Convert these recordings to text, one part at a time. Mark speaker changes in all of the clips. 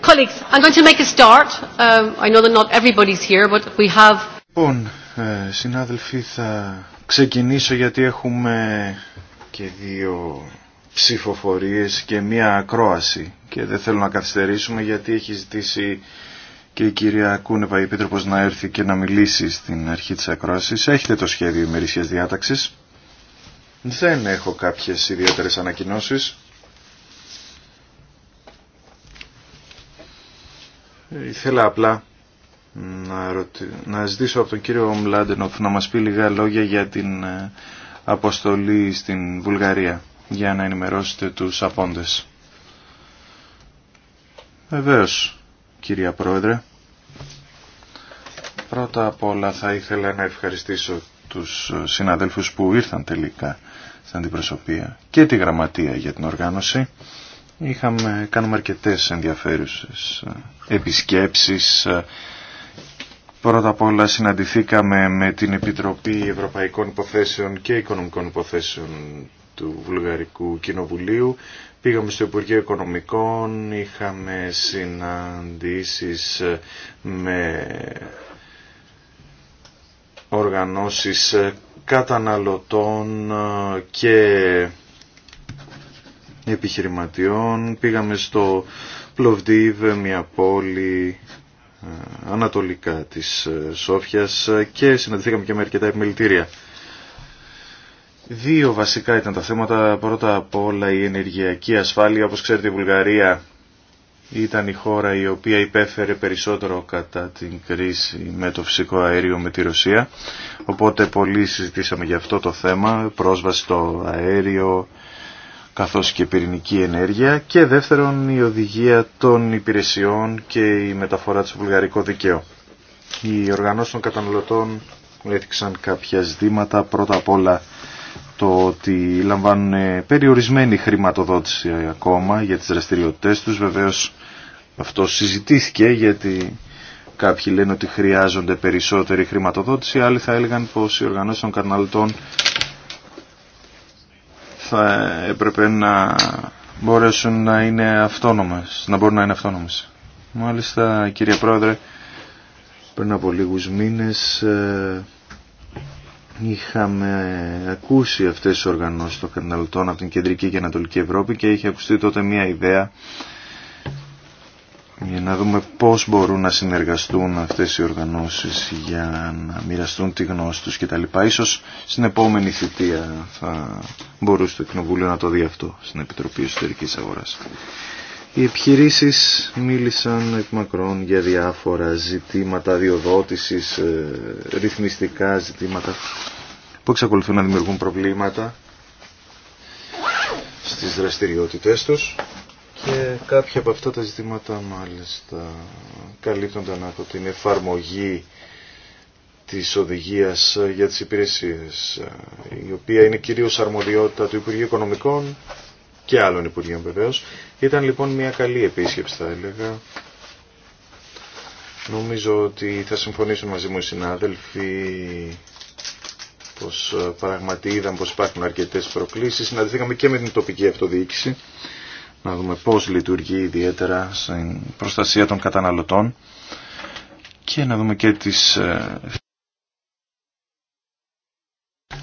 Speaker 1: Colleagues, start. not here,
Speaker 2: Λοιπόν, συνάδελφοι, θα ξεκινήσω γιατί έχουμε και δύο ψηφοφορίες και μία ακρόαση και δεν θέλω να καθυστερήσουμε γιατί έχει ζητήσει και η κυρία Κούνεβα, η Επίτροπος, να έρθει και να μιλήσει στην αρχή της ακρόασης. Έχετε το σχέδιο ημερήσιας διάταξης. Δεν έχω κάποιες ιδιαίτερες ανακοινώσεις. Ήθελα απλά να, ρωτη... να ζητήσω από τον κύριο Μλάντενοφ να μας πει λίγα λόγια για την ε, αποστολή στην Βουλγαρία για να ενημερώσετε τους απόντες. Βεβαίω, κυρία Πρόεδρε. Πρώτα απ' όλα θα ήθελα να ευχαριστήσω τους ε, συναδέλφους που ήρθαν τελικά στην αντιπροσωπεία και τη γραμματεία για την οργάνωση. Είχαμε, κάνουμε αρκετές ενδιαφέρουσες ε, επισκέψεις. Ε, πρώτα απ' όλα συναντηθήκαμε με την Επιτροπή Ευρωπαϊκών Υποθέσεων και Οικονομικών Υποθέσεων του Βουλγαρικού Κοινοβουλίου. Πήγαμε στο Υπουργείο Οικονομικών, είχαμε συναντήσεις ε, με οργανώσεις καταναλωτών και επιχειρηματιών. Πήγαμε στο Πλοβδίβ, μια πόλη ε, ανατολικά της ε, Σόφιας ε, και συναντηθήκαμε και με αρκετά επιμελητήρια. Δύο βασικά ήταν τα θέματα. Πρώτα απ' όλα η ενεργειακή ασφάλεια. Όπως ξέρετε η Βουλγαρία ήταν η χώρα η οποία υπέφερε περισσότερο κατά την κρίση με το φυσικό αέριο με τη Ρωσία. Οπότε πολύ συζητήσαμε για αυτό το θέμα, πρόσβαση στο αέριο, καθώς και πυρηνική ενέργεια και δεύτερον η οδηγία των υπηρεσιών και η μεταφορά του βουλγαρικού δικαίου. Οι οργανώσεις των καταναλωτών έδειξαν κάποια ζητήματα, πρώτα απ' όλα το ότι λαμβάνουν περιορισμένη χρηματοδότηση ακόμα για τις δραστηριότητες τους. Βεβαίως αυτό συζητήθηκε γιατί κάποιοι λένε ότι χρειάζονται περισσότερη χρηματοδότηση, άλλοι θα έλεγαν πως οι οργανώσεις των καταναλωτών θα έπρεπε να μπορέσουν να είναι αυτόνομες, να μπορούν να είναι αυτόνομες. Μάλιστα, κύριε Πρόεδρε, πριν από λίγους μήνες ε, είχαμε ακούσει αυτές τις οργανώσεις των καταναλωτών από την Κεντρική και Ανατολική Ευρώπη και είχε ακουστεί τότε μια ιδέα για να δούμε πώς μπορούν να συνεργαστούν αυτές οι οργανώσεις για να μοιραστούν τη γνώση τους κτλ. Ίσως στην επόμενη θητεία θα μπορούσε το Κοινοβούλιο να το δει αυτό στην Επιτροπή Εσωτερικής Αγοράς. Οι επιχειρήσεις μίλησαν εκ μακρόν για διάφορα ζητήματα διοδότησης, ε, ρυθμιστικά ζητήματα που εξακολουθούν να δημιουργούν προβλήματα στις δραστηριότητές τους και κάποια από αυτά τα ζητήματα μάλιστα καλύπτονταν από την εφαρμογή της οδηγίας για τις υπηρεσίες, η οποία είναι κυρίως αρμοδιότητα του Υπουργείου Οικονομικών και άλλων Υπουργείων βεβαίως. Ήταν λοιπόν μια καλή επίσκεψη θα έλεγα. Νομίζω ότι θα συμφωνήσουν μαζί μου οι συνάδελφοι πως ε, πραγματι είδαν πως υπάρχουν αρκετές προκλήσεις. Συναντηθήκαμε και με την τοπική αυτοδιοίκηση να δούμε πώς λειτουργεί ιδιαίτερα στην προστασία των καταναλωτών και να δούμε και τις... Ε,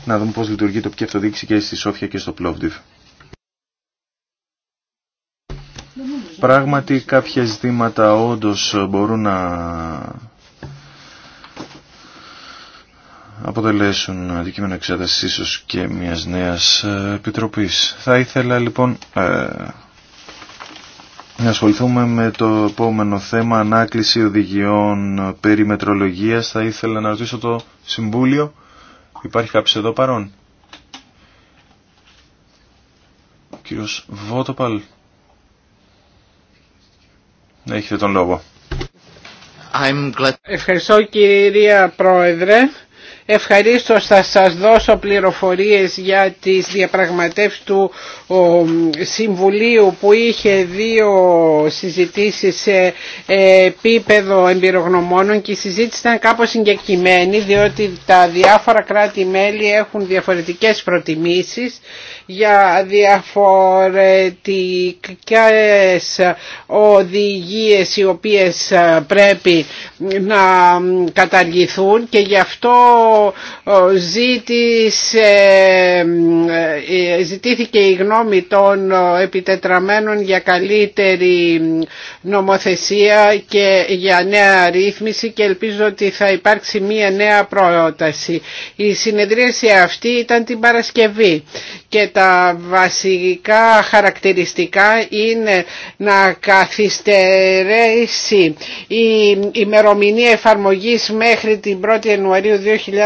Speaker 2: να δούμε πώς λειτουργεί το τοπική και στη Σόφια και στο Πλόβντιβ. Πράγματι κάποια ζητήματα όντως μπορούν να αποτελέσουν αντικείμενο εξέταση ίσως και μιας νέας ε, επιτροπής. Θα ήθελα λοιπόν ε, να ασχοληθούμε με το επόμενο θέμα, ανάκληση οδηγιών περί μετρολογίας. Θα ήθελα να ρωτήσω το Συμβούλιο. Υπάρχει κάποιος εδώ παρόν. Ο κύριος Βότοπαλ. Ναι, έχετε τον λόγο. I'm glad.
Speaker 3: Ευχαριστώ κυρία Πρόεδρε. Ευχαριστώ, θα σας δώσω πληροφορίες για τις διαπραγματεύσεις του Συμβουλίου που είχε δύο συζητήσεις σε επίπεδο εμπειρογνωμόνων και η συζήτηση ήταν κάπως συγκεκριμένη διότι τα διάφορα κράτη-μέλη έχουν διαφορετικές προτιμήσεις για διαφορετικές οδηγίες οι οποίες πρέπει να καταργηθούν και γι' αυτό ζήτησε, ε, ζητήθηκε η γνώμη των επιτετραμένων για καλύτερη νομοθεσία και για νέα ρύθμιση και ελπίζω ότι θα υπάρξει μία νέα πρόταση. Η συνεδρίαση αυτή ήταν την Παρασκευή και τα βασικά χαρακτηριστικά είναι να καθυστερήσει η ημερομηνία εφαρμογής μέχρι την 1η Ιανουαρίου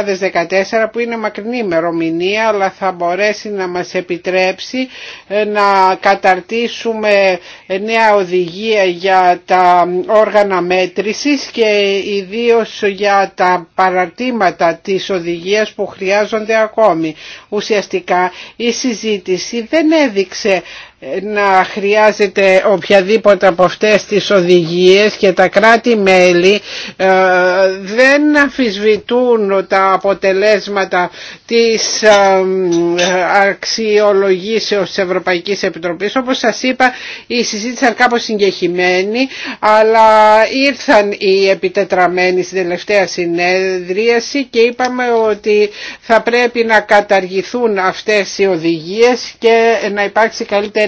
Speaker 3: 2014 που είναι μακρινή ημερομηνία αλλά θα μπορέσει να μας επιτρέψει ε, να καταρτήσουμε νέα οδηγία για τα όργανα μέτρησης και ιδίως για τα παραρτήματα της οδηγίας που χρειάζονται ακόμη. Ουσιαστικά η συζήτηση δεν έδειξε να χρειάζεται οποιαδήποτε από αυτές τις οδηγίες και τα κράτη-μέλη ε, δεν αφισβητούν τα αποτελέσματα της ε, αξιολογήσεως της Ευρωπαϊκής Επιτροπής. Όπως σας είπα η συζήτηση ήταν κάπως συγκεχημένη αλλά ήρθαν οι επιτετραμένοι στην τελευταία συνέδριαση και είπαμε ότι θα πρέπει να καταργηθούν αυτές οι οδηγίες και να υπάρξει καλύτερη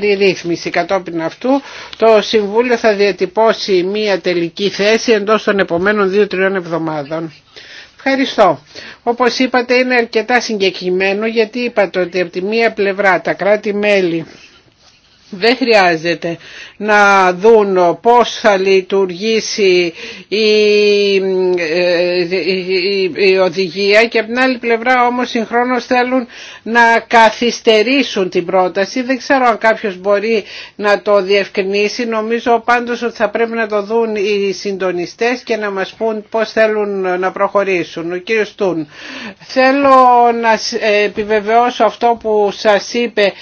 Speaker 3: Κατόπιν αυτού το Συμβούλιο θα διατυπώσει μία τελική θέση εντός των επομένων δύο-τριών εβδομάδων. Ευχαριστώ. Όπως είπατε είναι αρκετά συγκεκριμένο γιατί είπατε ότι από τη μία πλευρά τα κράτη-μέλη δεν χρειάζεται να δουν πώς θα λειτουργήσει ε, η, οδηγία και από την άλλη πλευρά όμως συγχρόνως θέλουν να καθυστερήσουν την πρόταση. Δεν ξέρω αν κάποιος μπορεί να το διευκρινίσει. Νομίζω πάντως ότι θα πρέπει να το δουν οι συντονιστές και να μας πούν πώς θέλουν να προχωρήσουν. Ο κύριος θέλω να επιβεβαιώσω αυτό που σας είπε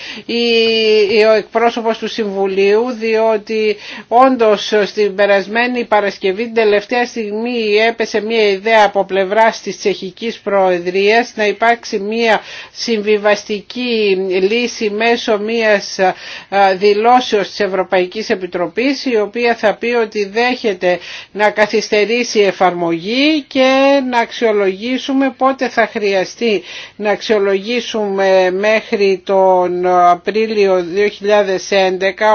Speaker 3: ο εκπρόσωπος του Συμβουλίου διότι όντως στην περασμένη Παρασκευή την τελευταία στιγμή έπεσε μια ιδέα από πλευρά της Τσεχικής Προεδρίας να υπάρξει μια συμβιβαστική λύση μέσω μιας δηλώσεως της Ευρωπαϊκής Επιτροπής η οποία θα πει ότι δέχεται να καθυστερήσει εφαρμογή και να αξιολογήσουμε πότε θα χρειαστεί να αξιολογήσουμε μέχρι τον Απρίλιο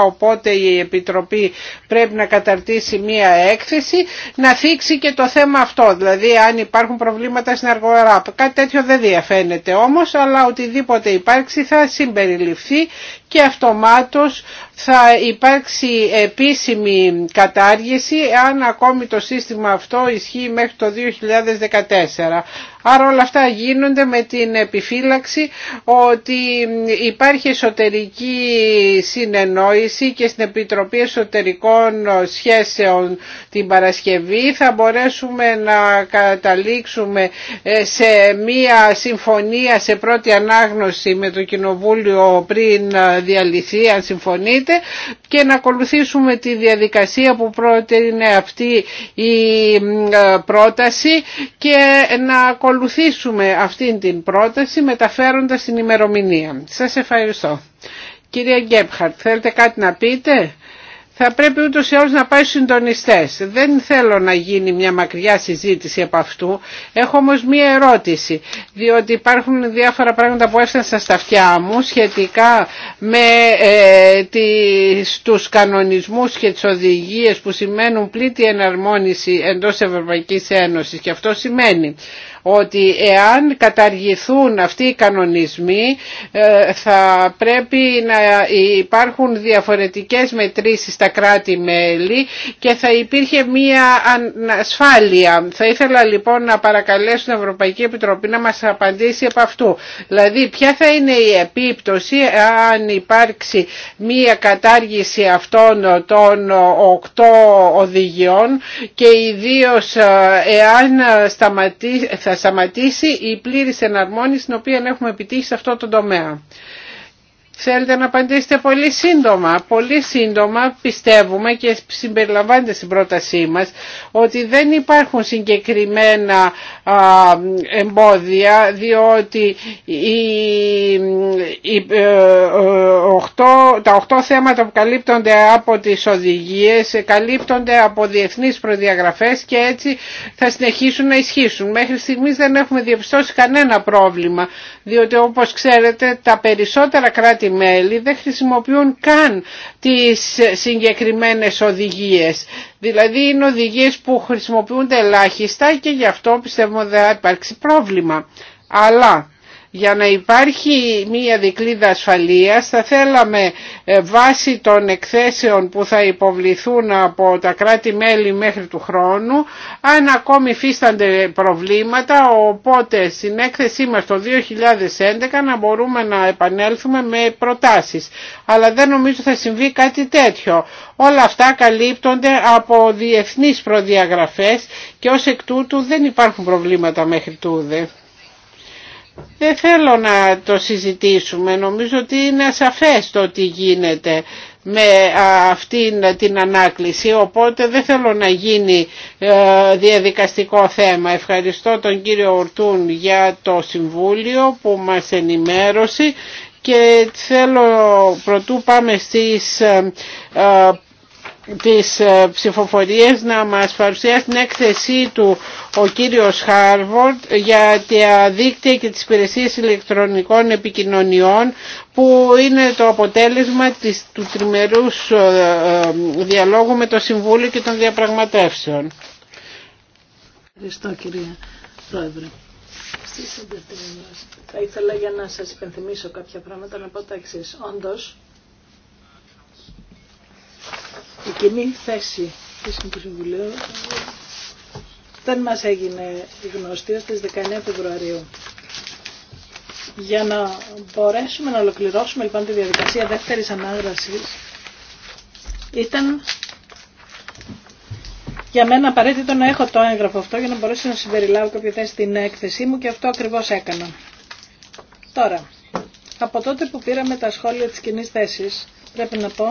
Speaker 3: οπότε η Επιτροπή πρέπει να καταρτήσει μία έκθεση να θίξει και το θέμα αυτό, δηλαδή αν υπάρχουν προβλήματα στην αργοεράπη. Κάτι τέτοιο δεν διαφαίνεται όμως, αλλά οτιδήποτε υπάρξει θα συμπεριληφθεί και αυτομάτως θα υπάρξει επίσημη κατάργηση αν ακόμη το σύστημα αυτό ισχύει μέχρι το 2014. Άρα όλα αυτά γίνονται με την επιφύλαξη ότι υπάρχει εσωτερική συνεννόηση και στην Επιτροπή Εσωτερικών Σχέσεων την Παρασκευή θα μπορέσουμε να καταλήξουμε ε, σε μία συμφωνία σε πρώτη ανάγνωση με το Κοινοβούλιο πριν ε, διαλυθεί αν συμφωνείτε και να ακολουθήσουμε τη διαδικασία που πρότεινε αυτή η ε, πρόταση και να ακολουθήσουμε αυτή την πρόταση μεταφέροντας την ημερομηνία. Σας ευχαριστώ. Κυρία Γκέπχαρτ, θέλετε κάτι να πείτε? θα πρέπει ούτως ή άλλως να πάει στους συντονιστές. Δεν θέλω να γίνει μια μακριά συζήτηση από αυτού. Έχω όμως μια ερώτηση, διότι υπάρχουν διάφορα πράγματα που έφτασαν στα αυτιά μου σχετικά με ε, τις, τους κανονισμούς και τις οδηγίες που σημαίνουν πλήτη εναρμόνιση εντός Ευρωπαϊκής Ένωσης και αυτό σημαίνει ότι εάν καταργηθούν αυτοί οι κανονισμοί ε, θα πρέπει να υπάρχουν διαφορετικές μετρήσεις στα κράτη-μέλη και θα υπήρχε μία ασφάλεια. Θα ήθελα λοιπόν να παρακαλέσω την Ευρωπαϊκή Επιτροπή να μας απαντήσει από αυτού. Δηλαδή ποια θα είναι η επίπτωση αν υπάρξει μία κατάργηση αυτών των οκτώ οδηγιών και ιδίως ε, εάν σταματήσει θα σταματήσει η πλήρης εναρμόνιση την οποία έχουμε επιτύχει σε αυτό το τομέα. Θέλετε να απαντήσετε πολύ σύντομα. Πολύ σύντομα πιστεύουμε και συμπεριλαμβάνεται στην πρότασή μας ότι δεν υπάρχουν συγκεκριμένα εμπόδια διότι ε, ε, οι, τα οχτώ θέματα που καλύπτονται από τις οδηγίες καλύπτονται από διεθνείς προδιαγραφές και έτσι θα συνεχίσουν να ισχύσουν. Μέχρι στιγμής δεν έχουμε διαπιστώσει κανένα πρόβλημα διότι όπως ξέρετε τα περισσότερα κράτη μελη δεν χρησιμοποιούν καν τις συγκεκριμένες οδηγίες. Δηλαδή είναι οδηγίες που χρησιμοποιούνται ελάχιστα και γι' αυτό πιστεύω ότι θα υπάρξει πρόβλημα. Αλλά για να υπάρχει μία δικλίδα ασφαλείας θα θέλαμε ε, βάσει των εκθέσεων που θα υποβληθούν από τα κράτη-μέλη μέχρι του χρόνου αν ακόμη υφίστανται προβλήματα οπότε στην έκθεσή μας το 2011 να μπορούμε να επανέλθουμε με προτάσεις. Αλλά δεν νομίζω θα συμβεί κάτι τέτοιο. Όλα αυτά καλύπτονται από διεθνείς προδιαγραφές και ως εκ τούτου δεν υπάρχουν προβλήματα μέχρι τούδε. Δεν θέλω να το συζητήσουμε. Νομίζω ότι είναι ασαφές το τι γίνεται με αυτήν την ανάκληση οπότε δεν θέλω να γίνει ε, διαδικαστικό θέμα. Ευχαριστώ τον κύριο Ορτούν για το Συμβούλιο που μας ενημέρωσε και θέλω πρωτού πάμε στις ε, τις ε, ψηφοφορίες να μας παρουσιάσει την έκθεσή του ο κύριος Χάρβορντ για τα δίκτυα και τις υπηρεσίες ηλεκτρονικών επικοινωνιών που είναι το αποτέλεσμα της, του τριμερούς ε, ε, διαλόγου με το Συμβούλιο και των διαπραγματεύσεων.
Speaker 4: Ευχαριστώ κυρία Πρόεδρε. θα ήθελα για να σας υπενθυμίσω κάποια πράγματα να πω τα εξής. Όντως, η κοινή θέση της Συμβουλίου δεν μας έγινε γνωστή στις 19 Φεβρουαρίου. Για να μπορέσουμε να ολοκληρώσουμε λοιπόν τη διαδικασία δεύτερης ανάγρασης ήταν για μένα απαραίτητο να έχω το έγγραφο αυτό για να μπορέσω να συμπεριλάβω κάποια θέση στην έκθεσή μου και αυτό ακριβώς έκανα. Τώρα, από τότε που πήραμε τα σχόλια της κοινή θέση, πρέπει να πω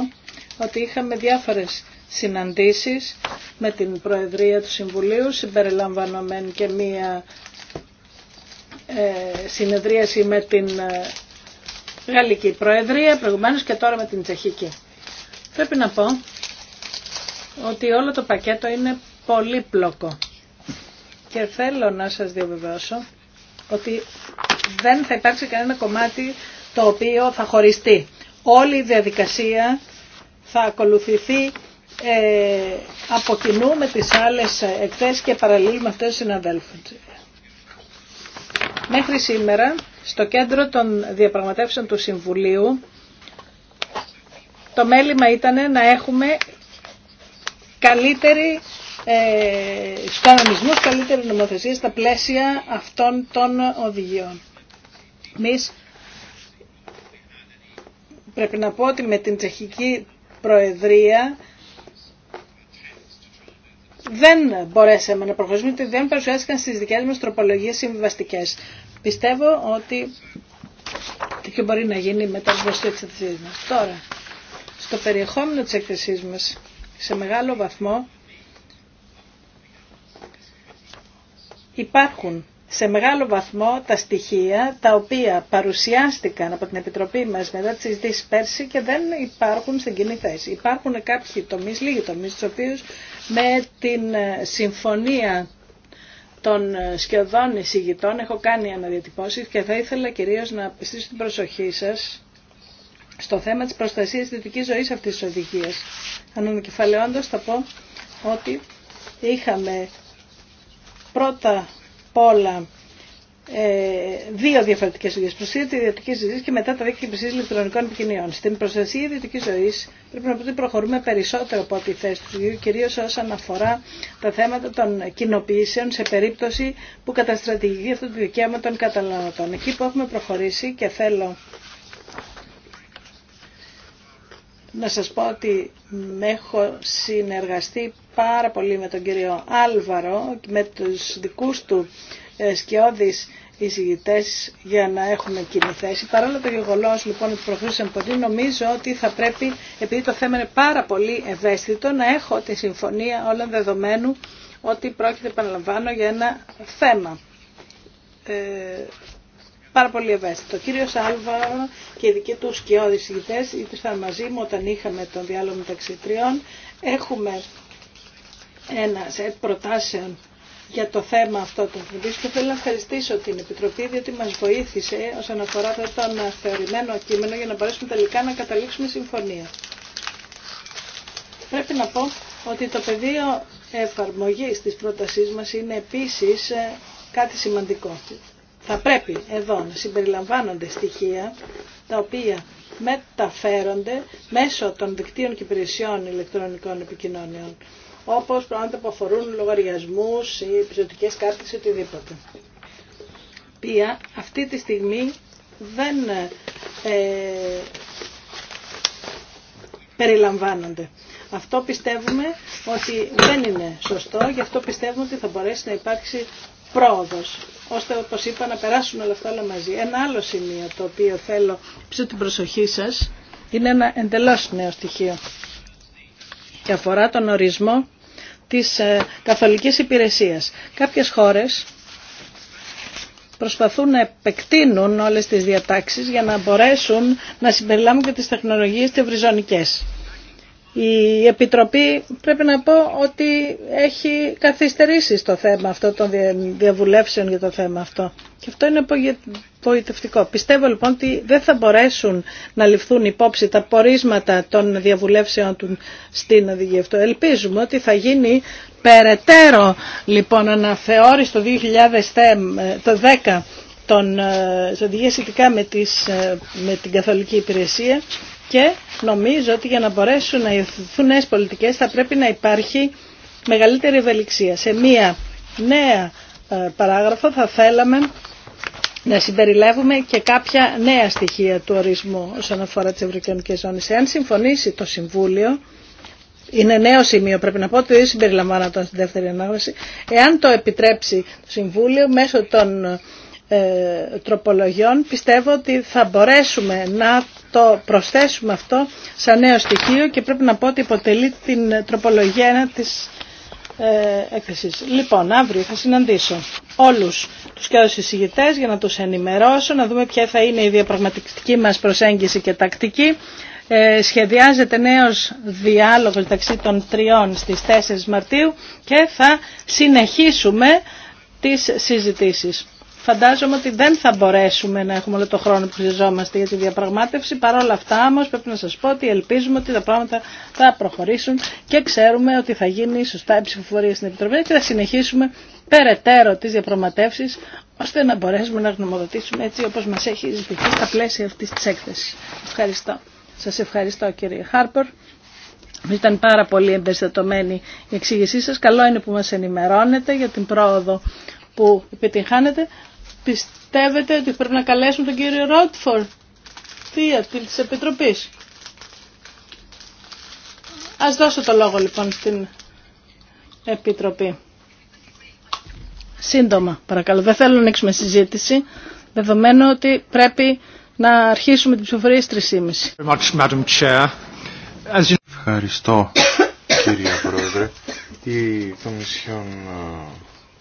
Speaker 4: ότι είχαμε διάφορες συναντήσεις με την Προεδρία του Συμβουλίου, συμπεριλαμβανομένη και μία ε, συνεδρίαση με την ε, Γαλλική Προεδρία, προηγουμένως και τώρα με την Τσεχική. Πρέπει να πω ότι όλο το πακέτο είναι πολύπλοκο και θέλω να σας διαβεβαιώσω ότι δεν θα υπάρξει κανένα κομμάτι το οποίο θα χωριστεί. Όλη η διαδικασία θα ακολουθηθεί ε, από κοινού με τις άλλες εκθέσεις και παραλλήλου με αυτές τους Μέχρι σήμερα, στο κέντρο των διαπραγματεύσεων του Συμβουλίου, το μέλημα ήταν να έχουμε καλύτερη ε, καλύτερη νομοθεσία στα πλαίσια αυτών των οδηγιών. Εμείς πρέπει να πω ότι με την τσεχική Προεδρία δεν μπορέσαμε να προχωρήσουμε, γιατί δεν παρουσιάστηκαν στις δικές μας τροπολογίες συμβιβαστικέ. Πιστεύω ότι και μπορεί να γίνει μετά το γνωστή της εκθεσής μας. Τώρα, στο περιεχόμενο της εκθεσής μας, σε μεγάλο βαθμό, υπάρχουν σε μεγάλο βαθμό τα στοιχεία τα οποία παρουσιάστηκαν από την Επιτροπή μας μετά τις συζητήσεις πέρσι και δεν υπάρχουν στην κοινή θέση. Υπάρχουν κάποιοι τομείς, λίγοι τομείς, του οποίους με την ε, συμφωνία των ε, σκιωδών εισηγητών έχω κάνει αναδιατυπώσεις και θα ήθελα κυρίως να πιστήσω την προσοχή σας στο θέμα της προστασίας της δυτικής ζωής αυτής της οδηγίας. Αν θα πω ότι είχαμε πρώτα όλα ε, δύο διαφορετικέ δουλειέ. Προστασία τη ιδιωτική ζωή και μετά τα δίκτυα υπηρεσία ηλεκτρονικών επικοινωνιών. Στην προστασία ιδιωτική ζωή πρέπει να πούμε ότι προχωρούμε περισσότερο από ό,τι θέση του ιδίου, κυρίω όσον αφορά τα θέματα των κοινοποιήσεων σε περίπτωση που καταστρατηγεί αυτό το δικαίωμα των καταναλωτών. Εκεί που έχουμε προχωρήσει και θέλω να σας πω ότι έχω συνεργαστεί πάρα πολύ με τον κύριο Άλβαρο, με τους δικούς του ε, σκιώδεις εισηγητές για να έχουμε κοινή θέση. Παρόλο το γεγονό λοιπόν ότι προχωρήσαμε πολύ, νομίζω ότι θα πρέπει, επειδή το θέμα είναι πάρα πολύ ευαίσθητο, να έχω τη συμφωνία όλων δεδομένου ότι πρόκειται, επαναλαμβάνω, για ένα θέμα. Ε, πάρα πολύ ευαίσθητο. Ο κύριος Άλβαρο και οι δικοί του σκιώδεις ηγητές ήρθαν μαζί μου όταν είχαμε τον διάλογο μεταξύ τριών. Έχουμε ένα σετ προτάσεων για το θέμα αυτό των βιβλίο θέλω να ευχαριστήσω την Επιτροπή διότι μας βοήθησε όσον αφορά αυτό το αναθεωρημένο κείμενο για να μπορέσουμε τελικά να καταλήξουμε συμφωνία. Πρέπει να πω ότι το πεδίο εφαρμογής της πρότασής μας είναι επίσης ε, κάτι σημαντικό. Θα πρέπει εδώ να συμπεριλαμβάνονται στοιχεία τα οποία μεταφέρονται μέσω των δικτύων και υπηρεσιών ηλεκτρονικών επικοινωνιών. Όπω πράγματα που αφορούν επισωτικέ κάρτη οτιδήποτε. ή πιστοτικές κάρτες ή οτιδήποτε. Πία, αυτή τη στιγμή δεν ε, περιλαμβάνονται. Αυτό πιστεύουμε ότι δεν είναι σωστό, γι' αυτό πιστεύουμε ότι θα μπορέσει να υπάρξει πρόοδος, ώστε όπως είπα να περάσουμε όλα αυτά όλα μαζί. Ένα άλλο σημείο το οποίο θέλω πίσω την προσοχή σας είναι ένα εντελώς νέο στοιχείο και αφορά τον ορισμό της ε, καθολικής υπηρεσίας. Κάποιες χώρες προσπαθούν να επεκτείνουν όλες τις διατάξεις για να μπορέσουν να συμπεριλάμβουν και τις τεχνολογίες τευριζωνικές. Η Επιτροπή πρέπει να πω ότι έχει καθυστερήσει στο θέμα αυτό των διαβουλεύσεων για το θέμα αυτό. Και αυτό είναι απογοητευτικό. Πιστεύω λοιπόν ότι δεν θα μπορέσουν να ληφθούν υπόψη τα πορίσματα των διαβουλεύσεων του στην οδηγία αυτό. Ελπίζουμε ότι θα γίνει περαιτέρω λοιπόν αναθεώρηση το 2010 ε, των ε, οδηγίες ειδικά με, ε, με την καθολική υπηρεσία και Νομίζω ότι για να μπορέσουν να υιοθετηθούν νέες πολιτικές θα πρέπει να υπάρχει μεγαλύτερη ευελιξία. Σε μία νέα ε, παράγραφο θα θέλαμε να συμπεριλάβουμε και κάποια νέα στοιχεία του ορισμού όσον αφορά τις ευρωκοινωνικές ζώνες. Εάν συμφωνήσει το Συμβούλιο, είναι νέο σημείο πρέπει να πω ότι δεν συμπεριλαμβάνονταν στην δεύτερη ανάγνωση, εάν το επιτρέψει το Συμβούλιο μέσω των ε, τροπολογιών πιστεύω ότι θα μπορέσουμε να το προσθέσουμε αυτό σαν νέο στοιχείο και πρέπει να πω ότι υποτελεί την τροπολογία της ε, έκθεσης. Λοιπόν, αύριο θα συναντήσω όλους τους και εισηγητές για να τους ενημερώσω, να δούμε ποια θα είναι η διαπραγματική μας προσέγγιση και τακτική. Ε, σχεδιάζεται νέος διάλογος μεταξύ των τριών στις 4 Μαρτίου και θα συνεχίσουμε τις συζητήσεις φαντάζομαι ότι δεν θα μπορέσουμε να έχουμε όλο το χρόνο που χρειαζόμαστε για τη διαπραγμάτευση. Παρ' όλα αυτά όμως πρέπει να σας πω ότι ελπίζουμε ότι τα πράγματα θα προχωρήσουν και ξέρουμε ότι θα γίνει σωστά η ψηφοφορία στην Επιτροπή και θα συνεχίσουμε περαιτέρω τις διαπραγματεύσεις ώστε να μπορέσουμε να γνωμοδοτήσουμε έτσι όπως μας έχει ζητηθεί στα πλαίσια αυτής της έκθεσης. Ευχαριστώ. Σας ευχαριστώ κύριε Χάρπορ. Ήταν πάρα πολύ εμπεριστατωμένη η εξήγησή σας. Καλό είναι που μας ενημερώνετε για την πρόοδο που επιτυγχάνετε. Πιστεύετε ότι πρέπει να καλέσουμε τον κύριο Ρότφορ, θεία της Επιτροπής. Ας δώσω το λόγο λοιπόν στην Επιτροπή. Σύντομα, παρακαλώ. Δεν θέλω να ανοίξουμε συζήτηση, δεδομένου ότι πρέπει να αρχίσουμε την ψηφοφορία στις
Speaker 1: 3.30.
Speaker 2: Ευχαριστώ, κύριε Πρόεδρε. Η Κομισιόν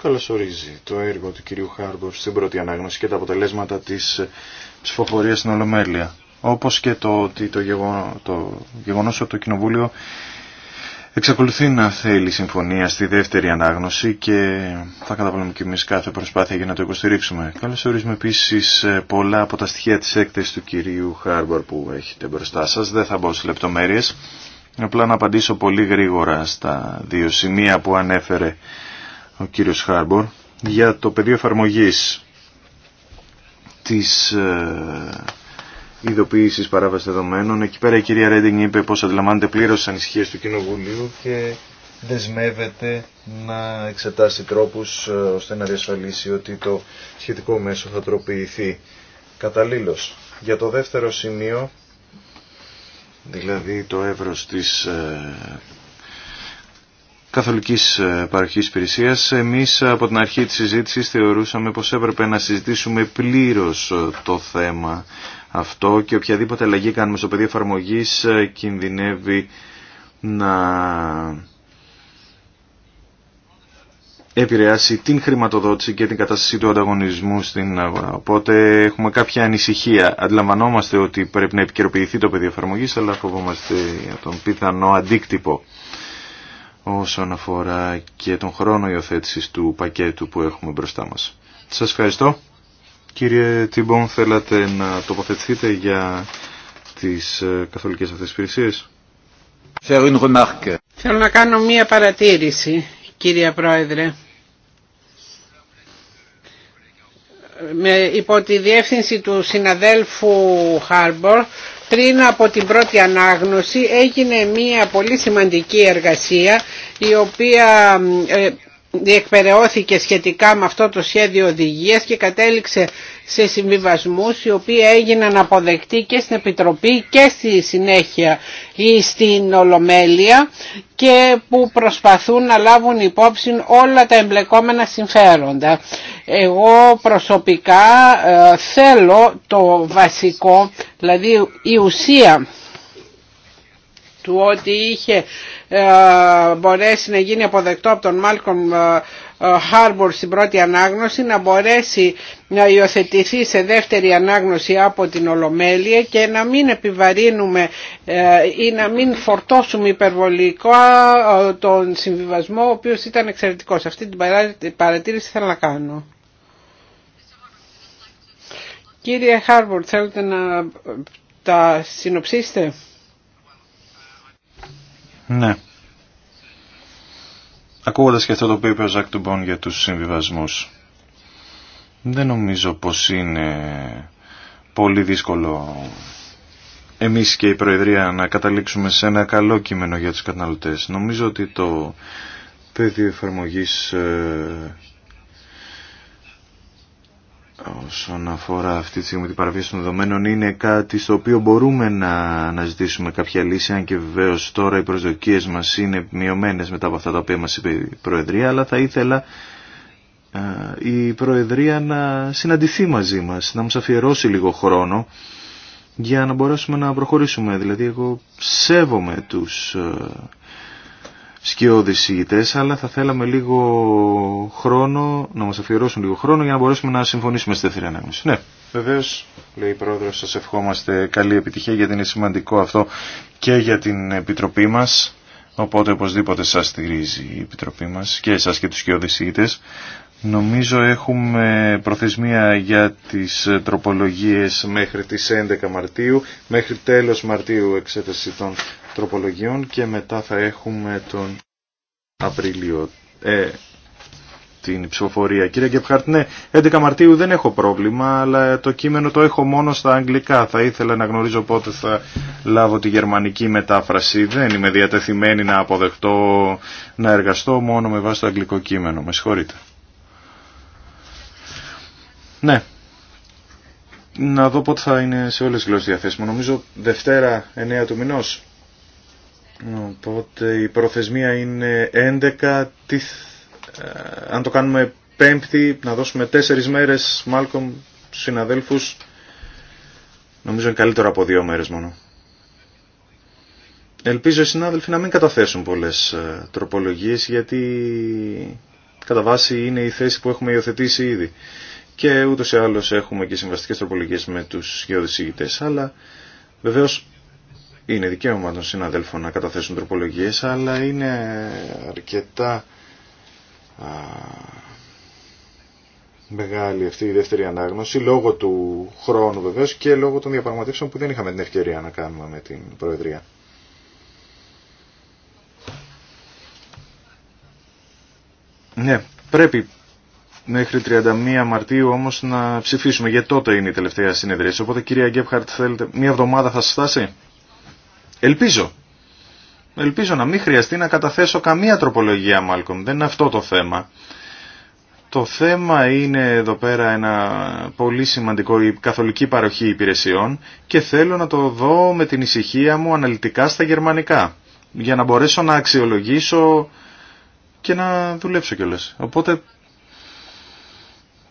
Speaker 2: καλωσορίζει το έργο του κυρίου Χάρμπορ στην πρώτη ανάγνωση και τα αποτελέσματα της ψηφοφορίας στην Ολομέλεια. Όπως και το, ότι το, γεγονό, το γεγονός ότι το Κοινοβούλιο εξακολουθεί να θέλει συμφωνία στη δεύτερη ανάγνωση και θα καταβάλουμε και εμείς κάθε προσπάθεια για να το υποστηρίξουμε. Καλωσορίζουμε επίσης ε, πολλά από τα στοιχεία της έκθεσης του κυρίου Χάρμπορ που έχετε μπροστά σας. Δεν θα μπω σε λεπτομέρειες. Απλά να απαντήσω πολύ γρήγορα στα δύο σημεία που ανέφερε ο κύριος Χάρμπορ για το πεδίο εφαρμογή της ε, ειδοποίησης παράβασης δεδομένων. Εκεί πέρα η κυρία Ρέντινγκ είπε πως αντιλαμβάνεται πλήρως τις ανησυχίες του Κοινοβουλίου και δεσμεύεται να εξετάσει τρόπους ε, ώστε να διασφαλίσει ότι το σχετικό μέσο θα τροποιηθεί καταλήλως. Για το δεύτερο σημείο, δηλαδή το εύρος της ε, καθολικής ε, παροχής υπηρεσία. Εμείς ε, από την αρχή της συζήτησης θεωρούσαμε πως έπρεπε να συζητήσουμε πλήρως ε, το θέμα αυτό και οποιαδήποτε αλλαγή κάνουμε στο πεδίο εφαρμογή κινδυνεύει να επηρεάσει την χρηματοδότηση και την κατάσταση του ανταγωνισμού στην αγορά. Οπότε έχουμε κάποια ανησυχία. Αντιλαμβανόμαστε ότι πρέπει να επικαιροποιηθεί το πεδίο εφαρμογή, αλλά φοβόμαστε τον πιθανό αντίκτυπο όσον αφορά και τον χρόνο υιοθέτησης του πακέτου που έχουμε μπροστά μας. Σας ευχαριστώ. Κύριε Τιμπον, θέλατε να τοποθετηθείτε για τις ε, καθολικές αυτές υπηρεσίες.
Speaker 1: Θέλω
Speaker 3: να κάνω μία παρατήρηση, κύριε Πρόεδρε. Με, υπό τη διεύθυνση του συναδέλφου Χάρμπορ πριν από την πρώτη ανάγνωση έγινε μια πολύ σημαντική εργασία η οποία ε, διεκπαιρεώθηκε σχετικά με αυτό το σχέδιο οδηγίας και κατέληξε σε συμβιβασμούς οι οποίοι έγιναν αποδεκτοί και στην Επιτροπή και στη συνέχεια ή στην Ολομέλεια και που προσπαθούν να λάβουν υπόψη όλα τα εμπλεκόμενα συμφέροντα. Εγώ προσωπικά ε, θέλω το βασικό, δηλαδή η ουσία του ότι είχε ε, μπορέσει να γίνει αποδεκτό από τον Μάλκομ ε, ε, Harbour στην πρώτη ανάγνωση να μπορέσει να υιοθετηθεί σε δεύτερη ανάγνωση από την Ολομέλεια και να μην επιβαρύνουμε ε, ή να μην φορτώσουμε υπερβολικά ε, τον συμβιβασμό ο οποίος ήταν εξαιρετικός. Αυτή την παρατήρηση θέλω να κάνω. Κύριε Χάρμπορτ, θέλετε να τα συνοψίσετε.
Speaker 2: Ναι ακούγοντας και αυτό το οποίο είπε ο Ζακ Τουμπον για τους συμβιβασμούς, δεν νομίζω πως είναι πολύ δύσκολο εμείς και η Προεδρία να καταλήξουμε σε ένα καλό κείμενο για τους καταναλωτές. Νομίζω ότι το πεδίο εφαρμογής ε, όσον αφορά αυτή τη στιγμή την παραβίαση των δεδομένων είναι κάτι στο οποίο μπορούμε να αναζητήσουμε κάποια λύση αν και βεβαίω τώρα οι προσδοκίες μας είναι μειωμένε μετά από αυτά τα οποία μας είπε η Προεδρία αλλά θα ήθελα η Προεδρία να συναντηθεί μαζί μας, να μας αφιερώσει λίγο χρόνο για να μπορέσουμε να προχωρήσουμε. Δηλαδή εγώ σέβομαι τους ηγητές, αλλά θα θέλαμε λίγο χρόνο, να μας αφιερώσουν λίγο χρόνο για να μπορέσουμε να συμφωνήσουμε στη δεύτερη ανάγνωση. Ναι, βεβαίως, λέει η πρόεδρο, σας ευχόμαστε καλή επιτυχία γιατί είναι σημαντικό αυτό και για την Επιτροπή μας. Οπότε οπωσδήποτε σας στηρίζει η Επιτροπή μας και εσάς και τους ηγητές Νομίζω έχουμε προθεσμία για τις τροπολογίες μέχρι τις 11 Μαρτίου. Μέχρι τέλος Μαρτίου εξέταση των τροπολογιών και μετά θα έχουμε τον Απρίλιο ε, την ψηφοφορία. Κύριε Γκεπχάρτ, ναι, 11 Μαρτίου δεν έχω πρόβλημα, αλλά το κείμενο το έχω μόνο στα αγγλικά. Θα ήθελα να γνωρίζω πότε θα λάβω τη γερμανική μετάφραση. Δεν είμαι διατεθειμένη να αποδεχτώ, να εργαστώ μόνο με βάση το αγγλικό κείμενο. Με συγχωρείτε. Ναι. Να δω πότε θα είναι σε όλες τις γλώσσες διαθέσιμο. Νομίζω Δευτέρα 9 του μηνός. Οπότε η προθεσμία είναι 11. Ε, αν το κάνουμε πέμπτη, να δώσουμε τέσσερις μέρες, Μάλκομ, στους συναδέλφους, νομίζω είναι καλύτερο από δύο μέρες μόνο. Ελπίζω οι συνάδελφοι να μην καταθέσουν πολλές ε, τροπολογίες, γιατί κατά βάση είναι η θέση που έχουμε υιοθετήσει ήδη. Και ούτως ή άλλως έχουμε και συμβαστικές τροπολογίες με τους γεωδησίγητες, αλλά βεβαίως είναι δικαίωμα των συναδέλφων να καταθέσουν τροπολογίες, αλλά είναι αρκετά μεγάλη αυτή η δεύτερη ανάγνωση, λόγω του χρόνου βεβαίως και λόγω των διαπραγματεύσεων που δεν είχαμε την ευκαιρία να κάνουμε με την Προεδρία. Ναι, πρέπει μέχρι 31 Μαρτίου όμως να ψηφίσουμε, γιατί τότε είναι η τελευταία συνεδρία. Οπότε κυρία Γκέπχαρτ θέλετε, μία εβδομάδα θα σας φτάσει. Ελπίζω. Ελπίζω να μην χρειαστεί να καταθέσω καμία τροπολογία, Μάλκομ. Δεν είναι αυτό το θέμα. Το θέμα είναι εδώ πέρα ένα πολύ σημαντικό η καθολική παροχή υπηρεσιών και θέλω να το δω με την ησυχία μου αναλυτικά στα γερμανικά για να μπορέσω να αξιολογήσω και να δουλέψω κιόλας. Οπότε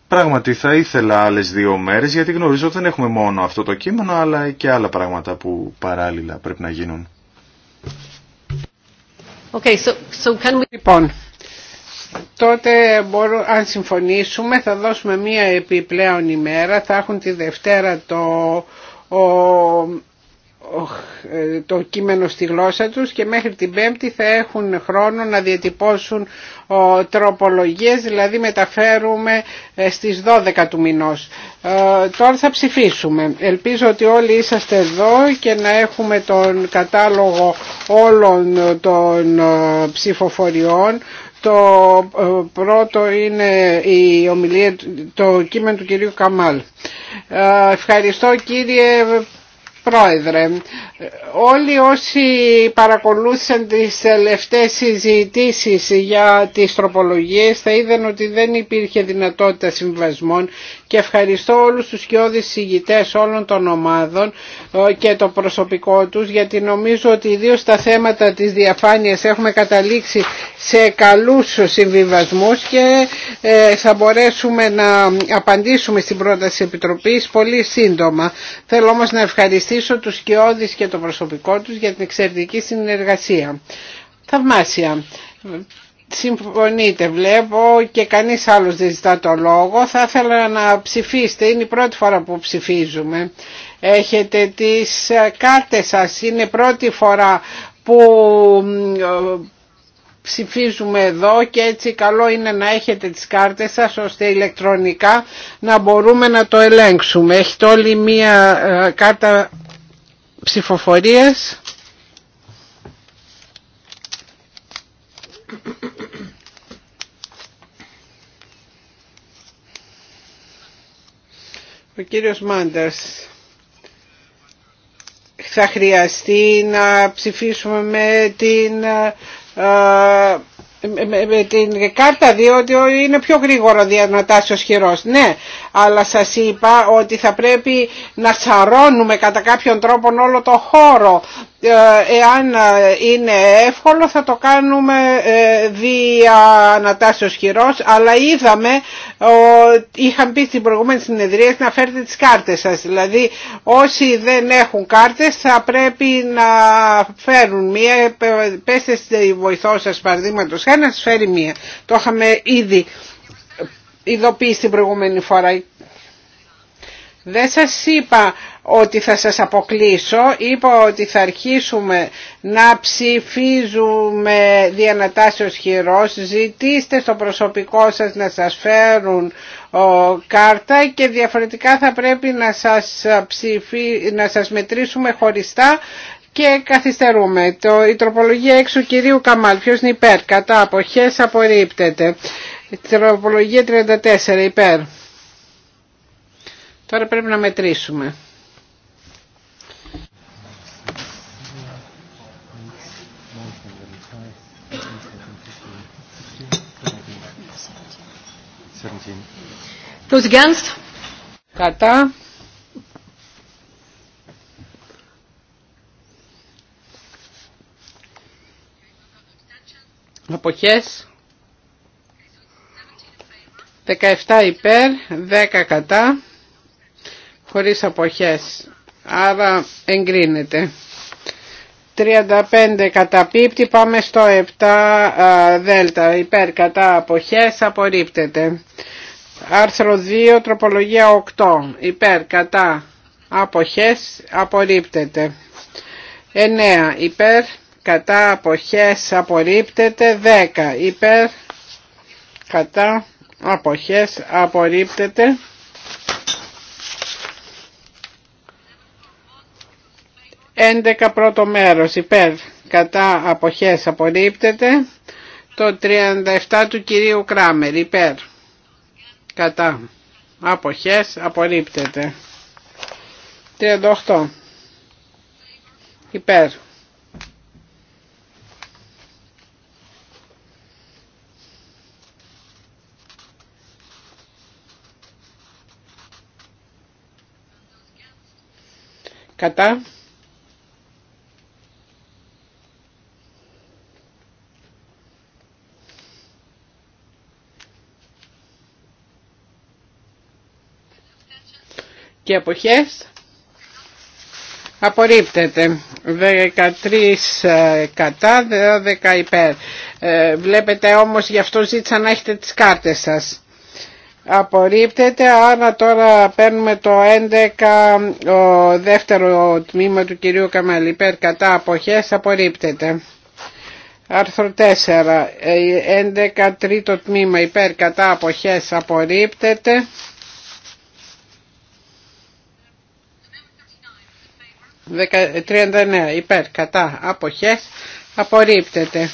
Speaker 2: Πράγματι θα ήθελα άλλες δύο μέρες γιατί γνωρίζω ότι δεν έχουμε μόνο αυτό το κείμενο αλλά και άλλα πράγματα που παράλληλα πρέπει να γίνουν.
Speaker 3: Okay, so, so can we... Λοιπόν, τότε αν συμφωνήσουμε θα δώσουμε μία επιπλέον ημέρα, θα έχουν τη Δευτέρα το ε, το κείμενο στη γλώσσα τους και μέχρι την Πέμπτη θα έχουν χρόνο να διατυπώσουν τροπολογίες, δηλαδή μεταφέρουμε ε, στις 12 του μηνός. Ε, τώρα θα ψηφίσουμε. Ελπίζω ότι όλοι είσαστε εδώ και να έχουμε τον κατάλογο όλων των ψηφοφοριών. Το πρώτο είναι η ομιλία, το κείμενο του κυρίου Καμάλ. Ευχαριστώ κύριε Πρόεδρε. Όλοι όσοι παρακολούθησαν τις τελευταίες συζητήσεις για τις τροπολογίες θα είδαν ότι δεν υπήρχε δυνατότητα συμβασμών και ευχαριστώ όλους τους σκιώδεις συγητές όλων των ομάδων ε, και το προσωπικό τους γιατί νομίζω ότι ιδίω τα θέματα της διαφάνειας έχουμε καταλήξει σε καλούς συμβιβασμούς και ε, θα μπορέσουμε να απαντήσουμε στην πρόταση Επιτροπής πολύ σύντομα. Θέλω όμως να ευχαριστήσω τους σκιώδεις και το προσωπικό τους για την εξαιρετική συνεργασία. Θαυμάσια συμφωνείτε βλέπω και κανείς άλλος δεν ζητά το λόγο θα ήθελα να ψηφίσετε είναι η πρώτη φορά που ψηφίζουμε έχετε τις ε, κάρτες σας είναι πρώτη φορά που ε, ψηφίζουμε εδώ και έτσι καλό είναι να έχετε τις κάρτες σας ώστε ηλεκτρονικά να μπορούμε να το ελέγξουμε έχετε όλοι μία ε, κάρτα ψηφοφορίας Ο κύριος μαντάς θα χρειαστεί να ψηφίσουμε με την, ε, με την κάρτα διότι είναι πιο γρήγορο ο χειρός. Ναι, αλλά σας είπα ότι θα πρέπει να σαρώνουμε κατά κάποιον τρόπο όλο το χώρο ε, εάν ε, είναι εύκολο θα το κάνουμε ε, δια ανατάσεως χειρός αλλά είδαμε είχαν πει στην προηγούμενη συνεδρία να φέρετε τις κάρτες σας δηλαδή όσοι δεν έχουν κάρτες θα πρέπει να φέρουν μία πέστε στη βοηθό σας παραδείγματος χάρη να φέρει μία το είχαμε ήδη ειδοποιήσει την προηγούμενη φορά δεν σας είπα ότι θα σας αποκλείσω. Είπα ότι θα αρχίσουμε να ψηφίζουμε διανατάσεως χειρός. Ζητήστε στο προσωπικό σας να σας φέρουν κάρτα και διαφορετικά θα πρέπει να σας, ψηφί, να σας μετρήσουμε χωριστά και καθυστερούμε. Το, η τροπολογία έξω κυρίου Καμάλ, ποιος είναι υπέρ, κατά αποχές απορρίπτεται. τροπολογία 34, υπέρ. Τώρα πρέπει να μετρήσουμε. Κατά. Αποχές. 17 υπέρ, 10 κατά, χωρίς αποχές. Άρα εγκρίνεται. 35 καταπίπτει, πάμε στο 7 δέλτα, υπέρ κατά αποχές, απορρίπτεται. Άρθρο 2, τροπολογία 8. Υπέρ, κατά, αποχές, απορρίπτεται. 9. Υπέρ, κατά, αποχές, απορρίπτεται. 10. Υπέρ, κατά, αποχές, απορρίπτεται. 11 πρώτο μέρος υπέρ κατά αποχές απορρίπτεται το 37 του κυρίου Κράμερ υπέρ κατά αποχές απορρίπτεται 38 υπέρ κατά και αποχές απορρίπτεται 13 ε, κατά 12 υπέρ ε, βλέπετε όμως γι' αυτό ζήτησα να έχετε τις κάρτες σας απορρίπτεται άρα τώρα παίρνουμε το 11 ο δεύτερο τμήμα του κυρίου Καμαλιπέρ κατά αποχές απορρίπτεται Άρθρο 4. 11 ε, τρίτο τμήμα υπέρ κατά αποχές απορρίπτεται. 39 ε, υπέρ κατά αποχές απορρίπτεται.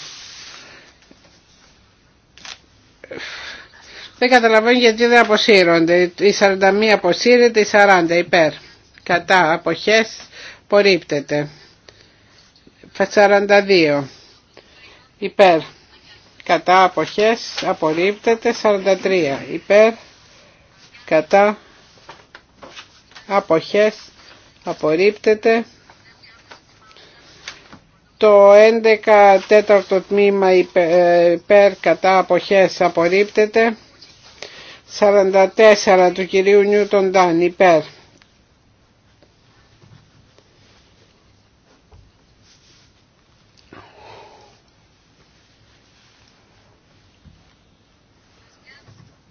Speaker 3: Δεν καταλαβαίνω γιατί δεν αποσύρονται. Η 41 αποσύρεται, η 40 υπέρ. Κατά αποχές απορρίπτεται. 42 υπέρ. Κατά αποχές απορρίπτεται. 43 υπέρ. Κατά αποχές απορρίπτεται. Το 11 τέταρτο τμήμα ε, υπέρ κατά αποχές απορρίπτεται. 44 του κυρίου Νιούτον Τάν υπέρ.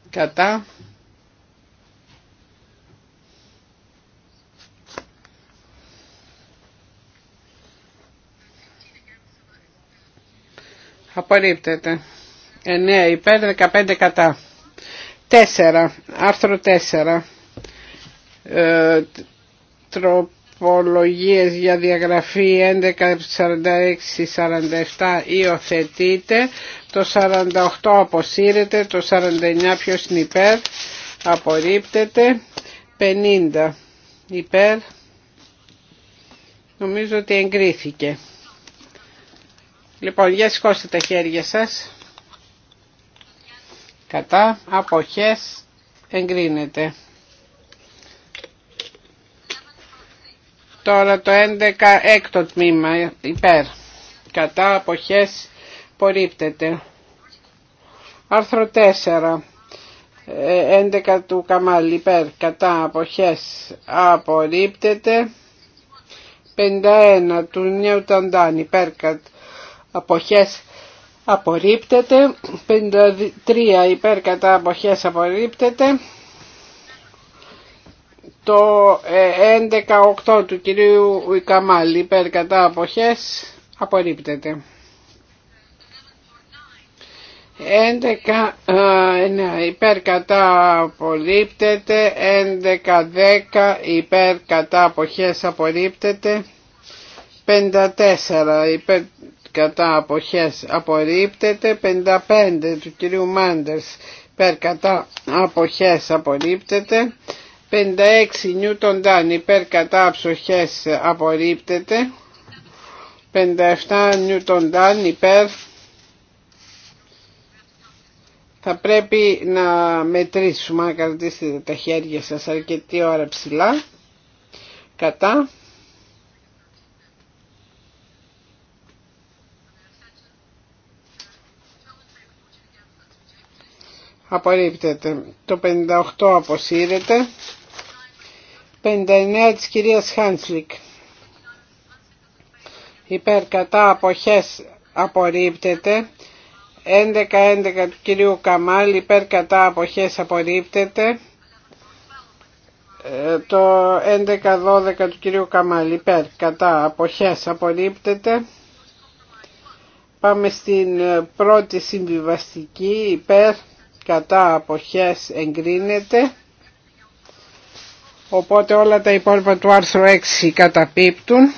Speaker 3: Κατά Απορρίπτεται. 9 υπέρ, 15 κατά. 4. Άρθρο 4. Ε, τροπολογίες για διαγραφή 11, 46, 47 υιοθετείται. Το 48 αποσύρεται. Το 49 ποιο είναι υπέρ. Απορρίπτεται. 50 υπέρ. Νομίζω ότι εγκρίθηκε. Λοιπόν, για σηκώστε τα χέρια σας. Κατά, αποχές, εγκρίνεται. Τώρα το 11 έκτο τμήμα υπέρ. Κατά αποχές πορύπτεται. Άρθρο 4. 11 ε, του Καμάλ υπέρ. Κατά αποχές απορρίπτεται. 51 του Νιου υπέρ κατά αποχές απορρίπτεται, 53 υπέρ κατά αποχές απορρίπτεται, το 11.8 ε, του κυρίου Ικαμάλ υπέρ κατά αποχές απορρίπτεται. 11 11-9 ε, υπέρ κατά απορρίπτεται, 11-10 υπέρ κατά αποχές απορρίπτεται, 54 υπέρ κατά αποχές απορρίπτεται 55 του κυρίου Μάντερς υπέρ κατά αποχές απορρίπτεται 56 Νιούτον τάν υπέρ κατά αψοχές απορρίπτεται 57 Νιούτον τάν υπέρ θα πρέπει να μετρήσουμε να κρατήσετε τα χέρια σας αρκετή ώρα ψηλά κατά απορρίπτεται. Το 58 αποσύρεται. 59 της κυριας Χάντσλικ Χάνσλικ. Υπέρ κατά αποχές απορρίπτεται. 11-11 του κυρίου Καμάλ υπέρ κατά αποχές απορρίπτεται. Ε, το 11-12 του κυρίου Καμάλ υπέρ κατά αποχές απορρίπτεται. Πάμε στην ε, πρώτη συμβιβαστική υπέρ κατά αποχές εγκρίνεται οπότε όλα τα υπόλοιπα του άρθρου 6 καταπίπτουν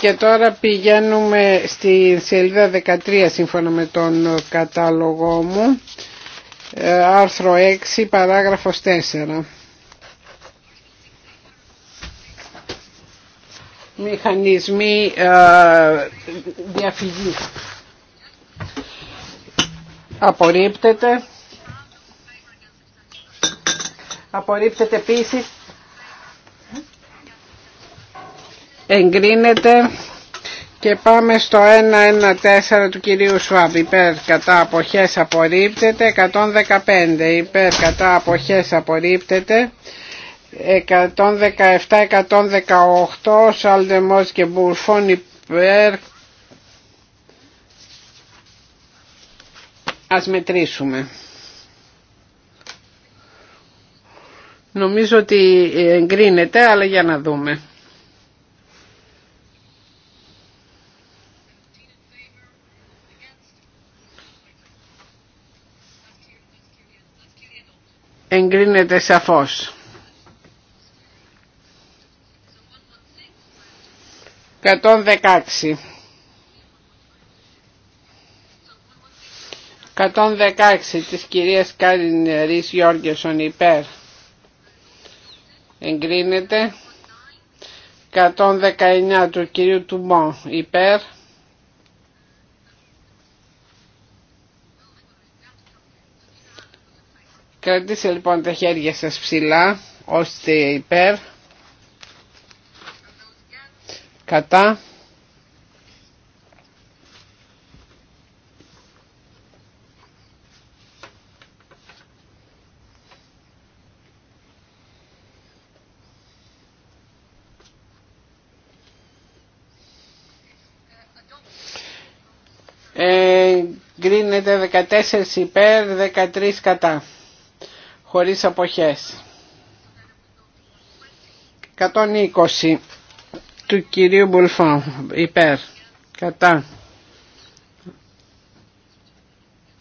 Speaker 3: και τώρα πηγαίνουμε στη σελίδα 13 σύμφωνα με τον κατάλογό μου ε, άρθρο 6 παράγραφος 4 Μηχανισμοί ε, διαφυγής. Απορρίπτεται. Απορρίπτεται επίση. Εγκρίνεται. Και πάμε στο 114 του κυρίου Σουάμπ. Υπέρ κατά αποχές απορρίπτεται. 115 υπέρ κατά αποχές απορρίπτεται. 117-118 Σαλδεμός και Μπουρφών υπέρ Ας μετρήσουμε. Νομίζω ότι εγκρίνεται, αλλά για να δούμε. εγκρίνεται σαφώς. Κατόν δεκάξι. 116 της κυρίας Κάριν Ρίς Γιώργεσον υπέρ εγκρίνεται 119 του κυρίου Τουμπό υπέρ Κρατήστε λοιπόν τα χέρια σας ψηλά, ώστε υπέρ, κατά, Γκρίνεται 14 υπέρ, 13 κατά. Χωρίς αποχές. 120 του κυρίου Μπουλφόν υπέρ, κατά.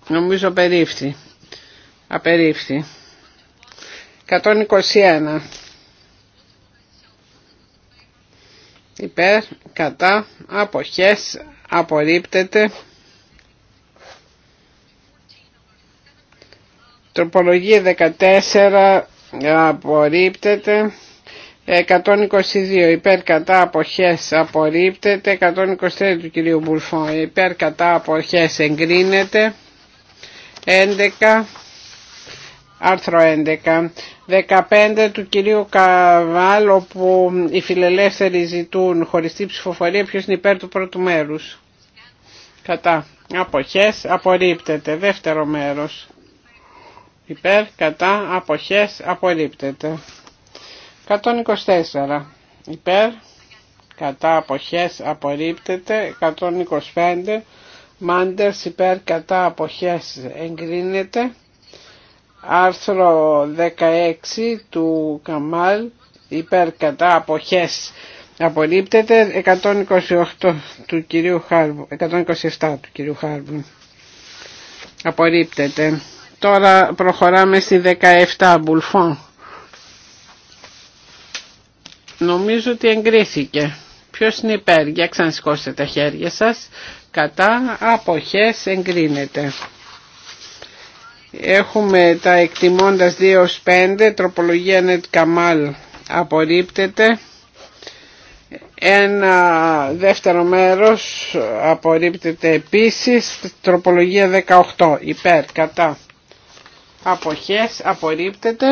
Speaker 3: Νομίζω περίφθη. Απερίφθη. 121. Υπέρ, κατά, αποχές, απορρίπτεται. Τροπολογία 14 ε, απορρίπτεται. 122 υπέρ κατά αποχές απορρίπτεται. 123 του κυρίου Μπουλφόν υπέρ κατά αποχές εγκρίνεται. 11 άρθρο 11. 15 του κυρίου Καβάλ όπου οι φιλελεύθεροι ζητούν χωριστή ψηφοφορία ποιος είναι υπέρ του πρώτου μέρους. Κατά. Αποχές απορρίπτεται. Δεύτερο μέρος υπέρ κατά αποχές απορρίπτεται 124 υπέρ κατά αποχές απορρίπτεται 125 μάντερς υπέρ κατά αποχές εγκρίνεται άρθρο 16 του Καμάλ υπέρ κατά αποχές απορρίπτεται 128 του κυρίου Χάρβου 127 του κυρίου Χάρβου απορρίπτεται Τώρα προχωράμε στη 17 μπουλφών. Νομίζω ότι εγκρίθηκε. Ποιος είναι υπέρ, για ξανασηκώστε τα χέρια σας. Κατά αποχές εγκρίνεται. Έχουμε τα εκτιμώντας 2 5, τροπολογία Νετ Καμάλ απορρίπτεται. Ένα δεύτερο μέρος απορρίπτεται επίσης, τροπολογία 18, υπέρ, κατά αποχές απορρίπτεται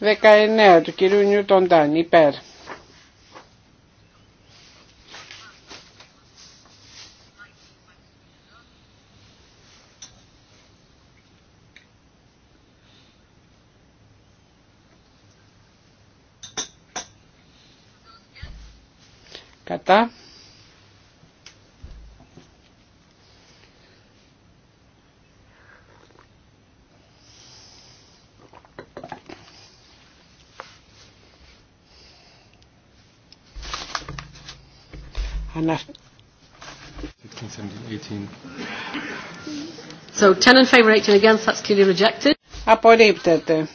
Speaker 3: 19 του κυρίου Νιούτον Τάν υπέρ Κατά. 18. So 10 in favor, 18 against, that's clearly rejected. Απορρίπτεται.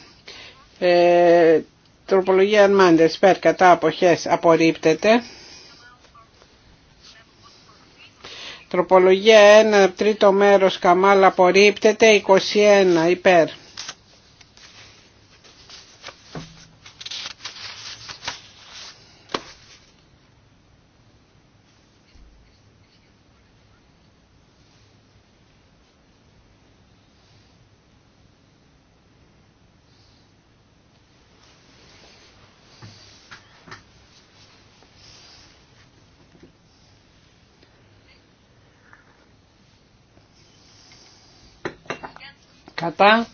Speaker 3: Ε, τροπολογία Αρμάντε, περ κατά αποχές απορρίπτεται. Τροπολογία 1, τρίτο μέρος Καμάλ απορρίπτεται, 21 υπέρ. Κατά.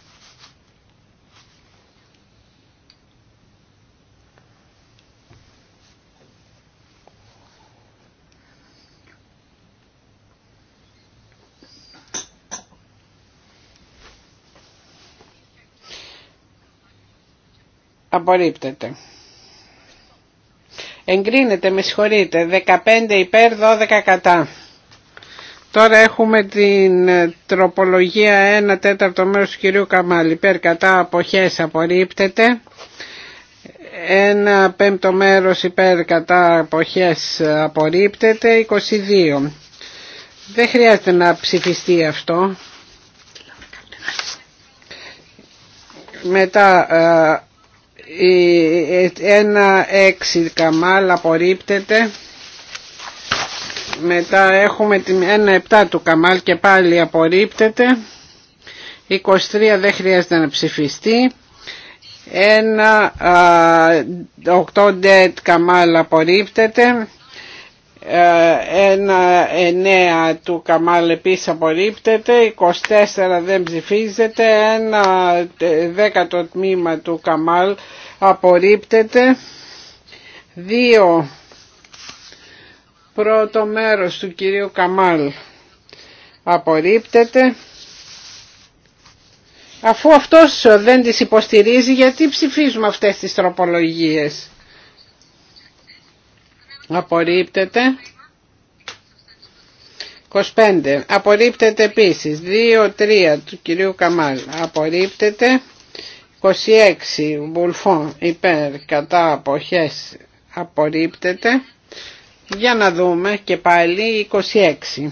Speaker 3: Απορρίπτεται. Εγκρίνεται, με συγχωρείτε, 15 υπέρ, 12 κατά. Τώρα έχουμε την ε, τροπολογία 1 τέταρτο μέρος του κυρίου Καμάλ. Υπέρ κατά αποχές απορρίπτεται. 1 πέμπτο μέρος υπέρ κατά αποχές απορρίπτεται. 22. Δεν χρειάζεται να ψηφιστεί αυτό. Μετά ε, ε, ένα έξι καμάλ απορρίπτεται. Μετά έχουμε την 1-7 του Καμάλ και πάλι απορρίπτεται. 23 δεν χρειάζεται να ψηφιστεί. 1-8 Ντέτ Καμάλ απορρίπτεται. 1-9 του Καμάλ επίσης απορρίπτεται. 24 δεν ψηφίζεται. 1-10 το τμήμα του Καμάλ απορρίπτεται. 2 Πρώτο μέρος του κυρίου Καμάλ απορρίπτεται. Αφού αυτός δεν τις υποστηρίζει, γιατί ψηφίζουμε αυτές τις τροπολογίες. Απορρίπτεται. 25. Απορρίπτεται επίσης. 2-3 του κυρίου Καμάλ. Απορρίπτεται. 26. Μπουλφόν υπέρ κατά αποχές. Απορρίπτεται για να δούμε και πάλι 26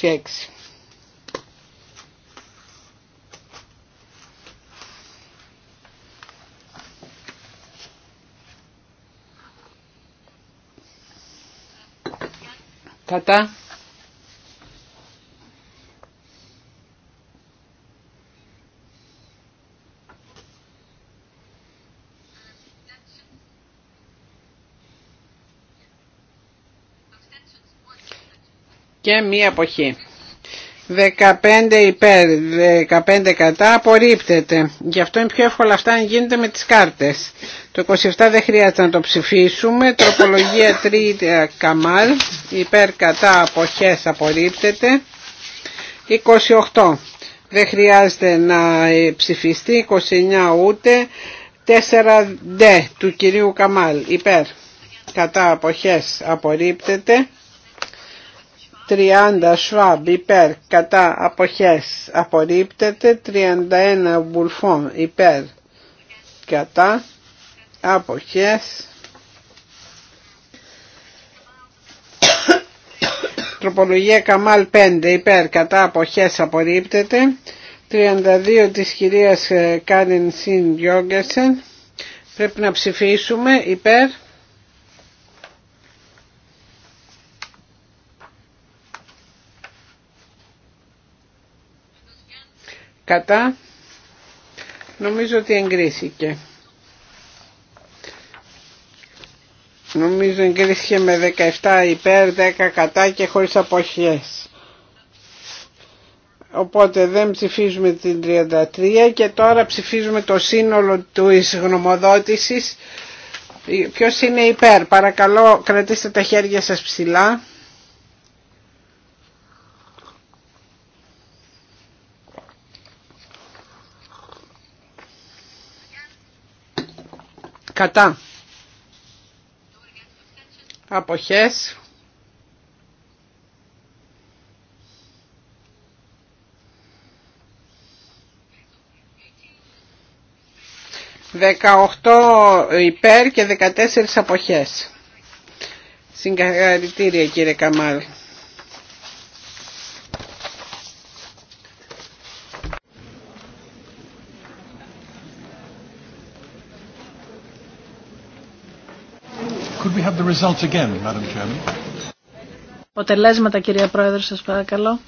Speaker 3: 26 Κατά και μία αποχή. 15 υπέρ, 15 κατά απορρίπτεται. Γι' αυτό είναι πιο εύκολα αυτά να γίνεται με τις κάρτες. Το 27 δεν χρειάζεται να το ψηφίσουμε. Τροπολογία 3 καμάλ, υπέρ κατά αποχές απορρίπτεται. 28 δεν χρειάζεται να ψηφιστεί, 29 ούτε. 4D του κυρίου Καμάλ υπέρ κατά αποχές απορρίπτεται. 30 σβάμπ υπέρ κατά αποχές απορρίπτεται 31 Βουλφόν υπέρ κατά αποχές Τροπολογία Καμάλ 5 υπέρ κατά αποχές απορρίπτεται 32 της κυρίας ε, Κάριν Σιν Γιόγκεσεν πρέπει να ψηφίσουμε υπέρ κατά νομίζω ότι εγκρίθηκε νομίζω εγκρίθηκε με 17 υπέρ 10 κατά και χωρίς αποχές οπότε δεν ψηφίζουμε την 33 και τώρα ψηφίζουμε το σύνολο του γνωμοδότησης ποιος είναι υπέρ παρακαλώ κρατήστε τα χέρια σας ψηλά Αποχές 18 υπέρ και 14 αποχές. Συγκαρητήρια κύριε Καμάλη.
Speaker 1: the results again, Madam Chairman.
Speaker 4: Αποτελέσματα, κυρία Πρόεδρε, σας παρακαλώ.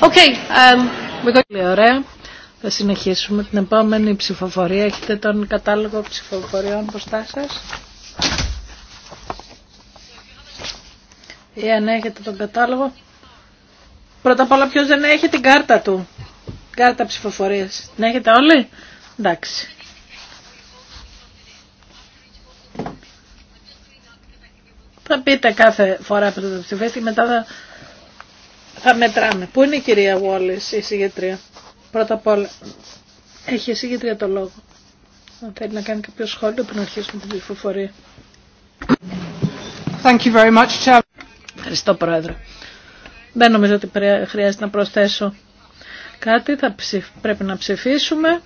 Speaker 4: Okay, um, Ωραία. Θα συνεχίσουμε την επόμενη ψηφοφορία. Έχετε τον κατάλογο ψηφοφοριών μπροστά σα. Ή ε, αν ναι, έχετε τον κατάλογο. Πρώτα απ' όλα ποιος δεν έχει την κάρτα του. Κάρτα ψηφοφορίας. Την έχετε όλοι. Εντάξει. Θα πείτε κάθε φορά που το ψηφίσετε μετά θα θα μετράμε. Πού είναι η κυρία Βόλη, η συγγετρία. Πρώτα απ' όλα, έχει η συγγετρία το λόγο. Αν θέλει να κάνει κάποιο σχόλιο πριν αρχίσουμε την ψηφοφορία. Thank you very much, Ευχαριστώ, Πρόεδρε. Δεν νομίζω ότι χρειάζεται να προσθέσω κάτι. Θα Πρέπει να ψηφίσουμε.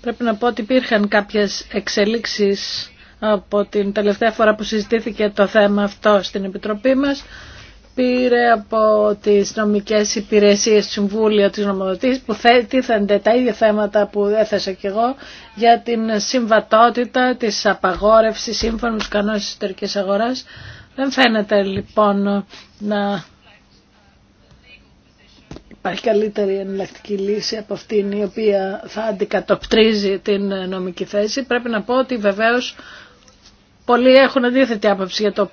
Speaker 4: Πρέπει να πω ότι υπήρχαν κάποιες εξελίξεις από την τελευταία φορά που συζητήθηκε το θέμα αυτό στην Επιτροπή μας πήρε από τις νομικές υπηρεσίες του Συμβούλιο της Νομοδοτής που τίθενται τα ίδια θέματα που έθεσα και εγώ για την συμβατότητα της απαγόρευσης σύμφωνα με τους κανόνες της αγοράς. Δεν φαίνεται λοιπόν να υπάρχει καλύτερη εναλλακτική λύση από αυτήν η οποία θα αντικατοπτρίζει την νομική θέση. Πρέπει να πω ότι βεβαίως πολλοί έχουν αντίθετη άποψη για το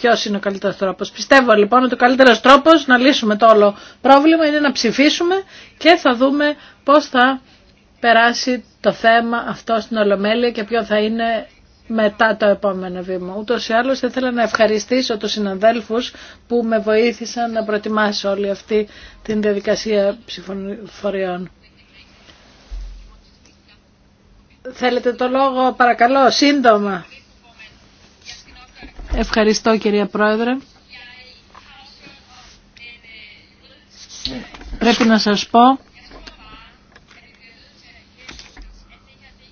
Speaker 4: ποιο είναι ο καλύτερο τρόπο. Πιστεύω λοιπόν ότι ο καλύτερο τρόπο να λύσουμε το όλο πρόβλημα είναι να ψηφίσουμε και θα δούμε πώ θα περάσει το θέμα αυτό στην Ολομέλεια και ποιο θα είναι μετά το επόμενο βήμα. Ούτω ή άλλω θα ήθελα να ευχαριστήσω του συναδέλφου που με βοήθησαν να προετοιμάσω όλη αυτή την διαδικασία ψηφοφοριών. Θέλετε το λόγο, παρακαλώ, σύντομα. Ευχαριστώ κυρία Πρόεδρε. Πρέπει να σας πω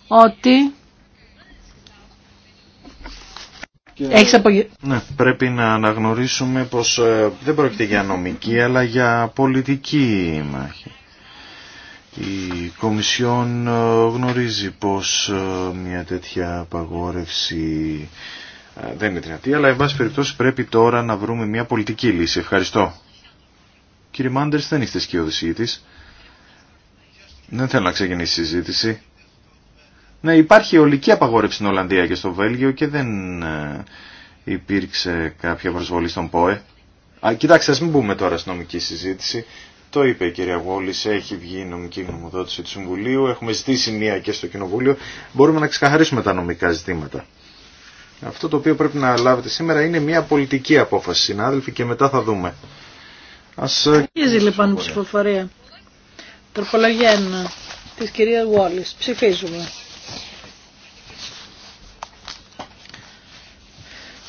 Speaker 4: ότι Έχεις απογε...
Speaker 2: Ναι, πρέπει να αναγνωρίσουμε πως ε, δεν πρόκειται για νομική αλλά για πολιτική μάχη. Η Κομισιόν ε, γνωρίζει πως ε, μια τέτοια απαγόρευση δεν είναι δυνατή, αλλά εν πάση περιπτώσει πρέπει τώρα να βρούμε μια πολιτική λύση. Ευχαριστώ. Κύριε Μάντερς, δεν είστε σκιοδησίτης. Δεν θέλω να ξεκινήσει η συζήτηση. Ναι, υπάρχει ολική απαγόρευση στην Ολλανδία και στο Βέλγιο και δεν ε, υπήρξε κάποια προσβολή στον ΠΟΕ. Α, κοιτάξτε, ας μην μπούμε τώρα στην νομική συζήτηση. Το είπε η κυρία Γόλης, έχει βγει η νομική γνωμοδότηση του Συμβουλίου, έχουμε ζητήσει μία και στο Κοινοβούλιο. Μπορούμε να ξεκαθαρίσουμε τα νομικά ζητήματα. Αυτό το οποίο πρέπει να λάβετε σήμερα είναι μια πολιτική απόφαση, συνάδελφοι, και μετά θα δούμε. Ας... Ε,
Speaker 4: Αρχίζει λοιπόν η ψηφοφορία. Τροπολογία 1 της κυρίας Βόλης. Ψηφίζουμε.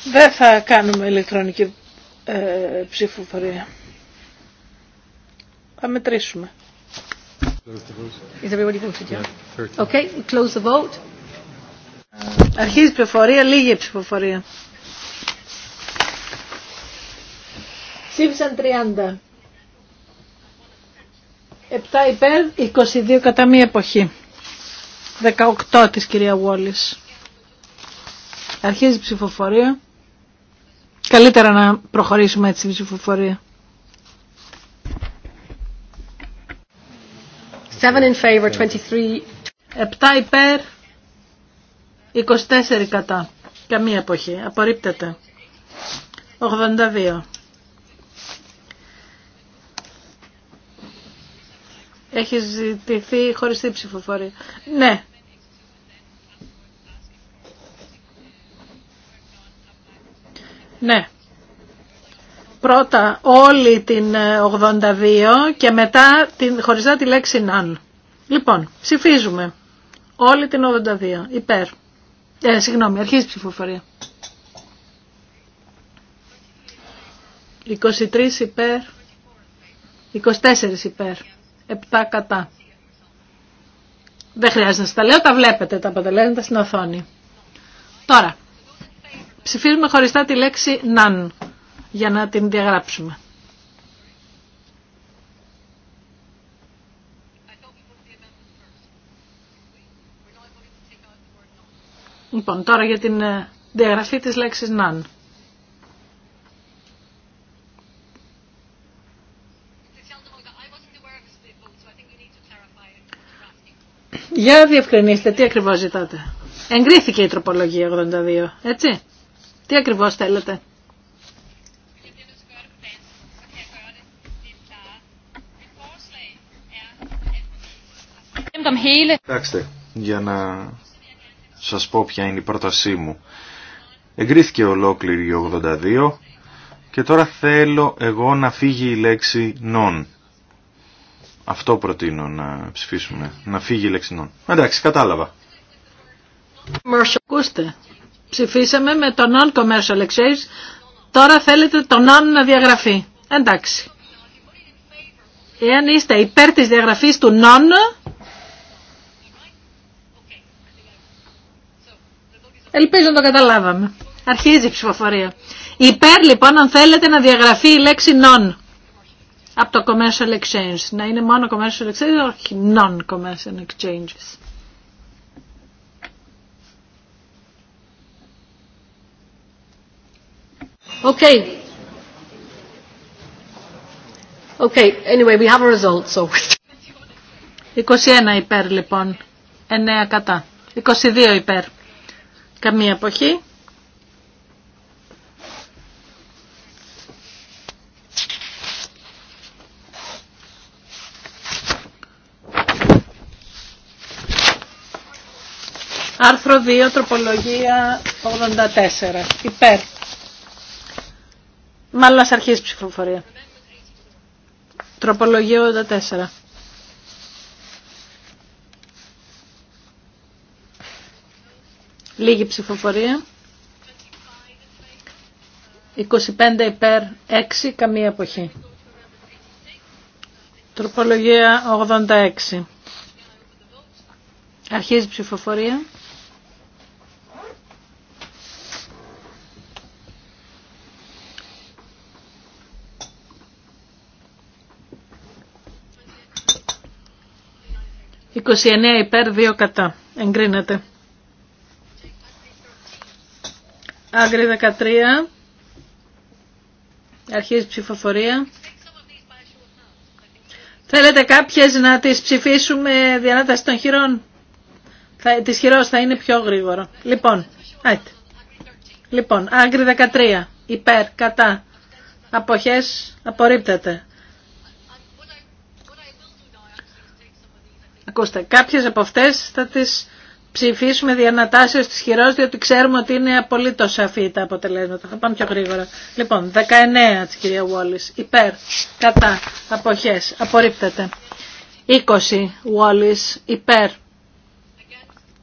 Speaker 4: Δεν θα κάνουμε ηλεκτρονική ε, ψηφοφορία. Θα μετρήσουμε.
Speaker 1: Is everybody voted?
Speaker 4: Okay, close the vote. Αρχίζει η ψηφοφορία, λίγη ψηφοφορία. Ψήφισαν 30. 7 υπέρ, 22 κατά μία εποχή. 18 της κυρία Βόλης. Αρχίζει η ψηφοφορία. Καλύτερα να προχωρήσουμε έτσι η ψηφοφορία. 7 in favor, 23. 7 υπέρ, 24 κατά. Καμία εποχή. Απορρίπτεται. 82. Έχει ζητηθεί χωριστή ψηφοφορία. Ναι. Ναι. Πρώτα όλη την 82 ε, και μετά την, χωριστά τη λέξη ναν. Λοιπόν, ψηφίζουμε. Όλη την 82. Υπέρ. Ε, συγγνώμη, αρχίζει η ψηφοφορία. 23 υπέρ, 24 υπέρ, 7 κατά. Δεν χρειάζεται να σας τα λέω, τα βλέπετε τα αποτελέσματα στην οθόνη. Τώρα, ψηφίζουμε χωριστά τη λέξη «ναν» για να την διαγράψουμε. Λοιπόν, τώρα για την ε, διαγραφή της λέξης none. Για διευκρινίστε, τι ακριβώς ζητάτε. Εγκρίθηκε η τροπολογία 82, έτσι. Τι ακριβώς θέλετε.
Speaker 1: Εντάξτε,
Speaker 2: για να σας πω ποια είναι η πρότασή μου. Εγκρίθηκε ολόκληρη η 82 και τώρα θέλω εγώ να φύγει η λέξη νον. Αυτό προτείνω να ψηφίσουμε. Να φύγει η λέξη νον.
Speaker 1: Εντάξει, κατάλαβα.
Speaker 4: Ακούστε, ψηφίσαμε με το non-commercial exchange, τώρα θέλετε το non να διαγραφεί. Εντάξει. Εάν είστε υπέρ της διαγραφής του νον... Ελπίζω να το καταλάβαμε. Αρχίζει η ψηφοφορία. Υπέρ λοιπόν αν θέλετε να διαγραφεί η λέξη non από το commercial exchange. Να είναι μόνο commercial exchange, όχι non-commercial exchanges.
Speaker 1: Okay. Okay, anyway, we have
Speaker 4: a result, so... 21 υπέρ λοιπόν, 9 κατά, 22 υπέρ. Καμία εποχή. Άρθρο 2, τροπολογία 84. Υπέρ. Μάλλον ας αρχίσει ψηφοφορία. Τροπολογία 84. Λίγη ψηφοφορία. 25 υπέρ 6, καμία εποχή. Τροπολογία 86. Αρχίζει η ψηφοφορία. «29 υπέρ, 2 κατά. Εγκρίνεται». Άγκρη 13. Αρχίζει ψηφοφορία. Θέλετε κάποιες να τις ψηφίσουμε διανάταση των χειρών. Θα, της χειρός θα είναι πιο γρήγορο. Λοιπόν, άγκρη Λοιπόν, 13. Υπέρ, κατά. Αποχές, απορρίπτεται. Ακούστε, κάποιες από αυτές θα τις ψηφίσουμε διανατάσεις της χειρός διότι ξέρουμε ότι είναι απολύτω σαφή τα αποτελέσματα. Θα πάμε πιο γρήγορα. Λοιπόν, 19 της κυρία Wallis. Υπέρ, κατά, αποχές, απορρίπτεται. 20 Wallis, υπέρ,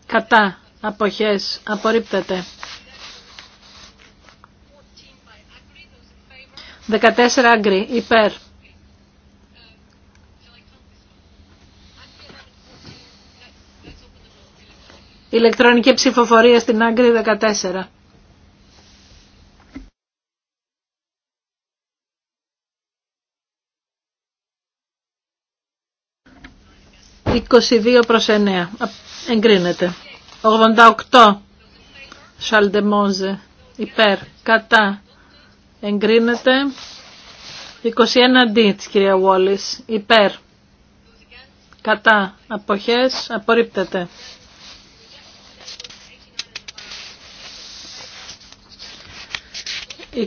Speaker 4: κατά, αποχές, απορρίπτεται. 14 Άγκρι, υπέρ, Ηλεκτρονική ψηφοφορία στην Άγκρη 14. «22 προς 9. Εγκρίνεται. 88. σαλτεμόζε, Υπέρ. Κατά. Εγκρίνεται. 21 D κυρία Wallis. Υπέρ. Κατά. Αποχές. Απορρίπτεται. 89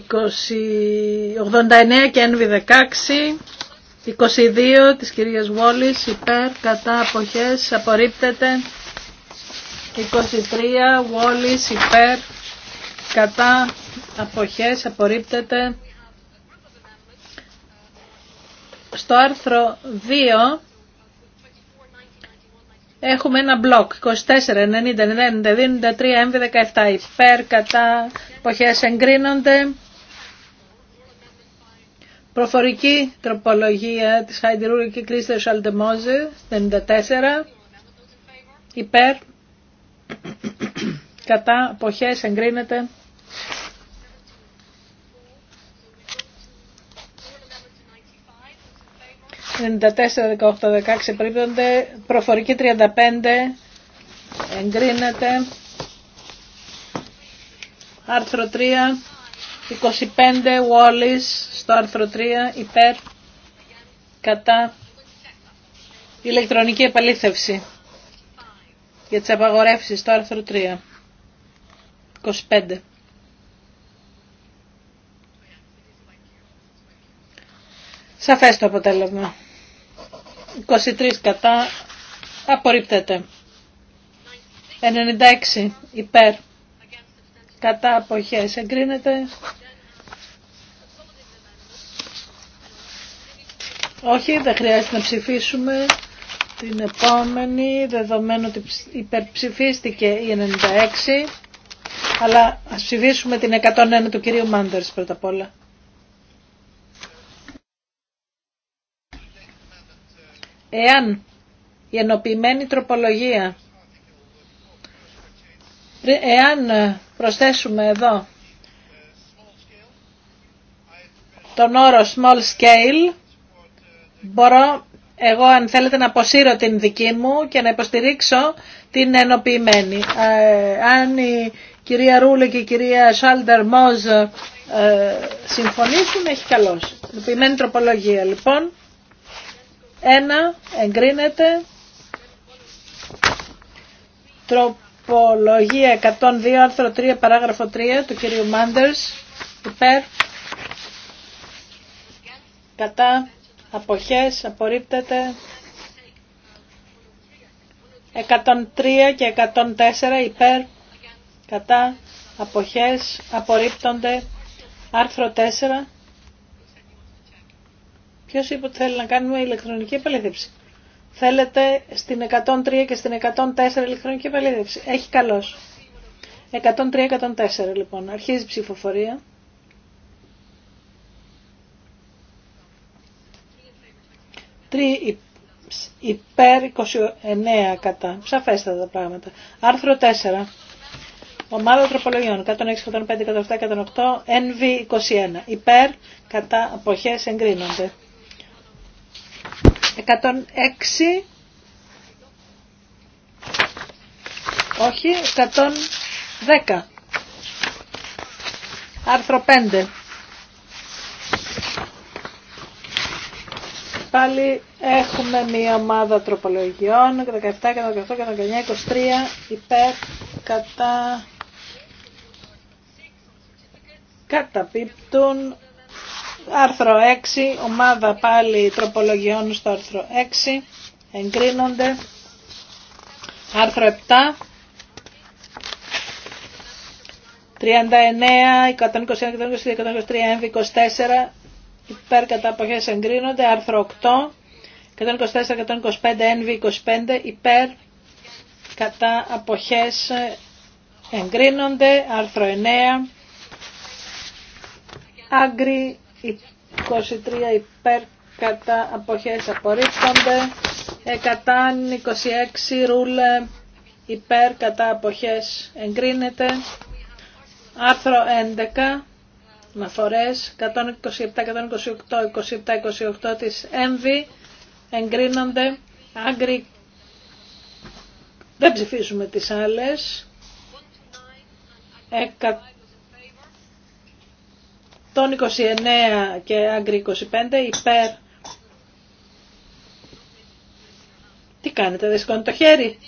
Speaker 4: και NV16, 22 της κυρίας Βόλης, υπέρ, κατά, αποχές, απορρίπτεται, 23 Βόλης, υπέρ, κατά, αποχές, απορρίπτεται. Στο άρθρο 2 Έχουμε ένα μπλοκ 24, 90, 90, 93, MV17 υπέρ, κατά, εποχές εγκρίνονται. Προφορική τροπολογία της Χαϊντιρούρου και Κρίστερ Σαλτεμόζε, 94, υπέρ, κατά, εποχές εγκρίνεται. 94, 18, 16 επρίπτονται. Προφορική 35 εγκρίνεται. Άρθρο 3. 25 Wallis στο άρθρο 3 υπέρ κατά ηλεκτρονική επαλήθευση για τις απαγορεύσεις στο άρθρο 3. 25. Σαφές το αποτέλεσμα. 23 κατά απορρίπτεται. 96 υπέρ κατά αποχές εγκρίνεται. Όχι, δεν χρειάζεται να ψηφίσουμε την επόμενη, δεδομένου ότι υπερψηφίστηκε η 96, αλλά ας ψηφίσουμε την 101 του κυρίου Μάντερς πρώτα απ' όλα. εάν η ενοποιημένη τροπολογία, εάν ε, προσθέσουμε εδώ τον όρο small scale, μπορώ εγώ αν θέλετε να αποσύρω την δική μου και να υποστηρίξω την ενοποιημένη. Ε, αν η κυρία Ρούλε και η κυρία Σάλντερ Μόζ ε, συμφωνήσουν, έχει καλώς. Ενοποιημένη τροπολογία λοιπόν ένα εγκρίνεται. Τροπολογία 102 άρθρο 3 παράγραφο 3 του κυρίου Μάντερς υπέρ κατά αποχές απορρίπτεται 103 και 104 υπέρ κατά αποχές απορρίπτονται άρθρο 4 Ποιος είπε ότι θέλει να κάνουμε ηλεκτρονική επαλήθευση. Θέλετε στην 103 και στην 104 ηλεκτρονική επαλήθευση. Έχει καλός. 103-104 λοιπόν. Αρχίζει η ψηφοφορία. 3 υπέρ 29 κατά. Ψαφέστατα τα πράγματα. Άρθρο 4. Ομάδα τροπολογιών 106, 105, 107, 108, NV 21. Υπέρ, κατά, αποχές εγκρίνονται. 106 όχι 110 άρθρο 5 Πάλι έχουμε μία ομάδα τροπολογιών, 17, 18, 19, 23, υπέρ, κατά, καταπίπτουν Άρθρο 6, ομάδα πάλι τροπολογιών στο άρθρο 6, εγκρίνονται. Άρθρο 7, 39, 121, 122, 123, 24, υπέρ κατά αποχές εγκρίνονται. Άρθρο 8, 124, 125, nv 25, υπέρ κατά αποχές εγκρίνονται. Άρθρο 9, 23 υπέρ κατά αποχές απορρίπτονται. 126 ρούλε υπέρ κατά αποχές εγκρίνεται. Άρθρο 11 φορές 127, 128, 27, 28 της ΕΜΒΗ εγκρίνονται. Άγκρι δεν ψηφίζουμε τις άλλες. Τόν 29 και άγκρι 25 υπέρ. Τι κάνετε, δεν σηκώνετε το χέρι.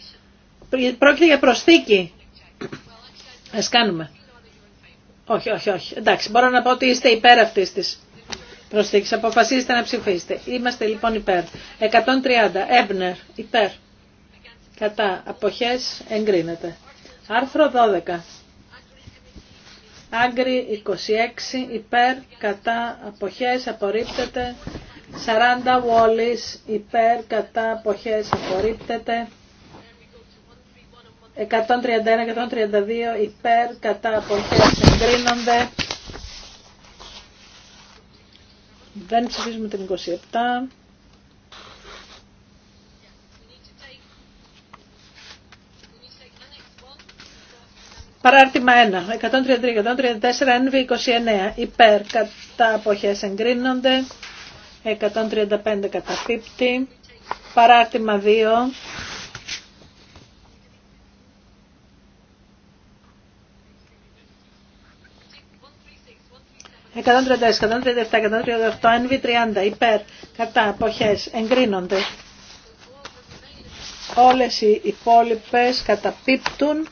Speaker 4: Πρόκειται για προσθήκη. Ας κάνουμε. Όχι, όχι, όχι. Εντάξει, μπορώ να πω ότι είστε υπέρ αυτής της προσθήκης. Αποφασίστε να ψηφίσετε. Είμαστε λοιπόν υπέρ. 130. Έμπνερ. Υπέρ. Κατά. Αποχές. Εγκρίνεται. Άρθρο 12. Άγκρι 26 υπέρ κατά αποχές απορρίπτεται. 40 Wallis υπέρ κατά αποχές απορρίπτεται. 131-132 υπέρ κατά αποχές εγκρίνονται. Δεν ψηφίζουμε την 27. Παράρτημα 1, 133, 134, NV29, υπέρ, κατά αποχές εγκρίνονται, 135 καταπίπτει, παράρτημα 2, 137, 138, NV30 υπέρ κατά αποχές εγκρίνονται. Όλες οι υπόλοιπες καταπίπτουν.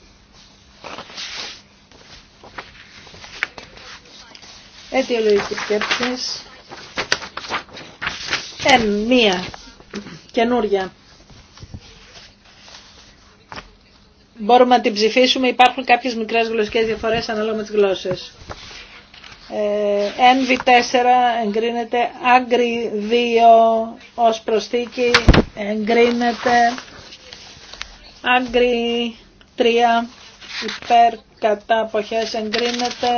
Speaker 4: Αιτιολογική σκέψη. Ε, μία καινούρια. Μπορούμε να την ψηφίσουμε. Υπάρχουν κάποιες μικρές γλωσσικές διαφορές ανάλογα με τις γλώσσες. Ε, NV4 εγκρίνεται, άγκρι 2 ως προσθήκη εγκρίνεται, άγκρι 3 υπέρ κατά αποχές εγκρίνεται.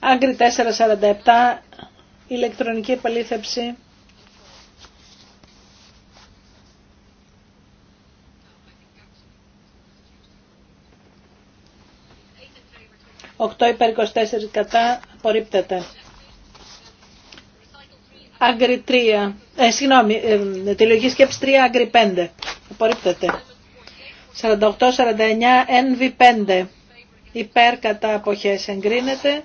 Speaker 4: Άγκρι 447, ηλεκτρονική επαλήθευση. Οκτώ υπέρ 24 κατά απορρίπτεται. Άγκρι 3. Ε, συγγνώμη, ε, τη λογική σκέψη 3, άγκρι 5. Απορρίπτεται. 48-49, NV5. Υπέρ κατά αποχές εγκρίνεται.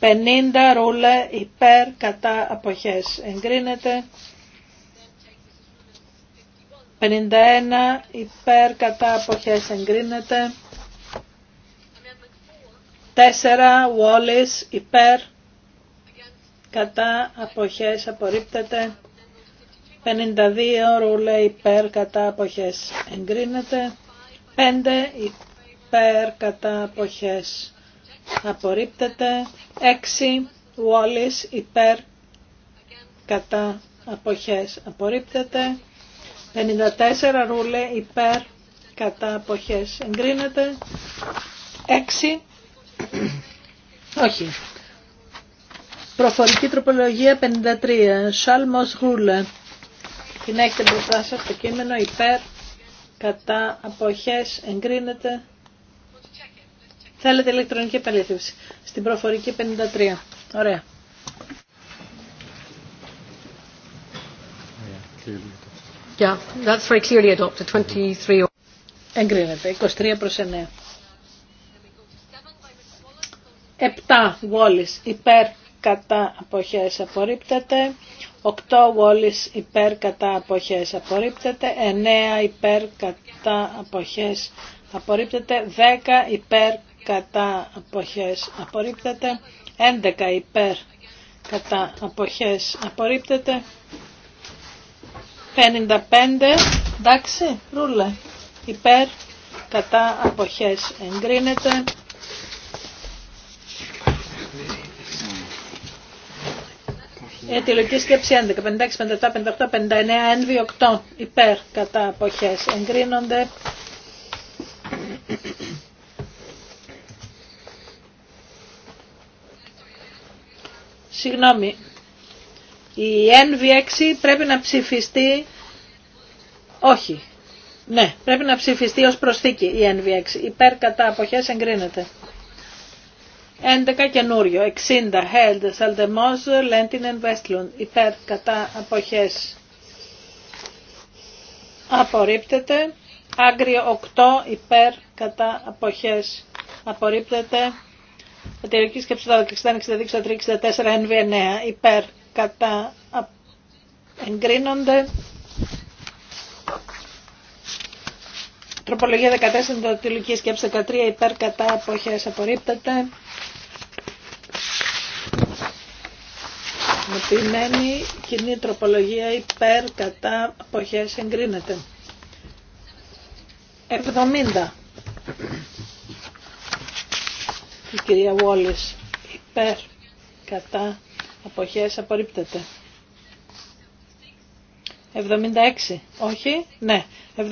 Speaker 4: 50 ρούλε υπέρ κατά αποχές εγκρίνεται. 51 υπέρ κατά αποχές εγκρίνεται. 4 Wallis υπέρ κατά αποχές απορρίπτεται 52 ρούλε υπέρ κατά αποχές εγκρίνεται 5 υπέρ κατά αποχές απορρίπτεται 6 Wallis υπέρ κατά αποχές απορρίπτεται 54 ρούλε υπέρ κατά αποχές εγκρίνεται 6 όχι Προφορική τροπολογία 53. Σάλμος Γούλε. Την έχετε μπροστά σα το κείμενο υπέρ κατά αποχές εγκρίνεται. Θέλετε ηλεκτρονική επαλήθευση. Στην προφορική 53. Ωραία.
Speaker 1: Yeah, that's very clearly adopted.
Speaker 4: 23. Εγκρίνεται. 23 προς 9. 7 Wallis υπέρ κατά αποχές απορρίπτεται, 8 Wallis υπέρ κατά αποχές απορρίπτεται, 9 υπέρ κατά αποχές απορρίπτεται, 10 υπέρ κατά αποχές απορρίπτεται, 11 υπέρ κατά αποχές απορρίπτεται, 55 εντάξει ρούλε, υπέρ κατά αποχές εγκρίνεται, Αιτιολογική σκέψη 11, 56, 57, 58, 59, ένβη 8 υπέρ κατά αποχές εγκρίνονται. Συγγνώμη, η NV6 πρέπει να ψηφιστεί, όχι, ναι, πρέπει να ψηφιστεί ως προσθήκη η NV6. Υπέρ κατά αποχές εγκρίνεται. 11 καινούριο, 60, Held, Σαλτεμόζ, and Westlund, υπέρ, κατά, αποχές. Απορρίπτεται. Άγριο 8, υπέρ, κατά, αποχές. Απορρίπτεται. Εταιρική σκέψη 12, 62, 63, 64, NV9, υπέρ, κατά, εγκρίνονται. Τροπολογία 14 τελική σκέψη 13 υπέρ κατά αποχές απορρίπτεται. με Μοτιμένη κοινή τροπολογία υπέρ κατά αποχές εγκρίνεται. 70. Η κυρία Βόλης υπέρ κατά αποχές απορρίπτεται. 76. Όχι. Ναι. 76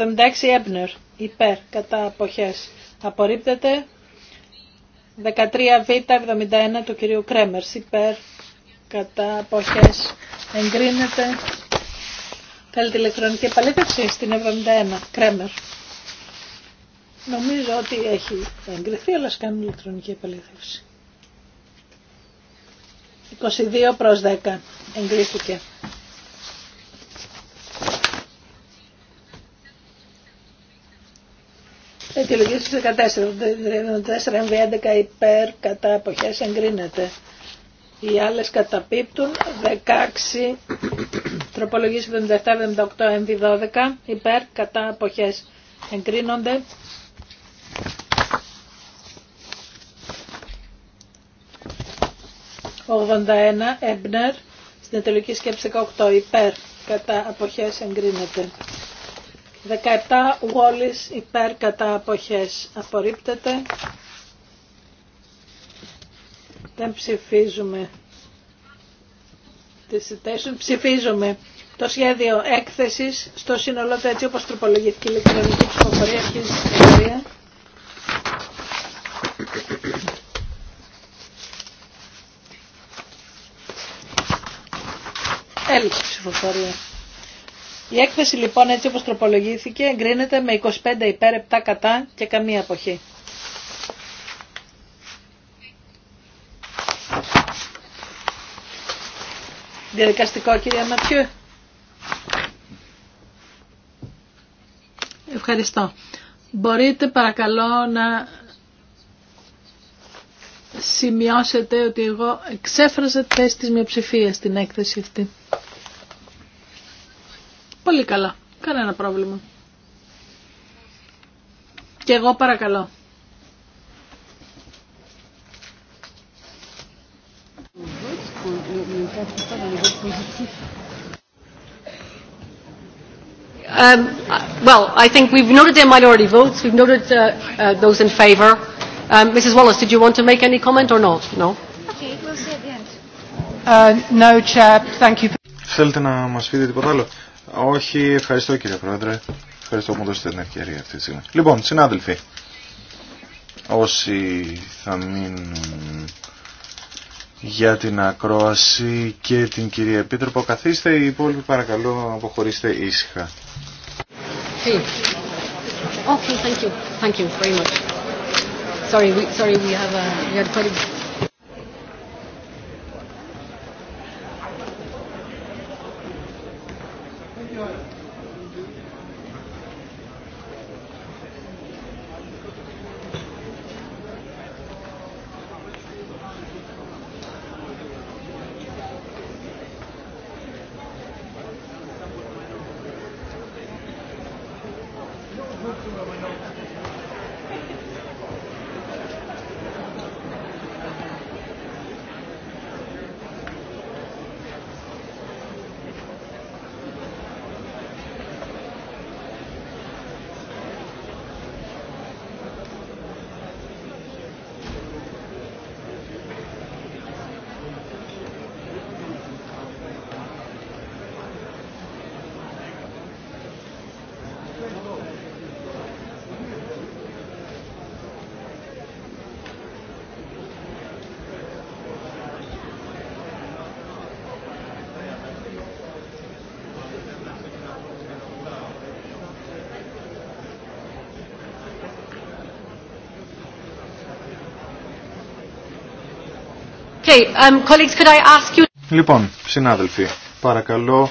Speaker 4: έμπνερ υπέρ κατά αποχές απορρίπτεται. 13β71 του κυρίου Κρέμερ. υπέρ κατά αποχές εγκρίνεται. Θέλετε ηλεκτρονική επαλήθευση στην 71 Κρέμερ. Νομίζω ότι έχει εγκριθεί, αλλά σκάνουμε ηλεκτρονική επαλήθευση. 22 προς 10 εγκρίθηκε. Αιτιολογίες του 14, 14 MV11 υπέρ κατά εποχέ εγκρίνεται. Οι άλλε καταπίπτουν 16 τροπολογίες 77-78 MV12 υπέρ κατά αποχές εγκρίνονται. «81 Έμπνερ στην εταιρική σκέψη 18 υπέρ κατά αποχές εγκρίνεται». 17 Wallis υπέρ κατά αποχές απορρίπτεται. Δεν ψηφίζουμε τη citation. Ψηφίζουμε το σχέδιο έκθεσης στο σύνολό του έτσι όπως τροπολογήθηκε η ηλεκτρονική ψηφοφορία αρχίζει η Έλειξε ψηφοφορία. Η έκθεση λοιπόν έτσι όπως τροπολογήθηκε εγκρίνεται με 25 υπέρ 7 κατά και καμία αποχή. Διαδικαστικό κυρία Ματιού. Ευχαριστώ. Μπορείτε παρακαλώ να σημειώσετε ότι εγώ εξέφραζα τη θέση της μειοψηφίας στην έκθεση αυτή. Πολύ καλά. Κανένα πρόβλημα. Και εγώ παρακαλώ.
Speaker 1: Um, well, I
Speaker 4: think we've noted the minority votes. We've noted uh, uh, those in favour. Um, Mrs. Wallace, did you want to make any comment or not? No.
Speaker 1: Okay, we'll see at the end.
Speaker 4: Uh, no, Chair. Thank
Speaker 2: you. Θέλετε να μας πείτε τίποτα άλλο. Όχι, ευχαριστώ κύριε Πρόεδρε. Ευχαριστώ που μου δώσετε την ευκαιρία αυτή τη στιγμή. Λοιπόν, συνάδελφοι, όσοι θα μείνουν για την ακρόαση και την κυρία Επίτροπο, καθίστε, οι υπόλοιποι παρακαλώ αποχωρήστε ήσυχα.
Speaker 1: Okay, thank you. Thank you very much. Sorry, we, sorry, we have a, uh, we had quite
Speaker 3: um, colleagues, could I ask you...
Speaker 1: Λοιπόν,
Speaker 2: συνάδελφοι, παρακαλώ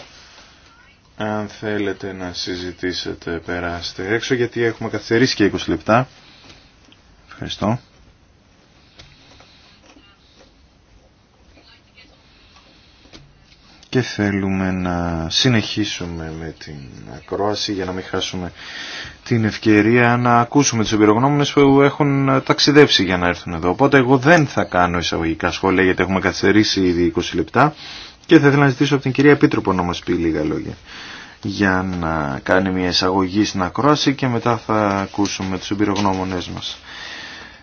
Speaker 2: αν θέλετε να συζητήσετε περάστε έξω γιατί έχουμε καθυστερήσει και 20 λεπτά. Ευχαριστώ. και θέλουμε να συνεχίσουμε με την ακρόαση για να μην χάσουμε την ευκαιρία να ακούσουμε τους εμπειρογνώμονες που έχουν ταξιδέψει για να έρθουν εδώ. Οπότε εγώ δεν θα κάνω εισαγωγικά σχόλια γιατί έχουμε καθυστερήσει ήδη 20 λεπτά και θα ήθελα να ζητήσω από την κυρία Επίτροπο να μας πει λίγα λόγια για να κάνει μια εισαγωγή στην ακρόαση και μετά θα ακούσουμε τους εμπειρογνώμονες μας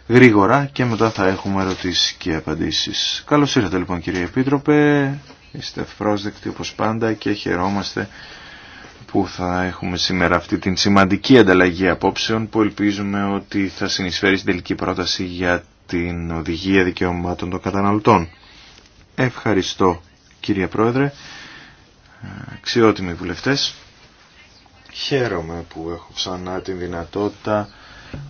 Speaker 2: γρήγορα και μετά θα έχουμε ερωτήσεις και απαντήσεις. Καλώς ήρθατε λοιπόν κύριε Επίτροπε, Είστε ευπρόσδεκτοι όπως πάντα και χαιρόμαστε που θα έχουμε σήμερα αυτή την σημαντική ανταλλαγή απόψεων που ελπίζουμε ότι θα συνεισφέρει στην τελική πρόταση για την οδηγία δικαιωμάτων των καταναλωτών. Ευχαριστώ κύριε Πρόεδρε, αξιότιμοι βουλευτές. Χαίρομαι που έχω ξανά την δυνατότητα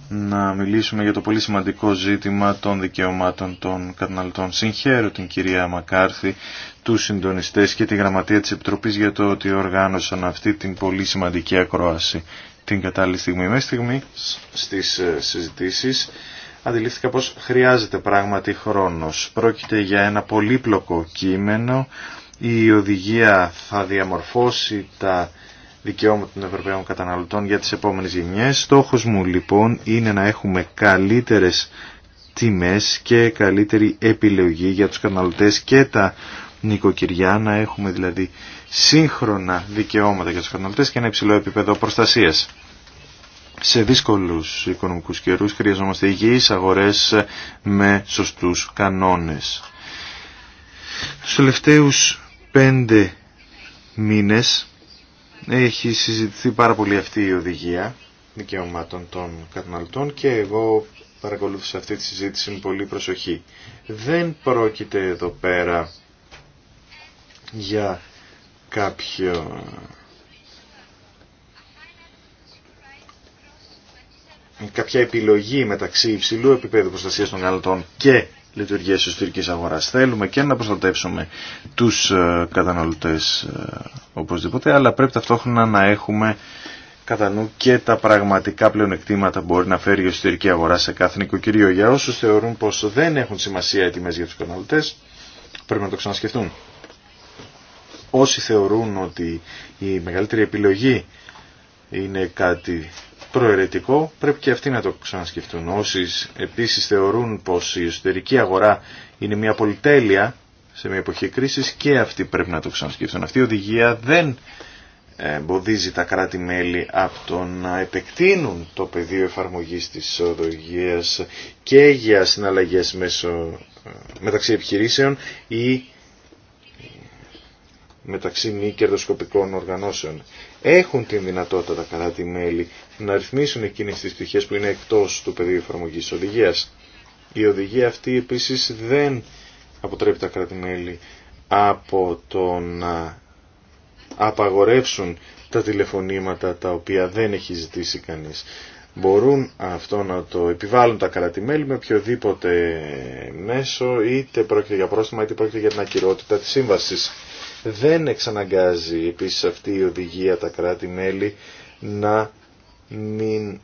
Speaker 2: να μιλήσουμε για το πολύ σημαντικό ζήτημα των δικαιωμάτων των καταναλωτών. Συγχαίρω την κυρία Μακάρθη, του συντονιστές και τη γραμματεία της Επιτροπής για το ότι οργάνωσαν αυτή την πολύ σημαντική ακρόαση την κατάλληλη στιγμή. Με στιγμή στις ε, συζητήσεις αντιλήφθηκα πως χρειάζεται πράγματι χρόνος. Πρόκειται για ένα πολύπλοκο κείμενο. Η οδηγία θα διαμορφώσει τα δικαιώματα των Ευρωπαίων καταναλωτών για τις επόμενες γενιές. Στόχος μου λοιπόν είναι να έχουμε καλύτερες τιμές και καλύτερη επιλογή για τους καταναλωτές και τα νοικοκυριά, να έχουμε δηλαδή σύγχρονα δικαιώματα για τους καταναλωτές και ένα υψηλό επίπεδο προστασίας. Σε δύσκολους οικονομικούς καιρούς χρειαζόμαστε υγιείς αγορές με σωστούς κανόνες. Στους τελευταίους πέντε μήνες έχει συζητηθεί πάρα πολύ αυτή η οδηγία δικαιωμάτων των καταναλωτών και εγώ παρακολούθησα αυτή τη συζήτηση με πολύ προσοχή. Δεν πρόκειται εδώ πέρα για κάποιο κάποια επιλογή μεταξύ υψηλού επίπεδου προστασίας των καταναλωτών και λειτουργία της εσωτερικής αγοράς. Θέλουμε και να προστατεύσουμε τους ε, καταναλωτές ε, οπωσδήποτε, αλλά πρέπει ταυτόχρονα να έχουμε κατά νου και τα πραγματικά πλεονεκτήματα που μπορεί να φέρει η εσωτερική αγορά σε κάθε νοικοκυριό. Για όσου θεωρούν πως δεν έχουν σημασία οι τιμές για τους καταναλωτές, πρέπει να το ξανασκεφτούν. Όσοι θεωρούν ότι η μεγαλύτερη επιλογή είναι κάτι προαιρετικό, πρέπει και αυτοί να το ξανασκεφτούν. Όσοι επίσης θεωρούν πως η εσωτερική αγορά είναι μια πολυτέλεια σε μια εποχή κρίσης και αυτοί πρέπει να το ξανασκεφτούν. Αυτή η οδηγία δεν ε, εμποδίζει τα κράτη-μέλη από το να επεκτείνουν το πεδίο εφαρμογής της οδηγία και για συναλλαγές μέσω, ε, μεταξύ επιχειρήσεων ή μεταξύ μη κερδοσκοπικών οργανώσεων. Έχουν την δυνατότητα τα κράτη-μέλη να ρυθμίσουν εκείνες τις πτυχές που είναι εκτός του πεδίου εφαρμογής οδηγίας. Η οδηγία αυτή επίσης δεν αποτρέπει τα κρατη από το να απαγορεύσουν τα τηλεφωνήματα τα οποία δεν έχει ζητήσει κανείς. Μπορούν αυτό να το επιβάλλουν τα κρατημέλη με οποιοδήποτε μέσο, είτε πρόκειται για πρόστιμα είτε πρόκειται για την ακυρότητα της σύμβασης. Δεν εξαναγκάζει επίσης αυτή η οδηγία τα κράτη-μέλη να μην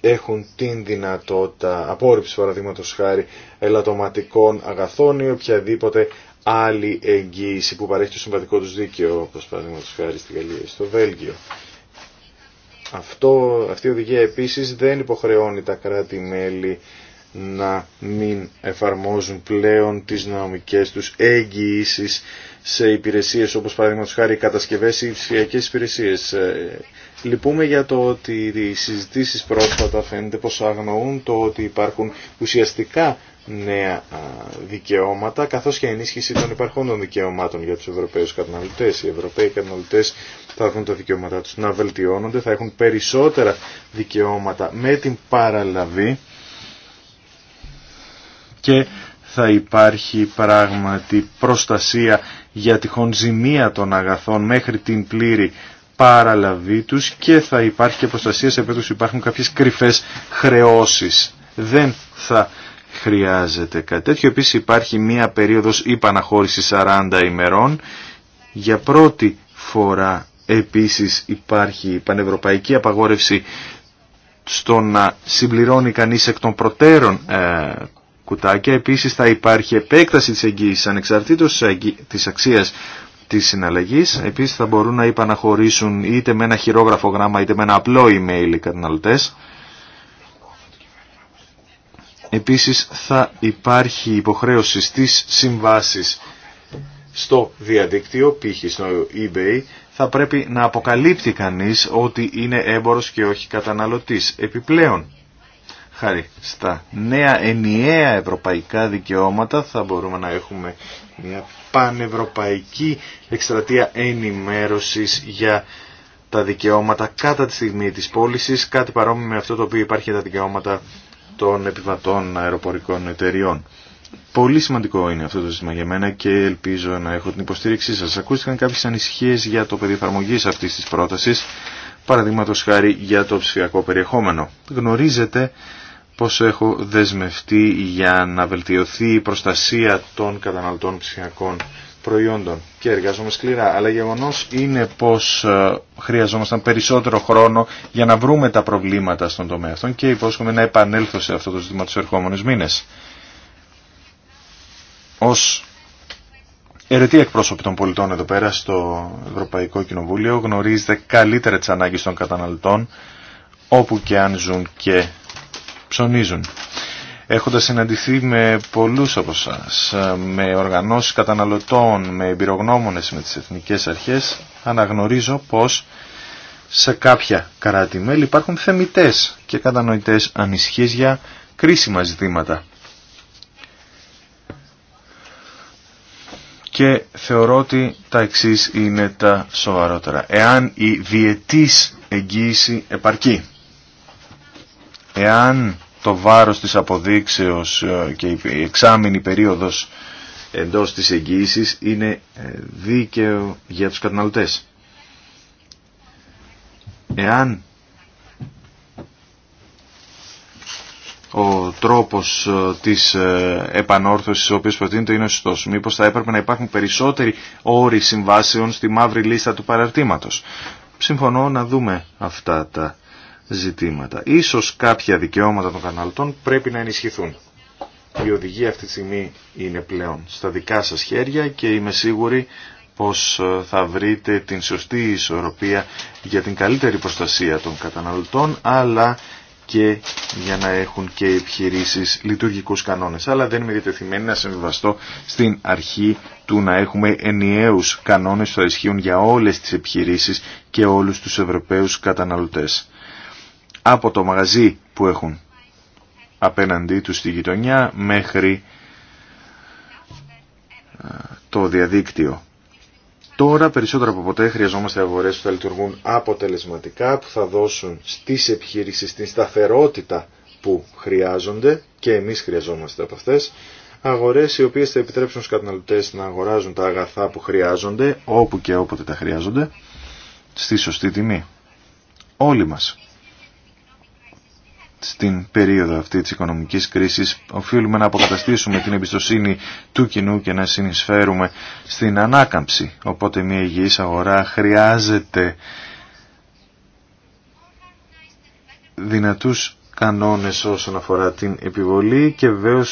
Speaker 2: έχουν την δυνατότητα απόρριψη παραδείγματο χάρη ελαττωματικών αγαθών ή οποιαδήποτε άλλη εγγύηση που παρέχει το συμβατικό τους δίκαιο, όπως παραδείγματο χάρη στη Γαλλία στο Βέλγιο. Αυτό, αυτή η οδηγία επίσης δεν υποχρεώνει τα κράτη-μέλη να μην εφαρμόζουν πλέον τις νομικές τους εγγυήσεις σε υπηρεσίες όπως παραδείγματο χάρη κατασκευές ή ψηφιακές υπηρεσίες. Ε, λυπούμε για το ότι οι συζητήσεις πρόσφατα φαίνεται πως αγνοούν το ότι υπάρχουν ουσιαστικά νέα δικαιώματα καθώς και ενίσχυση των υπαρχόντων δικαιωμάτων για τους Ευρωπαίους καταναλωτές. Οι Ευρωπαίοι καταναλωτές θα έχουν τα δικαιώματά τους να βελτιώνονται, θα έχουν περισσότερα δικαιώματα με την παραλαβή και θα υπάρχει πράγματι προστασία για τυχόν ζημία των αγαθών μέχρι την πλήρη παραλαβή τους και θα υπάρχει και προστασία σε περίπτωση υπάρχουν κάποιες κρυφές χρεώσεις. Δεν θα χρειάζεται κάτι τέτοιο. Επίσης υπάρχει μία περίοδος υπαναχώρηση 40 ημερών. Για πρώτη φορά επίσης υπάρχει πανευρωπαϊκή απαγόρευση στο να συμπληρώνει κανείς εκ των προτέρων ε, κουτάκια. Επίσης θα υπάρχει επέκταση της εγγύησης ανεξαρτήτως της αξίας της συναλλαγής. Επίσης θα μπορούν να υπαναχωρήσουν είτε με ένα χειρόγραφο γράμμα είτε με ένα απλό email οι καταναλωτές. Επίσης θα υπάρχει υποχρέωση στις συμβάσεις στο διαδίκτυο, π.χ. στο eBay, θα πρέπει να αποκαλύπτει κανείς ότι είναι έμπορος και όχι καταναλωτής. Επιπλέον, χάρη στα νέα ενιαία ευρωπαϊκά δικαιώματα θα μπορούμε να έχουμε μια πανευρωπαϊκή εκστρατεία ενημέρωσης για τα δικαιώματα κατά τη στιγμή της πώληση, κάτι παρόμοιο με αυτό το οποίο υπάρχει για τα δικαιώματα των επιβατών αεροπορικών εταιριών. Πολύ σημαντικό είναι αυτό το ζήτημα για μένα και ελπίζω να έχω την υποστήριξή σας. Ακούστηκαν κάποιες ανησυχίες για το πεδίο αυτής της πρότασης, παραδείγματος χάρη για το ψηφιακό περιεχόμενο. Γνωρίζετε πως έχω δεσμευτεί για να βελτιωθεί η προστασία των καταναλωτών ψηφιακών προϊόντων και εργάζομαι σκληρά. Αλλά γεγονό είναι πως ε, χρειαζόμασταν περισσότερο χρόνο για να βρούμε τα προβλήματα στον τομέα αυτών και υπόσχομαι να επανέλθω σε αυτό το ζήτημα του ερχόμενου μήνε. Ως Ερετή εκπρόσωποι των πολιτών εδώ πέρα στο Ευρωπαϊκό Κοινοβούλιο γνωρίζετε καλύτερα τι ανάγκε των καταναλωτών όπου και αν ζουν και ψωνίζουν. Έχοντα συναντηθεί με πολλούς από εσά, με οργανώσεις καταναλωτών, με εμπειρογνώμονες, με τις εθνικές αρχές, αναγνωρίζω πως σε κάποια κράτη-μέλη υπάρχουν θεμητές και κατανοητές ανησυχίες για κρίσιμα ζητήματα. και θεωρώ ότι τα εξής είναι τα σοβαρότερα. Εάν η διετής εγγύηση επαρκεί εάν το βάρος της αποδείξεως ε, και η εξάμεινη περίοδος εντός της εγγύησης είναι ε, δίκαιο για τους καταναλωτές. Εάν ο τρόπος ε, της επανόρθωσης ο οποίος προτείνεται είναι σωστό, Μήπως θα έπρεπε να υπάρχουν περισσότεροι όροι συμβάσεων στη μαύρη λίστα του παραρτήματος. Συμφωνώ να δούμε αυτά τα ζητήματα. Ίσως κάποια δικαιώματα των καναλτών πρέπει να ενισχυθούν. Η οδηγία αυτή τη στιγμή είναι πλέον στα δικά σας χέρια και είμαι σίγουρη πως ε, θα βρείτε την σωστή ισορροπία για την καλύτερη προστασία των καταναλωτών αλλά και για να έχουν και οι επιχειρήσεις λειτουργικούς κανόνες. Αλλά δεν είμαι διατεθειμένη να συμβιβαστώ στην αρχή του να έχουμε ενιαίους κανόνες που θα ισχύουν για όλες τις επιχειρήσεις και όλους τους Ευρωπαίους καταναλωτές από το μαγαζί που έχουν απέναντί τους στη γειτονιά μέχρι ε, το διαδίκτυο. Τώρα περισσότερο από ποτέ χρειαζόμαστε αγορές που θα λειτουργούν αποτελεσματικά, που θα δώσουν στις επιχείρησεις την σταθερότητα που χρειάζονται και εμείς χρειαζόμαστε από αυτές, αγορές οι οποίες θα επιτρέψουν στους καταναλωτές να αγοράζουν τα αγαθά που χρειάζονται, όπου και όποτε τα χρειάζονται, στη σωστή τιμή. Όλοι μας στην περίοδο αυτή της οικονομικής κρίσης οφείλουμε να αποκαταστήσουμε την εμπιστοσύνη του κοινού και να συνεισφέρουμε στην ανάκαμψη. Οπότε μια υγιής αγορά χρειάζεται δυνατούς κανόνες όσον αφορά την επιβολή και βεβαίω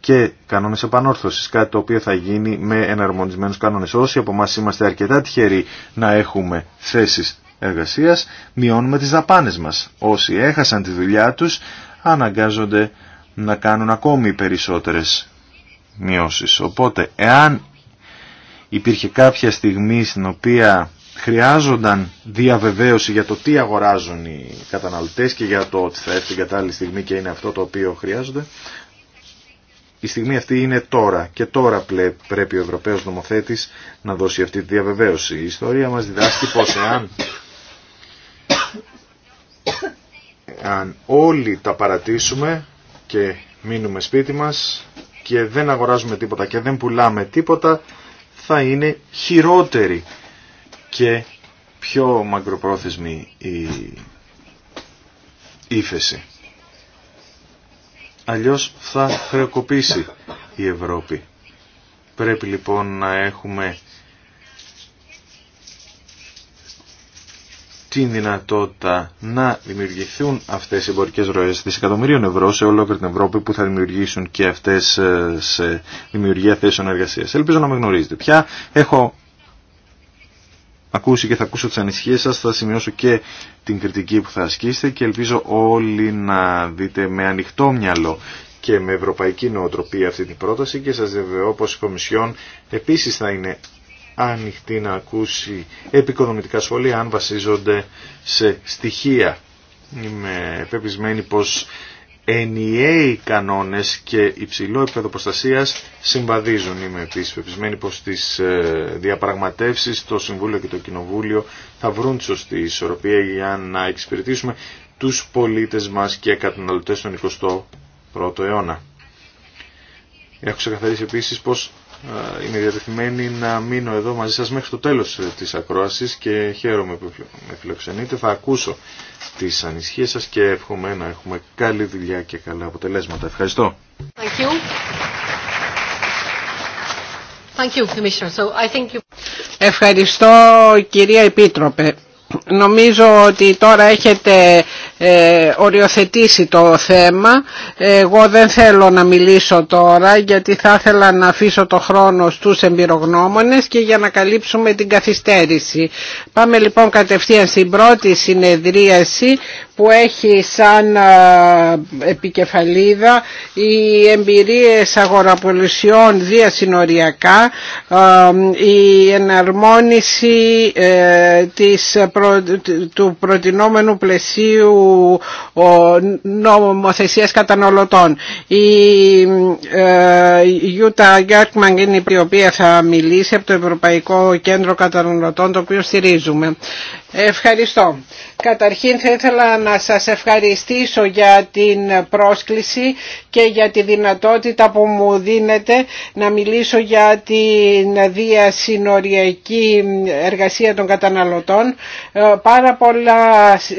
Speaker 2: και κανόνες επανόρθωσης, κάτι το οποίο θα γίνει με εναρμονισμένους κανόνες. Όσοι από εμά είμαστε αρκετά τυχεροί να έχουμε θέσεις εργασίας, μειώνουμε τις δαπάνες μας. Όσοι έχασαν τη δουλειά τους αναγκάζονται να κάνουν ακόμη περισσότερες μειώσεις. Οπότε, εάν υπήρχε κάποια στιγμή στην οποία χρειάζονταν διαβεβαίωση για το τι αγοράζουν οι καταναλωτές και για το ότι θα έρθει την κατάλληλη στιγμή και είναι αυτό το οποίο χρειάζονται, η στιγμή αυτή είναι τώρα και τώρα πρέπει ο Ευρωπαίος νομοθέτης να δώσει αυτή τη διαβεβαίωση. Η ιστορία μας διδάσκει πως εάν αν όλοι τα παρατήσουμε και μείνουμε σπίτι μας και δεν αγοράζουμε τίποτα και δεν πουλάμε τίποτα θα είναι χειρότερη και πιο μακροπρόθεσμη η ύφεση. Αλλιώς θα χρεοκοπήσει η Ευρώπη. Πρέπει λοιπόν να έχουμε την δυνατότητα να δημιουργηθούν αυτές οι εμπορικές ροές δισεκατομμυρίων ευρώ σε ολόκληρη την Ευρώπη που θα δημιουργήσουν και αυτές ε, σε δημιουργία θέσεων εργασίας. Ελπίζω να με γνωρίζετε. Πια έχω ακούσει και θα ακούσω τις ανησυχίες σας, θα σημειώσω και την κριτική που θα ασκήσετε και ελπίζω όλοι να δείτε με ανοιχτό μυαλό και με ευρωπαϊκή νοοτροπία αυτή την πρόταση και σας βεβαιώ πως η Κομισιόν επίσης θα είναι ανοιχτή να ακούσει επικοδομητικά σχολεία, αν βασίζονται σε στοιχεία. Είμαι πεπισμένη πως ενιαίοι κανόνες και υψηλό επίπεδο προστασία συμβαδίζουν. Είμαι επίσης πεπισμένη πως τις ε, διαπραγματεύσεις το Συμβούλιο και το Κοινοβούλιο θα βρουν τη σωστή ισορροπία για να εξυπηρετήσουμε τους πολίτες μας και καταναλωτές στον 21ο αιώνα. Έχω ξεκαθαρίσει επίσης πως ε, είμαι διατεθειμένη να μείνω εδώ μαζί σας μέχρι το τέλος ε, της ακρόασης και χαίρομαι που με φιλοξενείτε. Θα ακούσω τις ανησυχίες σας και εύχομαι να έχουμε καλή δουλειά και καλά αποτελέσματα. Ευχαριστώ.
Speaker 3: Thank you. Thank you,
Speaker 1: So I think you...
Speaker 3: Ευχαριστώ κυρία Επίτροπε. Νομίζω ότι τώρα έχετε ε, οριοθετήσει το θέμα. Εγώ δεν θέλω να μιλήσω τώρα γιατί θα ήθελα να αφήσω το χρόνο στους εμπειρογνώμονες και για να καλύψουμε την καθυστέρηση. Πάμε λοιπόν κατευθείαν στην πρώτη συνεδρίαση που έχει σαν ε, επικεφαλίδα οι εμπειρίες αγοραπολισιών διασυνοριακά, ε, η εναρμόνιση της, του προτινόμενου πλαισίου νομοθεσίας καταναλωτών. Η ε, Γιούτα Γκάρκμαν είναι η οποία θα μιλήσει από το Ευρωπαϊκό Κέντρο Καταναλωτών το οποίο στηρίζουμε. Ευχαριστώ. Καταρχήν θα ήθελα να σας ευχαριστήσω για την πρόσκληση και για τη δυνατότητα που μου δίνετε να μιλήσω για την διασυνοριακή εργασία των καταναλωτών. Ε, πάρα, πολλά,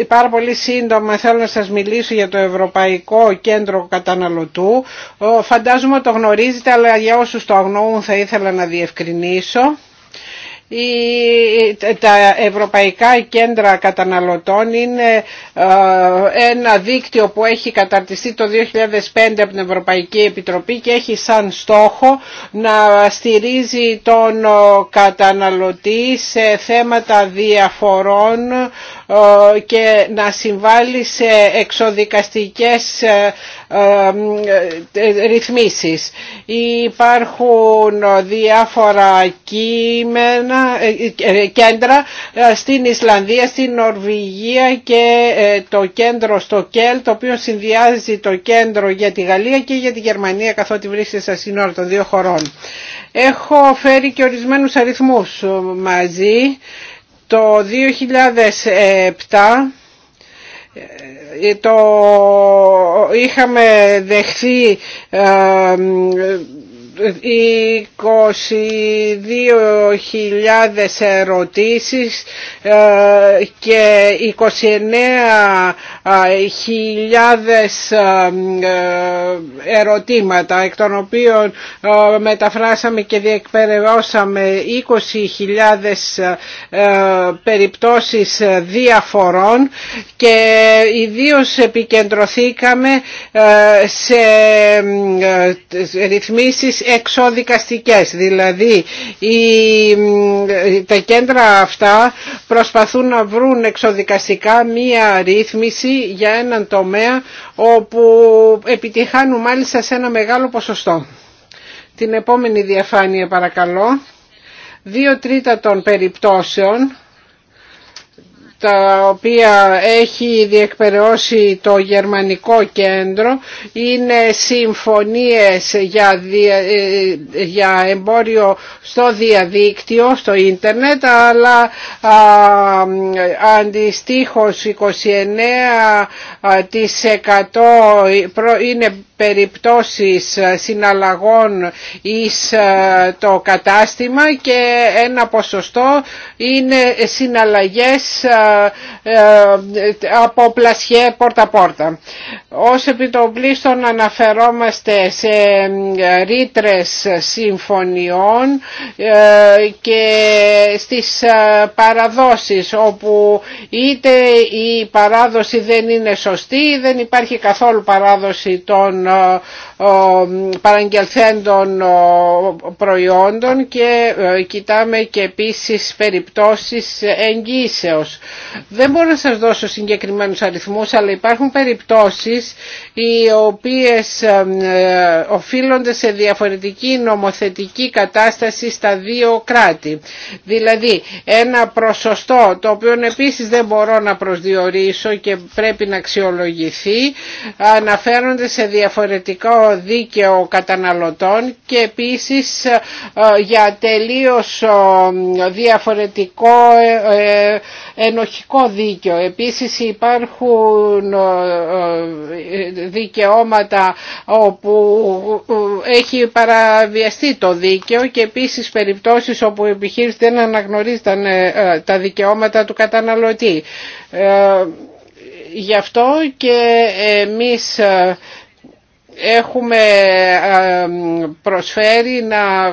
Speaker 3: πάρα πολύ σύντομα θέλω να σας μιλήσω για το Ευρωπαϊκό Κέντρο Καταναλωτού. Ε, φαντάζομαι το γνωρίζετε αλλά για όσους το αγνοούν θα ήθελα να διευκρινίσω. Τα Ευρωπαϊκά Κέντρα Καταναλωτών είναι ε, ένα δίκτυο που έχει καταρτιστεί το 2005 από την Ευρωπαϊκή Επιτροπή και έχει σαν στόχο να στηρίζει τον ε, καταναλωτή σε θέματα διαφορών ε, και να συμβάλλει σε εξοδικαστικές ε, ε, ρυθμίσεις. Υπάρχουν διάφορα κείμενα, κέντρα στην Ισλανδία, στην Νορβηγία και το κέντρο στο ΚΕΛ το οποίο συνδυάζει το κέντρο για τη Γαλλία και για τη Γερμανία καθότι βρίσκεται στα σύνορα των δύο χωρών. Έχω φέρει και ορισμένους αριθμούς μαζί το 2007 ε, το είχαμε δεχθεί ε, 22.000 ερωτήσεις ε, και 29.000 ε, ε, ερωτήματα εκ των οποίων μεταφράσαμε και διεκπαιρεώσαμε 20.000 περιπτώσεις διαφορών και ιδίως επικεντρωθήκαμε σε ρυθμίσεις εξοδικαστικές. Δηλαδή τα κέντρα αυτά προσπαθούν να βρουν εξοδικαστικά μία ρύθμιση για έναν τομέα όπου επιτυχάνουν μάλιστα σε ένα μεγάλο ποσοστό. Την επόμενη διαφάνεια παρακαλώ. Δύο τρίτα των περιπτώσεων τα οποία έχει διεκπαιρεώσει το Γερμανικό Κέντρο είναι συμφωνίες για, ε, εμπόριο στο διαδίκτυο, στο ίντερνετ αλλά α, αντιστοίχως 29% είναι περιπτώσεις συναλλαγών εις το κατάστημα και ένα ποσοστό είναι συναλλαγές ε, ε, από πλασιέ πόρτα-πόρτα. Ως επιτοπλίστων αναφερόμαστε σε ε, ρήτρε συμφωνιών και στις παραδόσεις όπου είτε η παράδοση δεν είναι σωστή δεν υπάρχει καθόλου παράδοση των παραγγελθέντων προϊόντων και ε, κοιτάμε και επίσης περιπτώσεις εγγύσεως. Δεν μπορώ να σας δώσω συγκεκριμένους αριθμούς αλλά υπάρχουν περιπτώσεις οι οποίες ε, ε, οφείλονται σε διαφορετική νομοθετική κατάσταση στα δύο κράτη. Δηλαδή ένα προσωστό το οποίο επίσης δεν μπορώ να προσδιορίσω και πρέπει να αξιολογηθεί αναφέρονται σε διαφορετικό δίκαιο καταναλωτών και επίσης ε, για τελείως ε, διαφορετικό ε, ενοχικό δίκαιο. Επίσης υπάρχουν δικαιώματα όπου έχει παραβιαστεί το δίκαιο και επίσης περιπτώσεις όπου η επιχείρηση δεν τα δικαιώματα του καταναλωτή. Γι' αυτό και εμείς έχουμε ε, προσφέρει να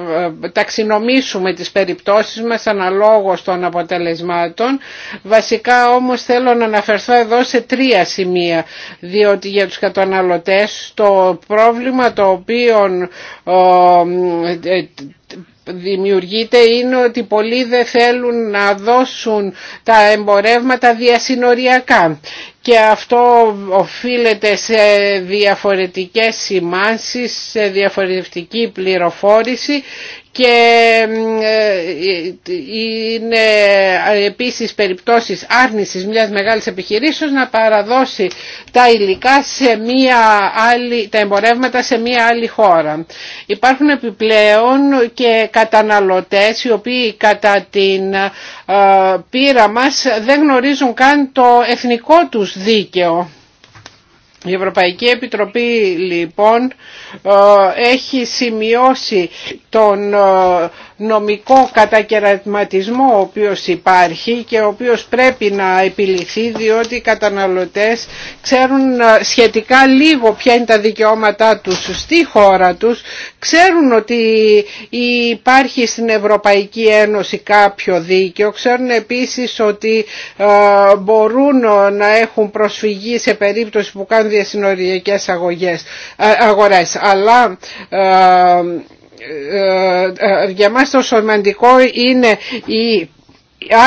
Speaker 3: ε, ταξινομήσουμε τις περιπτώσεις μας αναλόγως των αποτελεσμάτων. Βασικά όμως θέλω να αναφερθώ εδώ σε τρία σημεία, διότι για τους καταναλωτές το πρόβλημα το οποίο ε, δημιουργείται είναι ότι πολλοί δεν θέλουν να δώσουν τα εμπορεύματα διασυνοριακά και αυτό οφείλεται σε διαφορετικές σημάνσεις, σε διαφορετική πληροφόρηση και ε, ε, είναι ε, επίσης περιπτώσεις άρνησης μιας μεγάλης επιχειρήσεως να παραδώσει τα υλικά σε μια άλλη, τα εμπορεύματα σε μια άλλη χώρα. Υπάρχουν επιπλέον και καταναλωτές οι οποίοι κατά την πείρα μας δεν γνωρίζουν καν το εθνικό τους δίκαιο. Η Ευρωπαϊκή Επιτροπή λοιπόν ε, έχει σημειώσει τον ε, νομικό κατακερατισμό, ο οποίος υπάρχει και ο οποίος πρέπει να επιληθεί διότι οι καταναλωτές ξέρουν ε, σχετικά λίγο ποια είναι τα δικαιώματά τους στη χώρα τους ξέρουν ότι υπάρχει στην Ευρωπαϊκή Ένωση κάποιο δίκαιο ξέρουν επίσης ότι ε, μπορούν να έχουν προσφυγή σε περίπτωση που κάνουν διασυνοριακές ε, αγορές αλλά ε, ε, ε, για μας το σημαντικό είναι η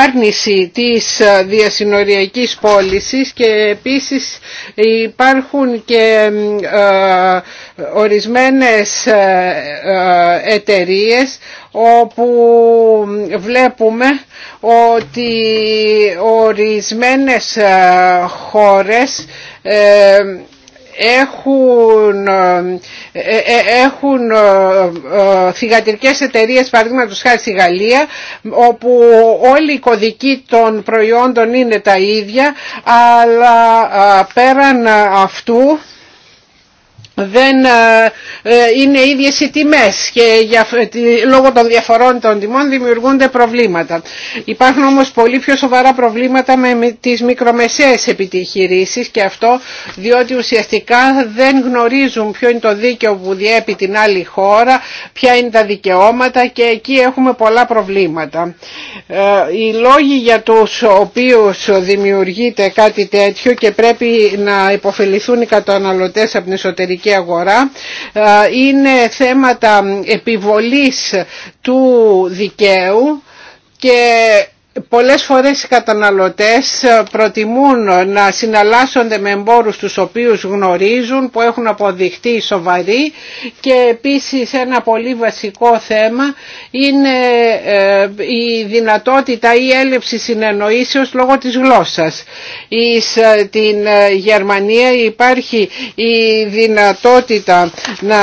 Speaker 3: άρνηση της διασυνοριακής πώληση και επίσης υπάρχουν και ορισμένες εταιρείες όπου βλέπουμε ότι ορισμένες χώρες έχουν, ε, ε, ε, έχουν θηγατρικές εταιρείες παραδείγματος χάρη στη Γαλλία όπου όλοι οι κωδικοί των προϊόντων είναι τα ίδια αλλά πέραν αυτού δεν ε, ε, είναι ίδιες οι τιμές και για, λόγω των διαφορών των τιμών δημιουργούνται προβλήματα. Υπάρχουν όμως πολύ πιο σοβαρά προβλήματα με τις μικρομεσαίες επιτυχηρήσεις και αυτό διότι ουσιαστικά δεν γνωρίζουν ποιο είναι το δίκαιο που διέπει την άλλη χώρα, ποια είναι τα δικαιώματα και εκεί έχουμε πολλά προβλήματα. Ε, οι λόγοι για τους οποίους δημιουργείται κάτι τέτοιο και πρέπει να υποφεληθούν οι καταναλωτές από την εσωτερική αγορά ε, είναι θέματα επιβολής του δικαίου και Πολλές φορές οι καταναλωτές ε, προτιμούν να συναλλάσσονται με εμπόρους τους οποίους γνωρίζουν, που έχουν αποδειχτεί σοβαροί και επίσης ένα πολύ βασικό θέμα είναι ε, η δυνατότητα ή έλλειψη συνεννοήσεως λόγω της γλώσσας. στην ε, την Γερμανία υπάρχει η δυνατότητα να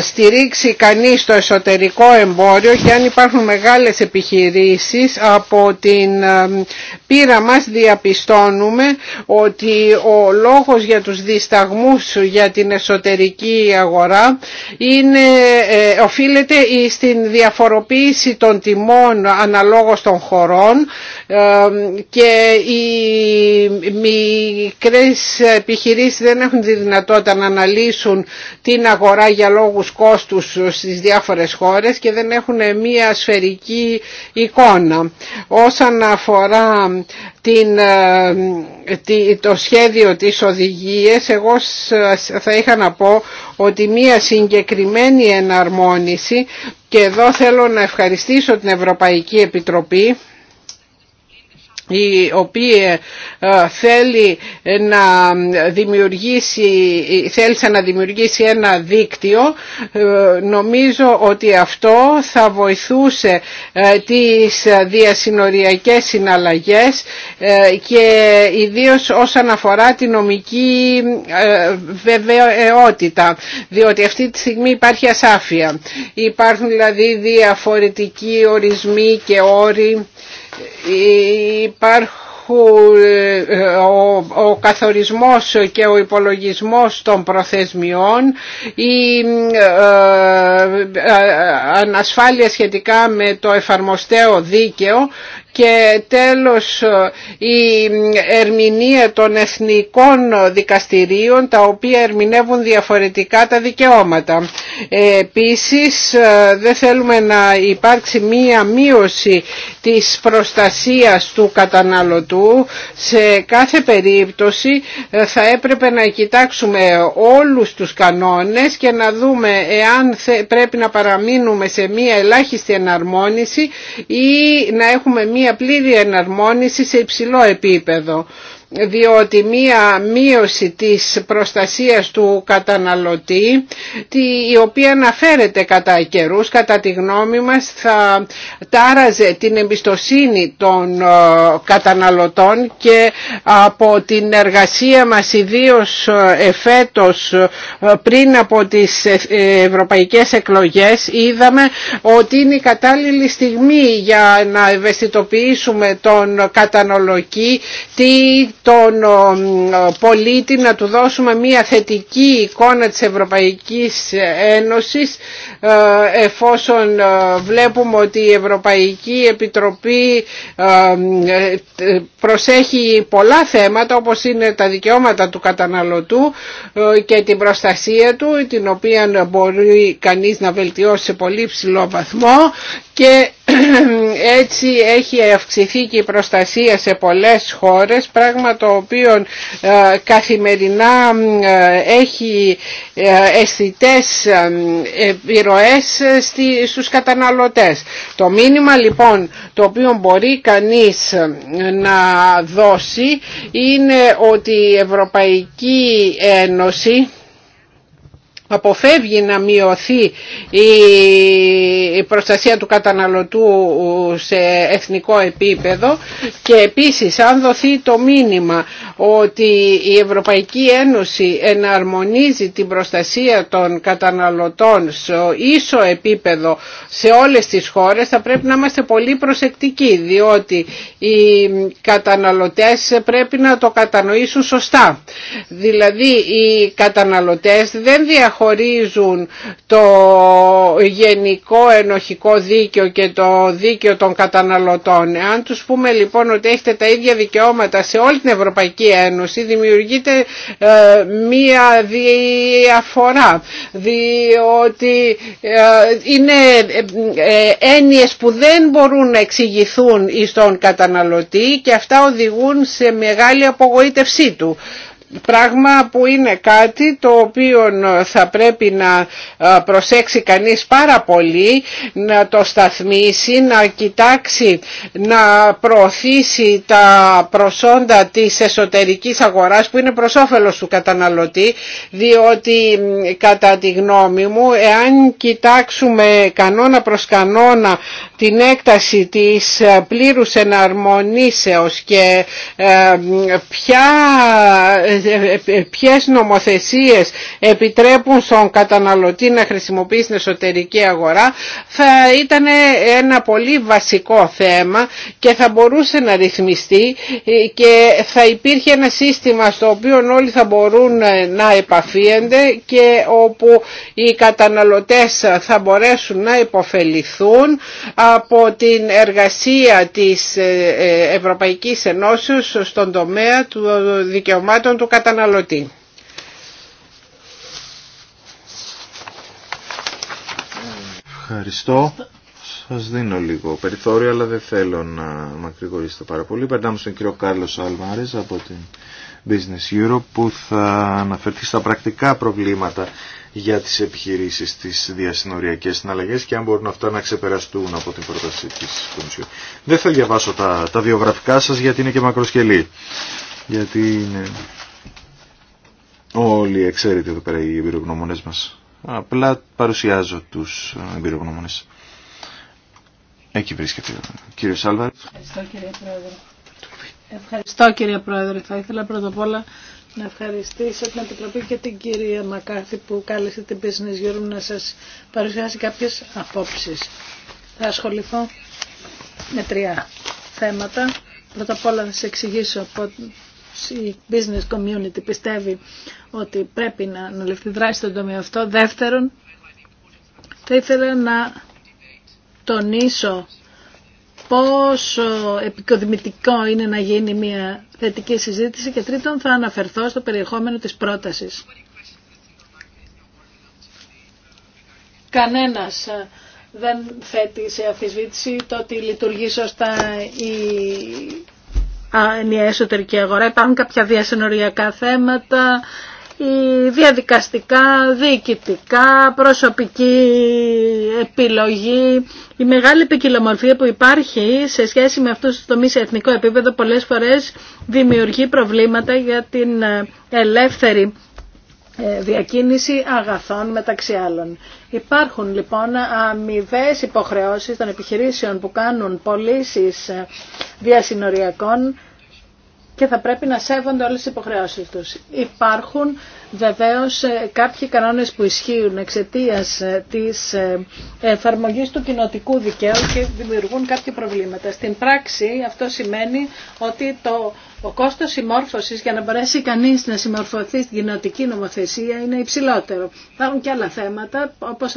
Speaker 3: στηρίξει κανείς το εσωτερικό εμπόριο και αν υπάρχουν μεγάλες επιχειρήσεις από την ε, πείρα μας διαπιστώνουμε ότι ο λόγος για τους δισταγμούς για την εσωτερική αγορά είναι, ε, οφείλεται στην διαφοροποίηση των τιμών αναλόγως των χωρών ε, και οι μικρές επιχειρήσεις δεν έχουν τη δυνατότητα να αναλύσουν την αγορά για λόγους κόστους στις διάφορες χώρες και δεν έχουν μια σφαιρική εικόνα όσον αφορά την, ε, το σχέδιο της οδηγίας εγώ θα είχα να πω ότι μία συγκεκριμένη εναρμόνιση και εδώ θέλω να ευχαριστήσω την Ευρωπαϊκή Επιτροπή η οποία ε, θέλει να δημιουργήσει, θέλησε να δημιουργήσει ένα δίκτυο ε, νομίζω ότι αυτό θα βοηθούσε ε, τις διασυνοριακές συναλλαγές και ιδίως όσον αφορά τη νομική βεβαιότητα διότι αυτή τη στιγμή υπάρχει ασάφεια υπάρχουν δηλαδή διαφορετικοί ορισμοί και όροι Υπάρχουν ε, ο καθορισμός και ο υπολογισμός των προθεσμιών η ε, ε, ανασφάλεια σχετικά με το εφαρμοστέο δίκαιο και τέλος η ερμηνεία των εθνικών δικαστηρίων τα οποία ερμηνεύουν διαφορετικά τα δικαιώματα. Επίσης δεν θέλουμε να υπάρξει μία μείωση της προστασίας του καταναλωτού. Σε κάθε περίπτωση θα έπρεπε να κοιτάξουμε όλους τους κανόνες και να δούμε εάν πρέπει να παραμείνουμε σε μία ελάχιστη εναρμόνιση ή να έχουμε μία μια πλήρη εναρμόνιση σε υψηλό επίπεδο διότι μία μείωση της προστασίας του καταναλωτή η οποία αναφέρεται κατά καιρού, κατά τη γνώμη μας θα τάραζε την εμπιστοσύνη των ε, καταναλωτών και από την εργασία μας ιδίως ε, εφέτος ε, πριν από τις ευρωπαϊκές εκλογές είδαμε ότι είναι η κατάλληλη στιγμή για να ευαισθητοποιήσουμε τον καταναλωτή τον πολίτη να του δώσουμε μια θετική εικόνα της Ευρωπαϊκής Ένωσης ε, εφόσον ε, βλέπουμε ότι η Ευρωπαϊκή Επιτροπή ε, προσέχει πολλά θέματα όπως είναι τα δικαιώματα του καταναλωτού και την προστασία του την οποία μπορεί κανείς να βελτιώσει σε πολύ ψηλό βαθμό και έτσι έχει αυξηθεί και η προστασία σε πολλές χώρες πράγμα το οποίο ε, καθημερινά ε, έχει ε, αισθητές επιρροές στους καταναλωτές. Το μήνυμα λοιπόν το οποίο μπορεί κανείς να δώσει είναι ότι η Ευρωπαϊκή Ένωση αποφεύγει να μειωθεί η προστασία του καταναλωτού σε εθνικό επίπεδο και επίσης αν δοθεί το μήνυμα ότι η Ευρωπαϊκή Ένωση εναρμονίζει την προστασία των καταναλωτών σε ίσο επίπεδο σε όλες τις χώρες θα πρέπει να είμαστε πολύ προσεκτικοί διότι οι καταναλωτές πρέπει να το κατανοήσουν σωστά. Δηλαδή οι καταναλωτές δεν διαχωρίζουν το γενικό ενοχικό δίκαιο και το δίκαιο των καταναλωτών. Αν τους πούμε λοιπόν ότι έχετε τα ίδια δικαιώματα σε όλη την Ευρωπαϊκή Ένωση δημιουργείται ε, μία διαφορά διότι ε, είναι ε, έννοιες που δεν μπορούν να εξηγηθούν στον καταναλωτή και αυτά οδηγούν σε μεγάλη απογοήτευσή του πράγμα που είναι κάτι το οποίο θα πρέπει να ε, προσέξει κανείς πάρα πολύ, να το σταθμίσει, να κοιτάξει, να προωθήσει τα προσόντα της εσωτερικής αγοράς που είναι προς όφελος του καταναλωτή, διότι κατά τη γνώμη μου, εάν κοιτάξουμε κανόνα προς κανόνα την έκταση της ε, πλήρους εναρμονήσεως και ε, ποια ποιες νομοθεσίες επιτρέπουν στον καταναλωτή να χρησιμοποιήσει την εσωτερική αγορά θα ήταν ένα πολύ βασικό θέμα και θα μπορούσε να ρυθμιστεί και θα υπήρχε ένα σύστημα στο οποίο όλοι θα μπορούν να επαφίενται και όπου οι καταναλωτές θα μπορέσουν να υποφεληθούν από την εργασία της Ευρωπαϊκής Ενώσεως στον τομέα του δικαιωμάτων καταναλωτή.
Speaker 2: Ευχαριστώ. Σας δίνω λίγο περιθώριο, αλλά δεν θέλω να μακρηγορήσετε πάρα πολύ. Περνάμε στον κύριο Κάρλος Αλμάρης από την Business Europe που θα αναφερθεί στα πρακτικά προβλήματα για τις επιχειρήσεις της διασυνοριακές συναλλαγές και αν μπορούν αυτά να ξεπεραστούν από την πρόταση της Κομισιού. Δεν θα διαβάσω τα, τα βιογραφικά σας γιατί είναι και μακροσκελή. Γιατί είναι Όλοι εξαίρετε εδώ πέρα οι εμπειρογνώμονες μας. Απλά παρουσιάζω τους ε, εμπειρογνώμονες. Εκεί βρίσκεται ο κύριος Σάλβαρ.
Speaker 4: Ευχαριστώ κύριε Πρόεδρε. Ευχαριστώ κύριε Πρόεδρε. Θα ήθελα πρώτα απ' όλα να ευχαριστήσω την Επιτροπή και την κυρία Μακάθη που κάλεσε την Business Europe να σας παρουσιάσει κάποιες απόψεις. Θα ασχοληθώ με τρία θέματα. Πρώτα απ' όλα να σας εξηγήσω πώς η business community πιστεύει ότι πρέπει να αναλυφθεί δράση στον τομέα αυτό. Δεύτερον, θα ήθελα να τονίσω πόσο επικοδημητικό είναι να γίνει μια θετική συζήτηση και τρίτον θα αναφερθώ στο περιεχόμενο της πρότασης. Κανένας ε, δεν θέτει σε αφισβήτηση το ότι λειτουργεί σωστά η ενιαία εσωτερική αγορά. Υπάρχουν κάποια διασυνοριακά θέματα, η διαδικαστικά, διοικητικά, προσωπική επιλογή. Η μεγάλη ποικιλομορφία που υπάρχει σε σχέση με αυτούς τους τομείς σε εθνικό επίπεδο πολλές φορές δημιουργεί προβλήματα για την ε, ελεύθερη ε, διακίνηση αγαθών μεταξύ άλλων. Υπάρχουν λοιπόν αμοιβέ υποχρεώσεις των επιχειρήσεων που κάνουν πωλήσει ε, διασυνοριακών και θα πρέπει να σέβονται όλες τις υποχρεώσεις τους. Υπάρχουν βεβαίως ε, κάποιοι κανόνες που ισχύουν εξαιτία ε, της ε, εφαρμογής του κοινοτικού δικαίου και δημιουργούν κάποια προβλήματα. Στην πράξη αυτό σημαίνει ότι το, ο κόστος συμμόρφωσης για να μπορέσει κανείς να συμμορφωθεί στην κοινοτική νομοθεσία είναι υψηλότερο. Υπάρχουν και άλλα θέματα όπως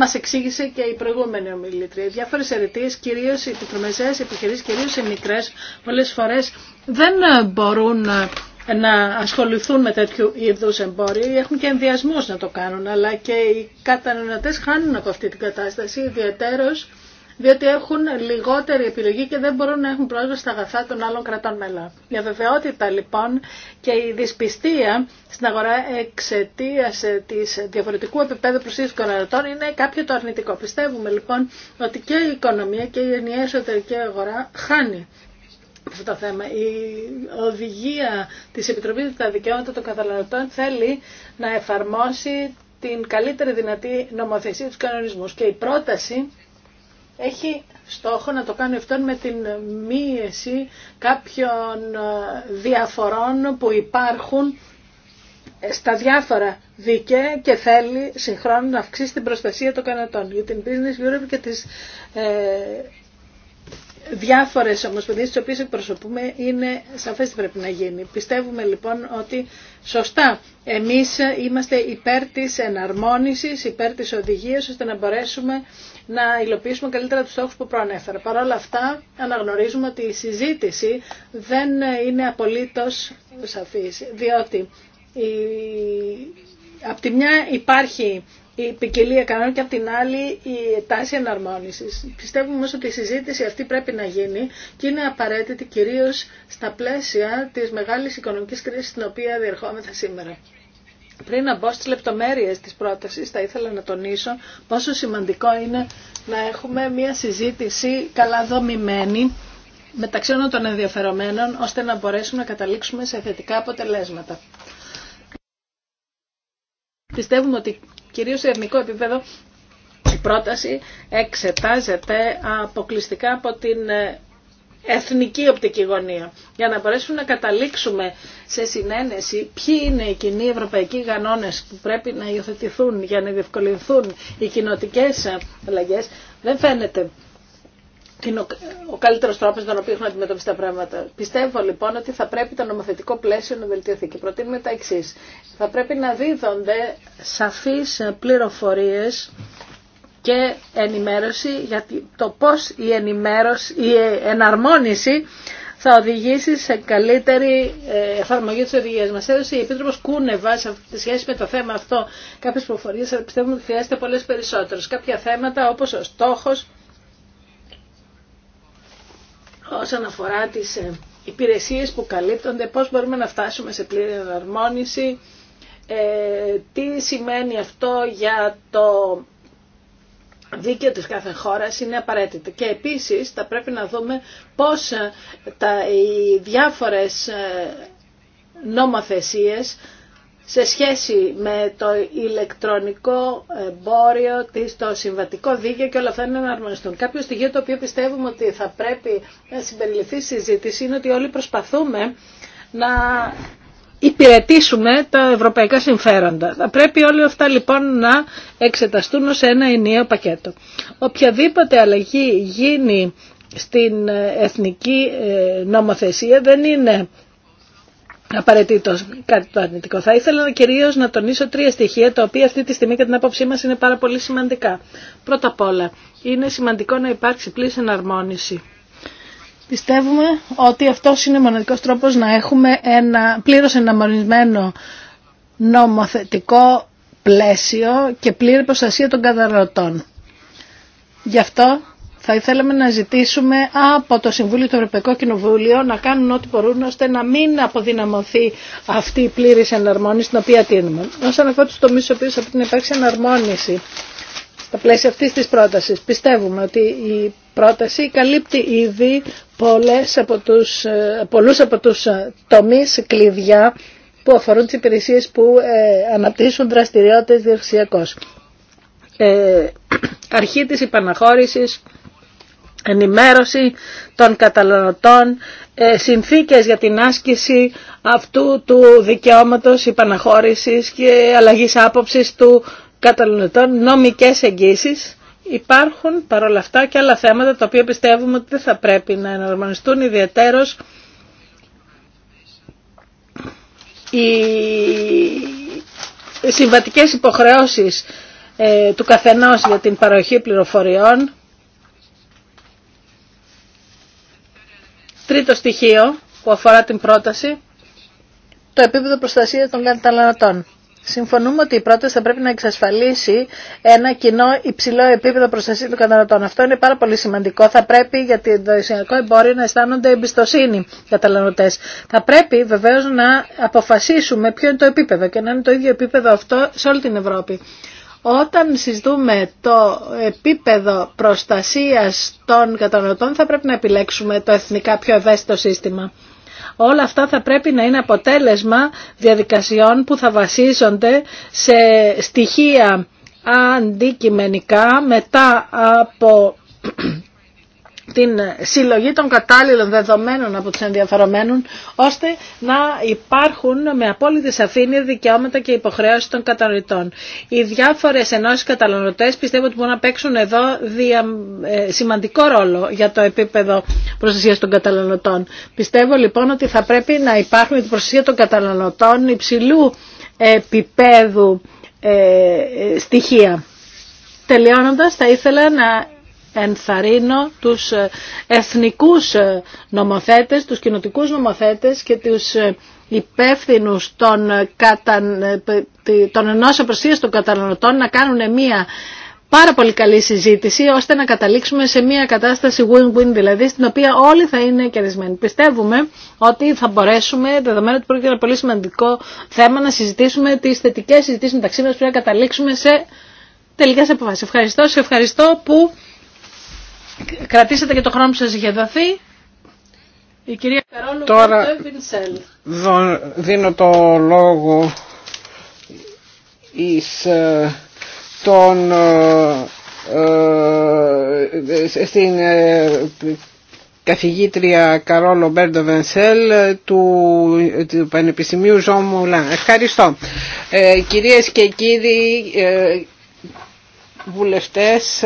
Speaker 4: Μα εξήγησε και η προηγούμενη ομιλήτρια. Οι διάφορες ερετίες, κυρίως οι μικρομεσαίε επιχειρήσεις, κυρίως οι μικρές, πολλές φορές δεν μπορούν ε, να ασχοληθούν με τέτοιου είδου εμπόριο ή έχουν και ενδιασμού να το κάνουν, αλλά και οι καταναλωτέ χάνουν από αυτή την κατάσταση, ιδιαίτερω διότι έχουν λιγότερη επιλογή και δεν μπορούν να έχουν πρόσβαση στα αγαθά των άλλων κρατών μελά. Η αβεβαιότητα λοιπόν και η δυσπιστία στην αγορά εξαιτία ε, τη διαφορετικού επίπεδου προσήλωση των κρατών είναι κάποιο το αρνητικό. Πιστεύουμε λοιπόν ότι και η οικονομία και η ενιαία εσωτερική αγορά χάνει αυτό το θέμα. Η οδηγία της Επιτροπής για τα Δικαιώματα των Καταναλωτών θέλει να εφαρμόσει την καλύτερη δυνατή νομοθεσία του κανονισμού και η πρόταση έχει στόχο να το κάνει αυτό με την μίεση κάποιων ε, διαφορών που υπάρχουν ε, στα διάφορα δίκαια και θέλει συγχρόνως να αυξήσει την προστασία των κανατών. Για την Business Europe και τις ε, διάφορες ομοσπονδίες τις οποίες εκπροσωπούμε είναι σαφές τι πρέπει να γίνει. Πιστεύουμε λοιπόν ότι σωστά εμείς είμαστε υπέρ της εναρμόνισης, υπέρ της οδηγίας ώστε να μπορέσουμε να υλοποιήσουμε καλύτερα τους στόχους που προανέφερα. Παρ' όλα αυτά αναγνωρίζουμε ότι η συζήτηση δεν είναι απολύτως σαφής, διότι η... από τη μια υπάρχει η ποικιλία κανόνων και από την άλλη η τάση εναρμόνισης. Πιστεύουμε όμως ότι η συζήτηση αυτή πρέπει να γίνει και είναι απαραίτητη κυρίως στα πλαίσια της μεγάλης οικονομικής κρίσης στην οποία διερχόμεθα σήμερα. Πριν να μπω στις λεπτομέρειες της πρότασης, θα ήθελα να τονίσω πόσο σημαντικό είναι να έχουμε μια συζήτηση καλά δομημένη μεταξύ όλων των ενδιαφερομένων, ώστε να μπορέσουμε να καταλήξουμε σε θετικά αποτελέσματα. Πιστεύουμε ότι κυρίως σε εθνικό επίπεδο η πρόταση εξετάζεται αποκλειστικά από την ε, εθνική οπτική γωνία, για να μπορέσουμε να καταλήξουμε σε συνένεση ποιοι είναι οι κοινοί ευρωπαϊκοί Γανόνε που πρέπει να υιοθετηθούν για να διευκολυνθούν οι κοινοτικέ αλλαγές, δεν φαίνεται είναι ο καλύτερο τρόπο τον οποίο έχουν αντιμετωπίσει τα πράγματα. Πιστεύω λοιπόν ότι θα πρέπει το νομοθετικό πλαίσιο να βελτιωθεί και προτείνουμε τα εξή. Θα πρέπει να δίδονται σαφεί πληροφορίε και ενημέρωση για το πώς η, ενημέρωση, η εναρμόνιση θα οδηγήσει σε καλύτερη ε, εφαρμογή της οδηγίας μας. Έδωσε η Επίτροπος Κούνεβα σε σχέση με το θέμα αυτό κάποιες προφορίες, αλλά πιστεύουμε ότι χρειάζεται πολλές περισσότερες. Κάποια θέματα όπως ο στόχος όσον αφορά τις ε, υπηρεσίες που καλύπτονται, πώς μπορούμε να φτάσουμε σε πλήρη εναρμόνιση, ε, τι σημαίνει αυτό για το δίκαιο της κάθε χώρας είναι απαραίτητο. Και επίσης θα πρέπει να δούμε πώς ε, τα, οι διάφορες ε, νομοθεσίες σε σχέση με το ηλεκτρονικό εμπόριο, το συμβατικό δίκαιο και όλα αυτά είναι να αρμονιστούν. Κάποιο στοιχείο το οποίο πιστεύουμε ότι θα πρέπει να συμπεριληφθεί στη συζήτηση είναι ότι όλοι προσπαθούμε να υπηρετήσουμε τα ευρωπαϊκά συμφέροντα. Θα πρέπει όλοι αυτά λοιπόν να εξεταστούν ως ένα ενιαίο πακέτο. Οποιαδήποτε αλλαγή γίνει στην ε, εθνική ε, νομοθεσία δεν είναι απαραίτητο κάτι το αρνητικό. Θα ήθελα κυρίως να τονίσω τρία στοιχεία τα οποία αυτή τη στιγμή κατά την άποψή μας είναι πάρα πολύ σημαντικά. Πρώτα απ' όλα είναι σημαντικό να υπάρξει πλήρης εναρμόνιση Πιστεύουμε ότι αυτό είναι ο μοναδικό τρόπος να έχουμε ένα πλήρως εναρμονισμένο νομοθετικό πλαίσιο και πλήρη προστασία των καταναλωτών. Γι' αυτό θα ήθελαμε να ζητήσουμε από το Συμβούλιο του Ευρωπαϊκού Κοινοβούλιο να κάνουν ό,τι μπορούν ώστε να μην αποδυναμωθεί αυτή η πλήρη εναρμόνιση την οποία τίνουμε. Όσον αφορά του τομεί στου οποίου θα πρέπει να υπάρξει εναρμόνιση, στα πλαίσια αυτής της πρότασης. Πιστεύουμε ότι η πρόταση καλύπτει ήδη πολλές από τους, ε, πολλούς από τους ε, τομείς κλειδιά που αφορούν τις υπηρεσίες που ε, αναπτύσσουν δραστηριότητες διευθυσιακώς. αρχή της υπαναχώρησης, ενημέρωση των καταναλωτών, συνθήκες για την άσκηση αυτού του δικαιώματος υπαναχώρησης και αλλαγής άποψης του καταναλωτών νομικές εγγύσεις υπάρχουν παρόλα αυτά και άλλα θέματα τα οποία πιστεύουμε ότι δεν θα πρέπει να εναρμονιστούν ιδιαίτερως οι συμβατικές υποχρεώσεις ε, του καθενός για την παροχή πληροφοριών. Τρίτο στοιχείο που αφορά την πρόταση, το επίπεδο προστασίας των καταναλωτών. Συμφωνούμε ότι η πρόταση θα πρέπει να εξασφαλίσει ένα κοινό υψηλό επίπεδο προστασία των καταναλωτών. Αυτό είναι πάρα πολύ σημαντικό. Θα πρέπει για το ενδοησιακό εμπόριο να αισθάνονται εμπιστοσύνη οι καταναλωτέ. Θα πρέπει βεβαίω να αποφασίσουμε ποιο είναι το επίπεδο και να είναι το ίδιο επίπεδο αυτό σε όλη την Ευρώπη. Όταν συζητούμε το επίπεδο προστασία των καταναλωτών θα πρέπει να επιλέξουμε το εθνικά πιο ευαίσθητο σύστημα. Όλα αυτά θα πρέπει να είναι αποτέλεσμα διαδικασιών που θα βασίζονται σε στοιχεία αντικειμενικά μετά από την συλλογή των κατάλληλων δεδομένων από τους ενδιαφερομένους, ώστε να υπάρχουν με απόλυτη σαφήνεια δικαιώματα και υποχρεώσεις των κατανοητών. Οι διάφορες ενώσεις καταναλωτές πιστεύω ότι μπορούν να παίξουν εδώ δια, ε, σημαντικό ρόλο για το επίπεδο προστασίας των καταναλωτών. Πιστεύω λοιπόν ότι θα πρέπει να υπάρχουν την προστασία των καταναλωτών υψηλού επίπεδου ε, ε, στοιχεία. Τελειώνοντας θα ήθελα να ενθαρρύνω τους ε, εθνικούς ε, νομοθέτες, τους κοινοτικούς νομοθέτες και τους ε, υπεύθυνου των, κατα... των των καταναλωτών να κάνουν μία πάρα πολύ καλή συζήτηση ώστε να καταλήξουμε σε μια κατάσταση win-win δηλαδή στην οποία όλοι θα είναι κερδισμένοι. Πιστεύουμε ότι θα μπορέσουμε, δεδομένου ότι πρόκειται ένα πολύ σημαντικό θέμα, να συζητήσουμε τι θετικέ συζητήσει μεταξύ μα που να καταλήξουμε σε τελικέ αποφάσει. Ευχαριστώ, σε ευχαριστώ που Κρατήσατε και το χρόνο που σας είχε δοθεί. Η κυρία Καρόλου Τώρα
Speaker 3: δίνω το λόγο εις ε, ε, ε στην ε, καθηγήτρια Καρόλο Μπέρντο Βενσέλ του, Πανεπιστημίου ζωμούλα. Ευχαριστώ. Ε, κυρίες και κύριοι ε, βουλευτές,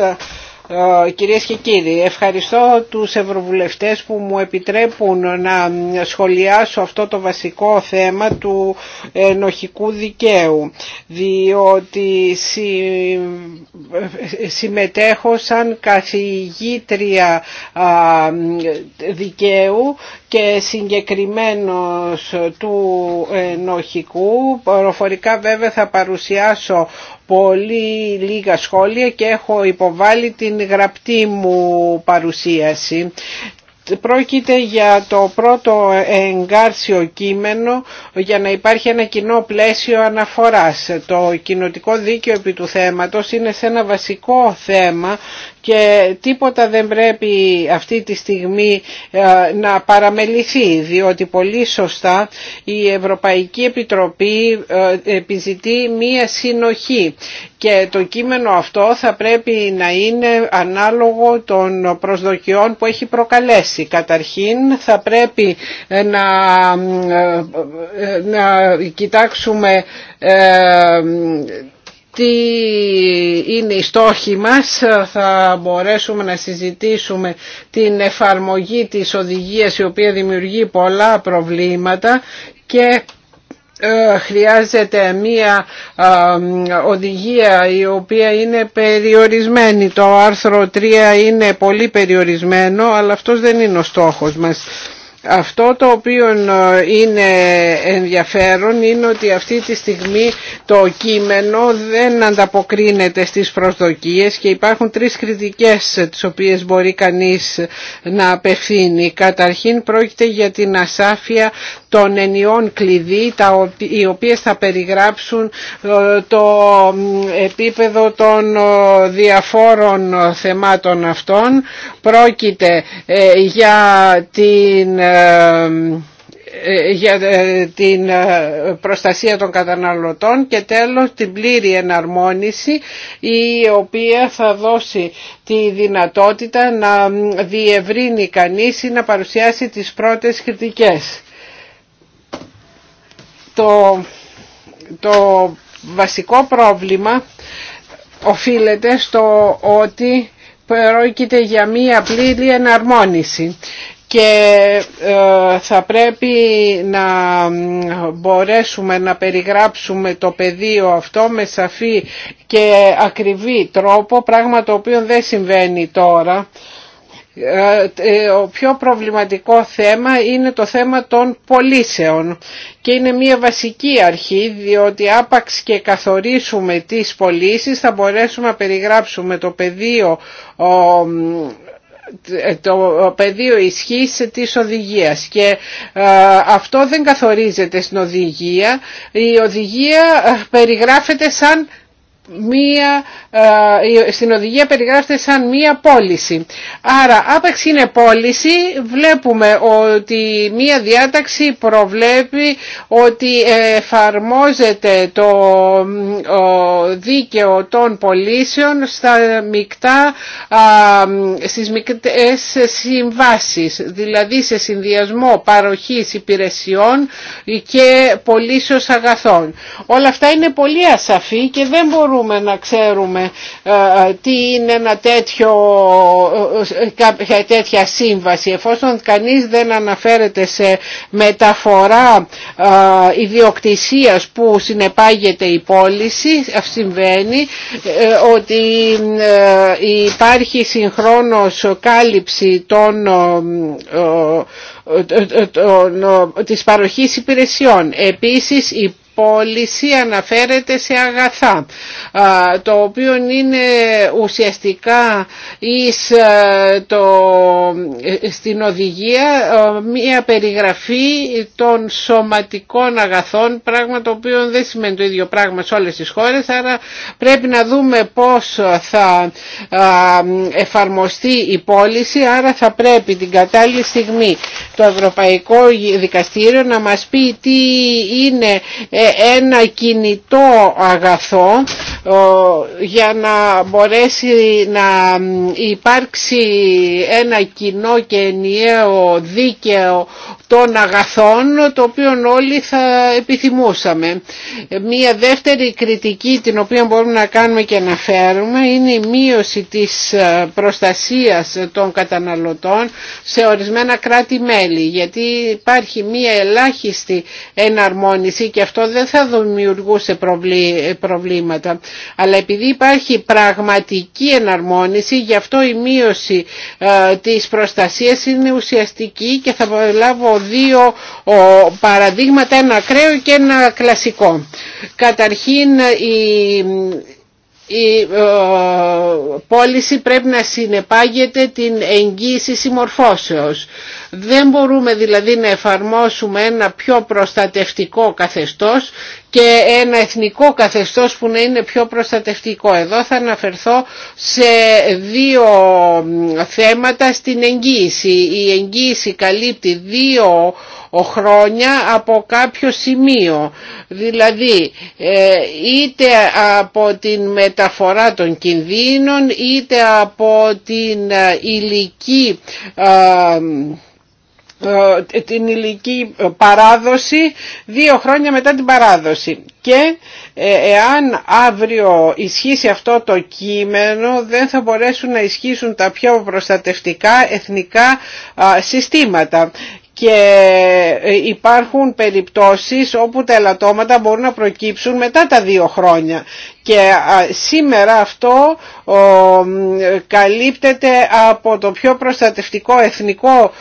Speaker 3: ε, κυρίες και κύριοι, ευχαριστώ τους ευρωβουλευτές που μου επιτρέπουν να σχολιάσω αυτό το βασικό θέμα του ενοχικού δικαίου διότι ε, συμμετέχω σαν καθηγήτρια δικαίου και συγκεκριμένος του ενοχικού. Προφορικά βέβαια θα παρουσιάσω πολύ λίγα σχόλια και έχω υποβάλει την γραπτή μου παρουσίαση. Πρόκειται για το πρώτο εγκάρσιο κείμενο για να υπάρχει ένα κοινό πλαίσιο αναφοράς. Το κοινοτικό δίκαιο επί του θέματος είναι σε ένα βασικό θέμα και τίποτα δεν πρέπει αυτή τη στιγμή ε, να παραμεληθεί διότι πολύ σωστά η Ευρωπαϊκή Επιτροπή ε, επιζητεί μία συνοχή και το κείμενο αυτό θα πρέπει να είναι ανάλογο των προσδοκιών που έχει προκαλέσει. Καταρχήν θα πρέπει ε, να, να κοιτάξουμε τι είναι οι στόχοι μας. Θα μπορέσουμε να συζητήσουμε την εφαρμογή της οδηγίας η οποία δημιουργεί πολλά προβλήματα και ε, χρειάζεται μία ε, οδηγία η οποία είναι περιορισμένη. Το άρθρο 3 είναι πολύ περιορισμένο αλλά αυτός δεν είναι ο στόχος μας. Αυτό το οποίο ε, είναι ενδιαφέρον είναι ότι αυτή τη στιγμή το κείμενο δεν ανταποκρίνεται στις προσδοκίες και υπάρχουν τρεις κριτικές τις οποίες μπορεί κανείς να απευθύνει. Καταρχήν πρόκειται για την ασάφεια των ενιών κλειδί οι οποίες θα περιγράψουν ε, το επίπεδο των ε, διαφόρων θεμάτων αυτών. Πρόκειται για την ε, για ε, την ε, προστασία των καταναλωτών και τέλος την πλήρη εναρμόνιση η οποία θα δώσει τη δυνατότητα να διευρύνει κανείς ή να παρουσιάσει τις πρώτες κριτικές. Το, το βασικό πρόβλημα οφείλεται στο ότι πρόκειται για μία πλήρη εναρμόνιση και ε, θα πρέπει να μπορέσουμε να περιγράψουμε το πεδίο αυτό με σαφή και ακριβή τρόπο, πράγμα το οποίο δεν συμβαίνει τώρα. Ε, ε, ο πιο προβληματικό θέμα είναι το θέμα των πολίσεων και είναι μια βασική αρχή διότι άπαξ και καθορίσουμε τις πωλήσει θα μπορέσουμε να περιγράψουμε το πεδίο το πεδίο ισχύς της οδηγίας και ε, αυτό δεν καθορίζεται στην οδηγία. Η οδηγία περιγράφεται σαν μία, ε, στην οδηγία περιγράφεται σαν μία πώληση. Άρα άπαξ είναι πώληση, βλέπουμε ότι μία διάταξη προβλέπει ότι εφαρμόζεται το δίκαιο των πωλήσεων στα μικτά, στις μικτές συμβάσεις, δηλαδή σε συνδυασμό παροχής υπηρεσιών και πωλήσεως αγαθών. Όλα αυτά είναι πολύ ασαφή και δεν μπορούμε μπορούμε να ξέρουμε τι είναι ένα τέτοιο, κάποια τέτοια σύμβαση. Εφόσον κανείς δεν αναφέρεται σε μεταφορά ιδιοκτησίας που συνεπάγεται η πώληση, συμβαίνει ότι υπάρχει συγχρόνως κάλυψη των της παροχής υπηρεσιών. Επίσης η πώληση αναφέρεται σε αγαθά το οποίο είναι ουσιαστικά εις, το, στην οδηγία μια περιγραφή των σωματικών αγαθών πράγμα το οποίο δεν σημαίνει το ίδιο πράγμα σε όλες τις χώρες άρα πρέπει να δούμε πώς θα εφαρμοστεί η πώληση άρα θα πρέπει την κατάλληλη στιγμή το Ευρωπαϊκό Δικαστήριο να μας πει τι είναι ε, ένα κινητό αγαθό για να μπορέσει να υπάρξει ένα κοινό και ενιαίο δίκαιο των αγαθών το οποίο όλοι θα επιθυμούσαμε. Μία δεύτερη κριτική την οποία μπορούμε να κάνουμε και να φέρουμε είναι η μείωση της ε, προστασίας των καταναλωτών σε ορισμένα κράτη-μέλη γιατί υπάρχει μία ελάχιστη εναρμόνιση και αυτό δεν θα δημιουργούσε προβλήματα. Αλλά επειδή υπάρχει πραγματική εναρμόνιση, γι' αυτό η μείωση ε, της προστασίας είναι ουσιαστική και θα λάβω δύο παραδείγματα, ένα ακραίο και ένα κλασικό. Καταρχήν η η ε, πώληση πρέπει να συνεπάγεται την εγγύηση συμμορφώσεως. Δεν μπορούμε δηλαδή να εφαρμόσουμε ένα πιο προστατευτικό καθεστώς και ένα εθνικό καθεστώς που να είναι πιο προστατευτικό. Εδώ θα αναφερθώ σε δύο θέματα στην εγγύηση. Η εγγύηση καλύπτει δύο χρόνια από κάποιο σημείο. Δηλαδή ε, είτε από την μεταφορά των κινδύνων είτε από την ε, ηλική ε, την ηλική παράδοση δύο χρόνια μετά την παράδοση και εάν αύριο ισχύσει αυτό το κείμενο δεν θα μπορέσουν να ισχύσουν τα πιο προστατευτικά εθνικά συστήματα και ε, υπάρχουν περιπτώσεις όπου τα ελαττώματα μπορούν να προκύψουν μετά τα δύο χρόνια και σήμερα αυτό καλύπτεται από το πιο προστατευτικό εθνικό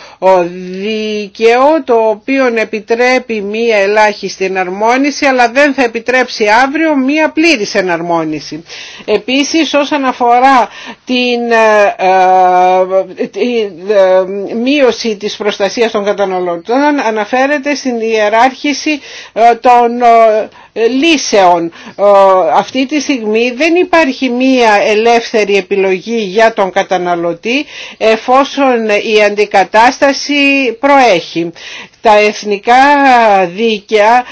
Speaker 3: δίκαιο το οποίο επιτρέπει μία ελάχιστη εναρμόνιση αλλά δεν θα επιτρέψει αύριο μία πλήρης εναρμόνιση. Επίσης όσον αφορά την ε, ε, ε, μείωση της προστασίας των καταναλωτών αναφέρεται στην ιεράρχηση των ε, λύσεων. Ε, αυτή τη στιγμή δεν υπάρχει μία ελεύθερη επιλογή για τον καταναλωτή εφόσον η αντικατάσταση προέχει. Τα εθνικά δίκαια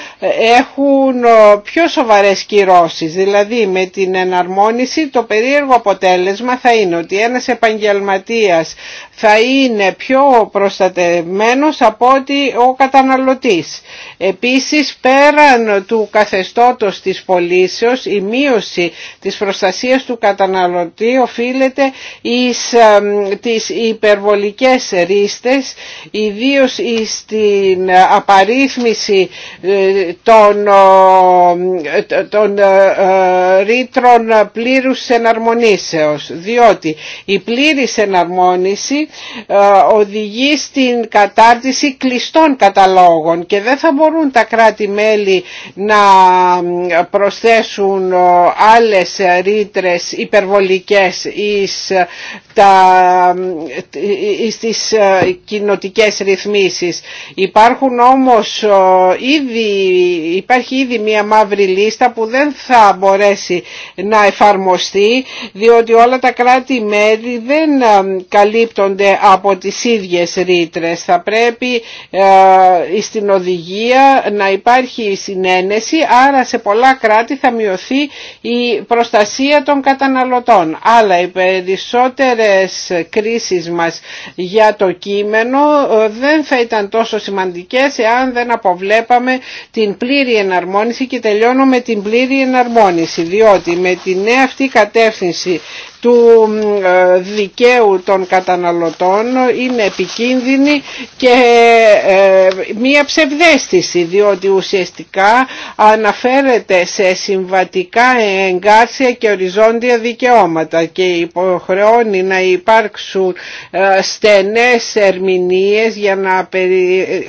Speaker 3: έχουν ε, πιο σοβαρές κυρώσεις, δηλαδή με την εναρμόνιση το περίεργο αποτέλεσμα θα είναι ότι ένας επαγγελματίας θα είναι πιο προστατευμένος από ότι ο καταναλωτής. Επίσης πέραν του καθεστώτος της πωλήσεως η μείωση της προστασίας του καταναλωτή οφείλεται εις ε, τις υπερβολικές ρίστες ιδίως εις την απαρίθμηση ε, των, ε, των ε, ρήτρων πλήρους εναρμονήσεως διότι η πλήρης εναρμόνιση οδηγεί στην κατάρτιση κλειστών καταλόγων και δεν θα μπορούν τα κράτη-μέλη να προσθέσουν άλλες ρήτρες υπερβολικές εις τα, τις κοινοτικές ρυθμίσεις. Υπάρχουν όμως ήδη, υπάρχει ήδη μια μαύρη λίστα που δεν θα μπορέσει να εφαρμοστεί διότι όλα τα κράτη-μέλη δεν ε, καλύπτονται από τις ίδιες ρήτρε. Θα πρέπει ε, στην οδηγία να υπάρχει συνένεση άρα σε πολλά κράτη θα μειωθεί η προστασία των καταναλωτών. Αλλά οι περισσότερες κρίσεις μας για το κείμενο ε, δεν θα ήταν τόσο σημαντικές εάν δεν αποβλέπαμε την πλήρη εναρμόνιση και τελειώνω με την πλήρη εναρμόνιση διότι με την νέα αυτή κατεύθυνση του ε, δικαίου των καταναλωτών είναι επικίνδυνη και ε, μία ψευδέστηση διότι ουσιαστικά αναφέρεται σε συμβατικά εγκάρσια και οριζόντια δικαιώματα και υποχρεώνει να υπάρξουν ε, στενές ερμηνείες για να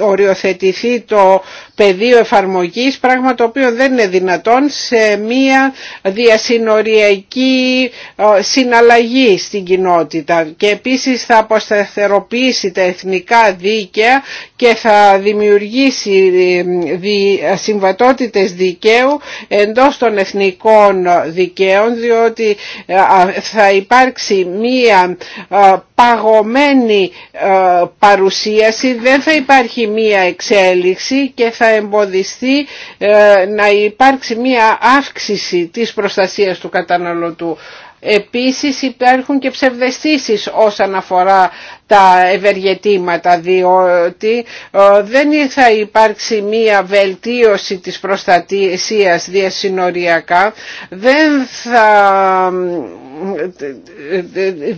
Speaker 3: οριοθετηθεί το πεδίο εφαρμογής, πράγμα το οποίο δεν είναι δυνατόν σε μία διασυνοριακή ε, συναλλαγή στην κοινότητα και επίσης θα αποσταθεροποιήσει τα εθνικά δίκαια και θα δημιουργήσει ε, συμβατότητες δικαίου εντός των εθνικών δικαίων διότι ε, θα υπάρξει μία παγωμένη παρουσίαση, δεν θα υπάρχει μία εξέλιξη και θα εμποδιστεί ε, να υπάρξει μία αύξηση της προστασίας του καταναλωτού. Επίσης υπάρχουν και ψευδεστήσεις όσον αφορά τα ευεργετήματα διότι ε, δεν θα υπάρξει μία βελτίωση της προστασίας διασυνοριακά δεν θα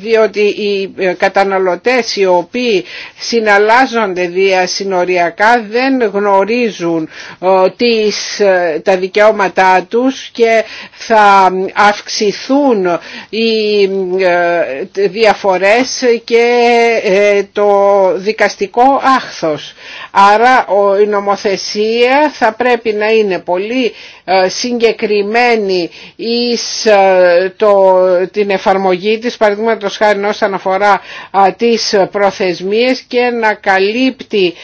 Speaker 3: διότι οι καταναλωτές οι οποίοι συναλλάζονται διασυνοριακά δεν γνωρίζουν ε, τις, τα δικαιώματά τους και θα αυξηθούν οι ε, διαφορές και ε, το δικαστικό άχθος. Άρα η νομοθεσία θα πρέπει να είναι πολύ ε, συγκεκριμένη εις ε, την εφαρμογή της, παραδείγματος χάρη όσον αφορά τις προθεσμίες και να καλύπτει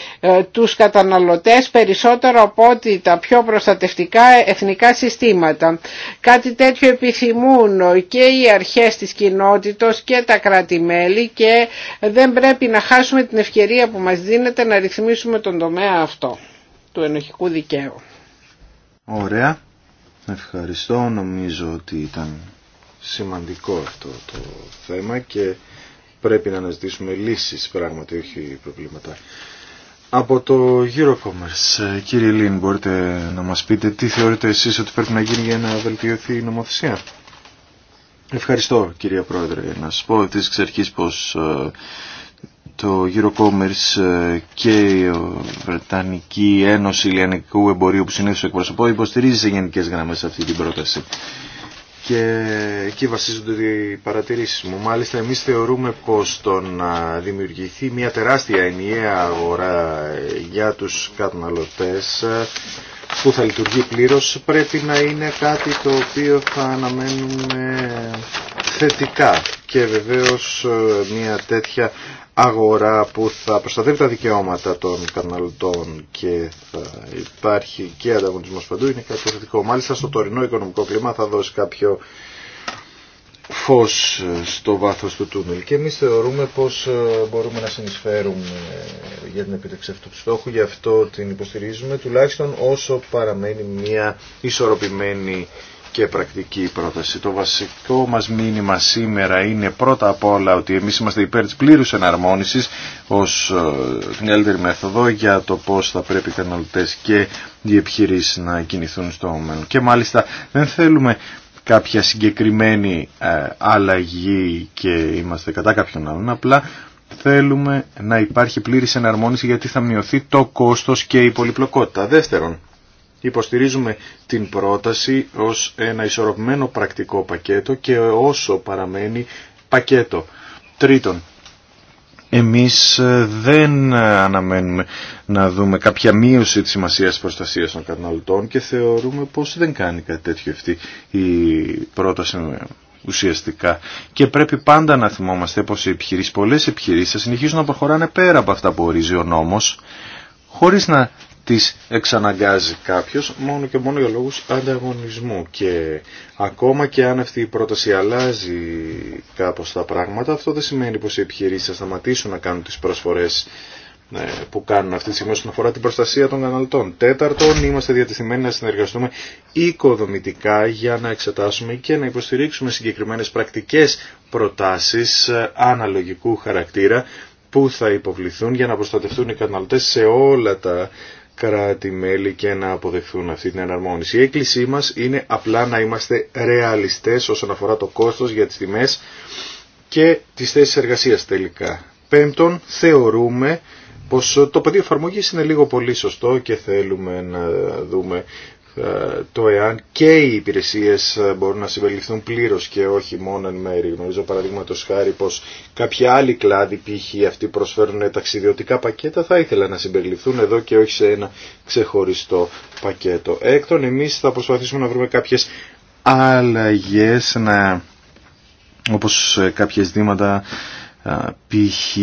Speaker 3: τους καταναλωτές περισσότερο από ότι τα πιο προστατευτικά εθνικά συστήματα. Κάτι τέτοιο επιθυμούν και οι αρχές της κοινότητος και τα κρατη και δεν πρέπει να χάσουμε την ευκαιρία που μας δίνεται να ρυθμίσουμε τον τομέα αυτό του ενοχικού δικαίου.
Speaker 2: Ωραία. Ευχαριστώ. Νομίζω ότι ήταν σημαντικό αυτό το θέμα και πρέπει να αναζητήσουμε λύσεις πράγματι, όχι προβλήματα. Από το Eurocommerce, κύριε Λίν, μπορείτε να μας πείτε τι θεωρείτε εσείς ότι πρέπει να γίνει για να βελτιωθεί η νομοθεσία. Ευχαριστώ κυρία Πρόεδρε. Να σας πω της εξ πως ε, το Eurocommerce ε, και η Βρετανική Ένωση Λιανικού Εμπορίου που συνήθως εκπροσωπώ υποστηρίζει σε γενικές γραμμές αυτή την πρόταση. Και εκεί βασίζονται οι παρατηρήσεις μου. Μάλιστα εμείς θεωρούμε πως το να δημιουργηθεί μια τεράστια ενιαία αγορά ε, για τους καταναλωτές ε, που θα λειτουργεί πλήρως πρέπει να είναι κάτι το οποίο θα αναμένουμε θετικά και βεβαίως μια τέτοια αγορά που θα προστατεύει τα δικαιώματα των καταναλωτών και θα υπάρχει και ανταγωνισμός παντού είναι κάτι θετικό. Μάλιστα στο τωρινό οικονομικό κλίμα θα δώσει κάποιο φως στο βάθος του τούνελ και εμείς θεωρούμε πως ε, μπορούμε να συνεισφέρουμε για την επίτευξη αυτού του στόχου γι' αυτό την υποστηρίζουμε τουλάχιστον όσο παραμένει μια ισορροπημένη και πρακτική πρόταση. Το βασικό μας μήνυμα σήμερα είναι πρώτα απ' όλα ότι εμείς είμαστε υπέρ της πλήρους εναρμόνισης ως ε, την καλύτερη μέθοδο για το πώς θα πρέπει οι καταναλωτές και οι επιχειρήσει να κινηθούν στο μέλλον. Και μάλιστα δεν θέλουμε κάποια συγκεκριμένη ε, αλλαγή και είμαστε κατά κάποιον άλλον, απλά θέλουμε να υπάρχει πλήρης εναρμόνιση γιατί θα μειωθεί το κόστος και η πολυπλοκότητα. Δεύτερον, Υποστηρίζουμε την πρόταση ως ένα ισορροπημένο πρακτικό πακέτο και όσο παραμένει πακέτο. Τρίτον, εμείς ε, δεν αναμένουμε να δούμε κάποια μείωση της σημασίας της προστασίας των καταναλωτών και θεωρούμε πως δεν κάνει κάτι τέτοιο αυτή η πρόταση ε, ουσιαστικά. Και πρέπει πάντα να θυμόμαστε πως οι επιχειρήσεις, πολλές επιχειρήσεις θα συνεχίσουν να προχωράνε πέρα από αυτά που ορίζει ο νόμος χωρίς να τις εξαναγκάζει κάποιος μόνο και μόνο για λόγους ανταγωνισμού και ακόμα και αν αυτή η πρόταση αλλάζει κάπως τα πράγματα αυτό δεν σημαίνει πως οι επιχειρήσεις θα σταματήσουν να κάνουν τις προσφορές ε, που κάνουν αυτή τη στιγμή όσον αφορά την προστασία των καναλτών. Τέταρτον, είμαστε διατεθειμένοι να συνεργαστούμε οικοδομητικά για να εξετάσουμε και να υποστηρίξουμε συγκεκριμένες πρακτικές προτάσεις ε, αναλογικού χαρακτήρα που θα υποβληθούν για να προστατευτούν οι καταναλωτές σε όλα τα κράτη-μέλη και να αποδεχθούν αυτή την εναρμόνιση. Η έκκλησή μας είναι απλά να είμαστε ρεαλιστές όσον αφορά το κόστος για τις τιμές και τις θέσεις εργασίας τελικά. Πέμπτον, θεωρούμε πως το πεδίο εφαρμογή είναι λίγο πολύ σωστό και θέλουμε να δούμε ε, το εάν και οι υπηρεσίες ε, μπορούν να συμπεριληφθούν πλήρως και όχι μόνο εν μέρη. Γνωρίζω παραδείγματο χάρη πως κάποια άλλη κλάδη, π.χ. αυτοί προσφέρουν ταξιδιωτικά πακέτα, θα ήθελα να συμπεριληφθούν εδώ και όχι σε ένα ξεχωριστό πακέτο. Έκτον, εμείς θα προσπαθήσουμε να βρούμε κάποιες αλλαγές, να... όπως κάποιες δήματα π.χ.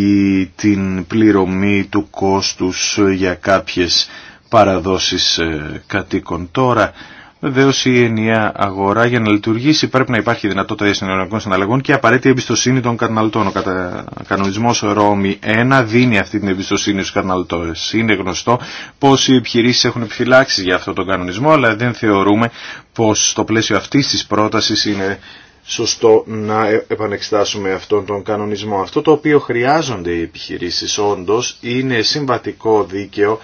Speaker 2: την πληρωμή του κόστους για κάποιες παραδόσεις ε, κατοίκων. Τώρα, Βεβαίω η ενιαία αγορά για να λειτουργήσει πρέπει να υπάρχει δυνατότητα διασυνοριακών συναλλαγών και απαραίτητη εμπιστοσύνη των καταναλωτών. Ο κατα... κανονισμό Ρώμη 1 δίνει αυτή την εμπιστοσύνη στου καταναλωτέ. Είναι γνωστό πω οι επιχειρήσει έχουν επιφυλάξει για αυτόν τον κανονισμό, αλλά δεν θεωρούμε πω στο πλαίσιο αυτή τη πρόταση είναι σωστό να ε- επανεξετάσουμε αυτόν τον κανονισμό. Αυτό το οποίο χρειάζονται οι επιχειρήσει όντω είναι συμβατικό δίκαιο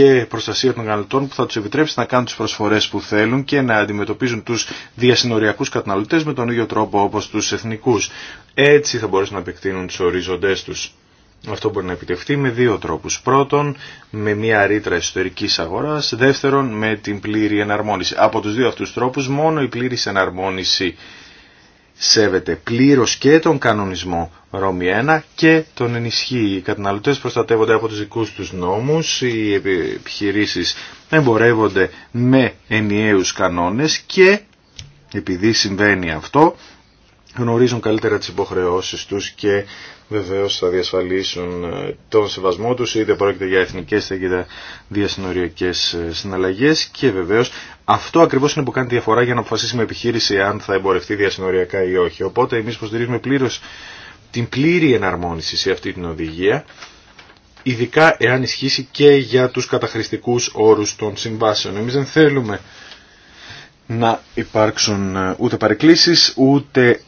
Speaker 2: και προστασία των καταναλωτών που θα τους επιτρέψει να κάνουν τις προσφορέ που θέλουν και να αντιμετωπίζουν τους διασυνοριακούς καταναλωτές με τον ίδιο τρόπο όπως τους εθνικούς. Έτσι θα μπορέσουν να επεκτείνουν τους ορίζοντε τους. Αυτό μπορεί να επιτευχθεί με δύο τρόπους. Πρώτον, με μια ρήτρα εσωτερική αγοράς. Δεύτερον, με την πλήρη εναρμόνιση. Από του δύο αυτού τρόπου, μόνο η πλήρη εναρμόνιση σέβεται πλήρως και τον κανονισμό Ρώμη 1 και τον ενισχύει. Οι καταναλωτές προστατεύονται από τους δικούς τους νόμους, οι επιχειρήσεις εμπορεύονται με ενιαίους κανόνες και επειδή συμβαίνει αυτό γνωρίζουν καλύτερα τις υποχρεώσεις τους και βεβαίως θα διασφαλίσουν ε, τον σεβασμό τους είτε πρόκειται για εθνικές είτε για διασυνοριακές ε, συναλλαγές και βεβαίως αυτό ακριβώ είναι που κάνει τη διαφορά για να αποφασίσουμε επιχείρηση αν θα εμπορευτεί διασυνοριακά ή όχι. Οπότε εμεί υποστηρίζουμε πλήρω την πλήρη εναρμόνιση σε αυτή την οδηγία, ειδικά εάν ισχύσει και για του καταχρηστικού όρου των συμβάσεων. Εμεί δεν θέλουμε να υπάρξουν ε, ούτε παρεκκλήσει, ούτε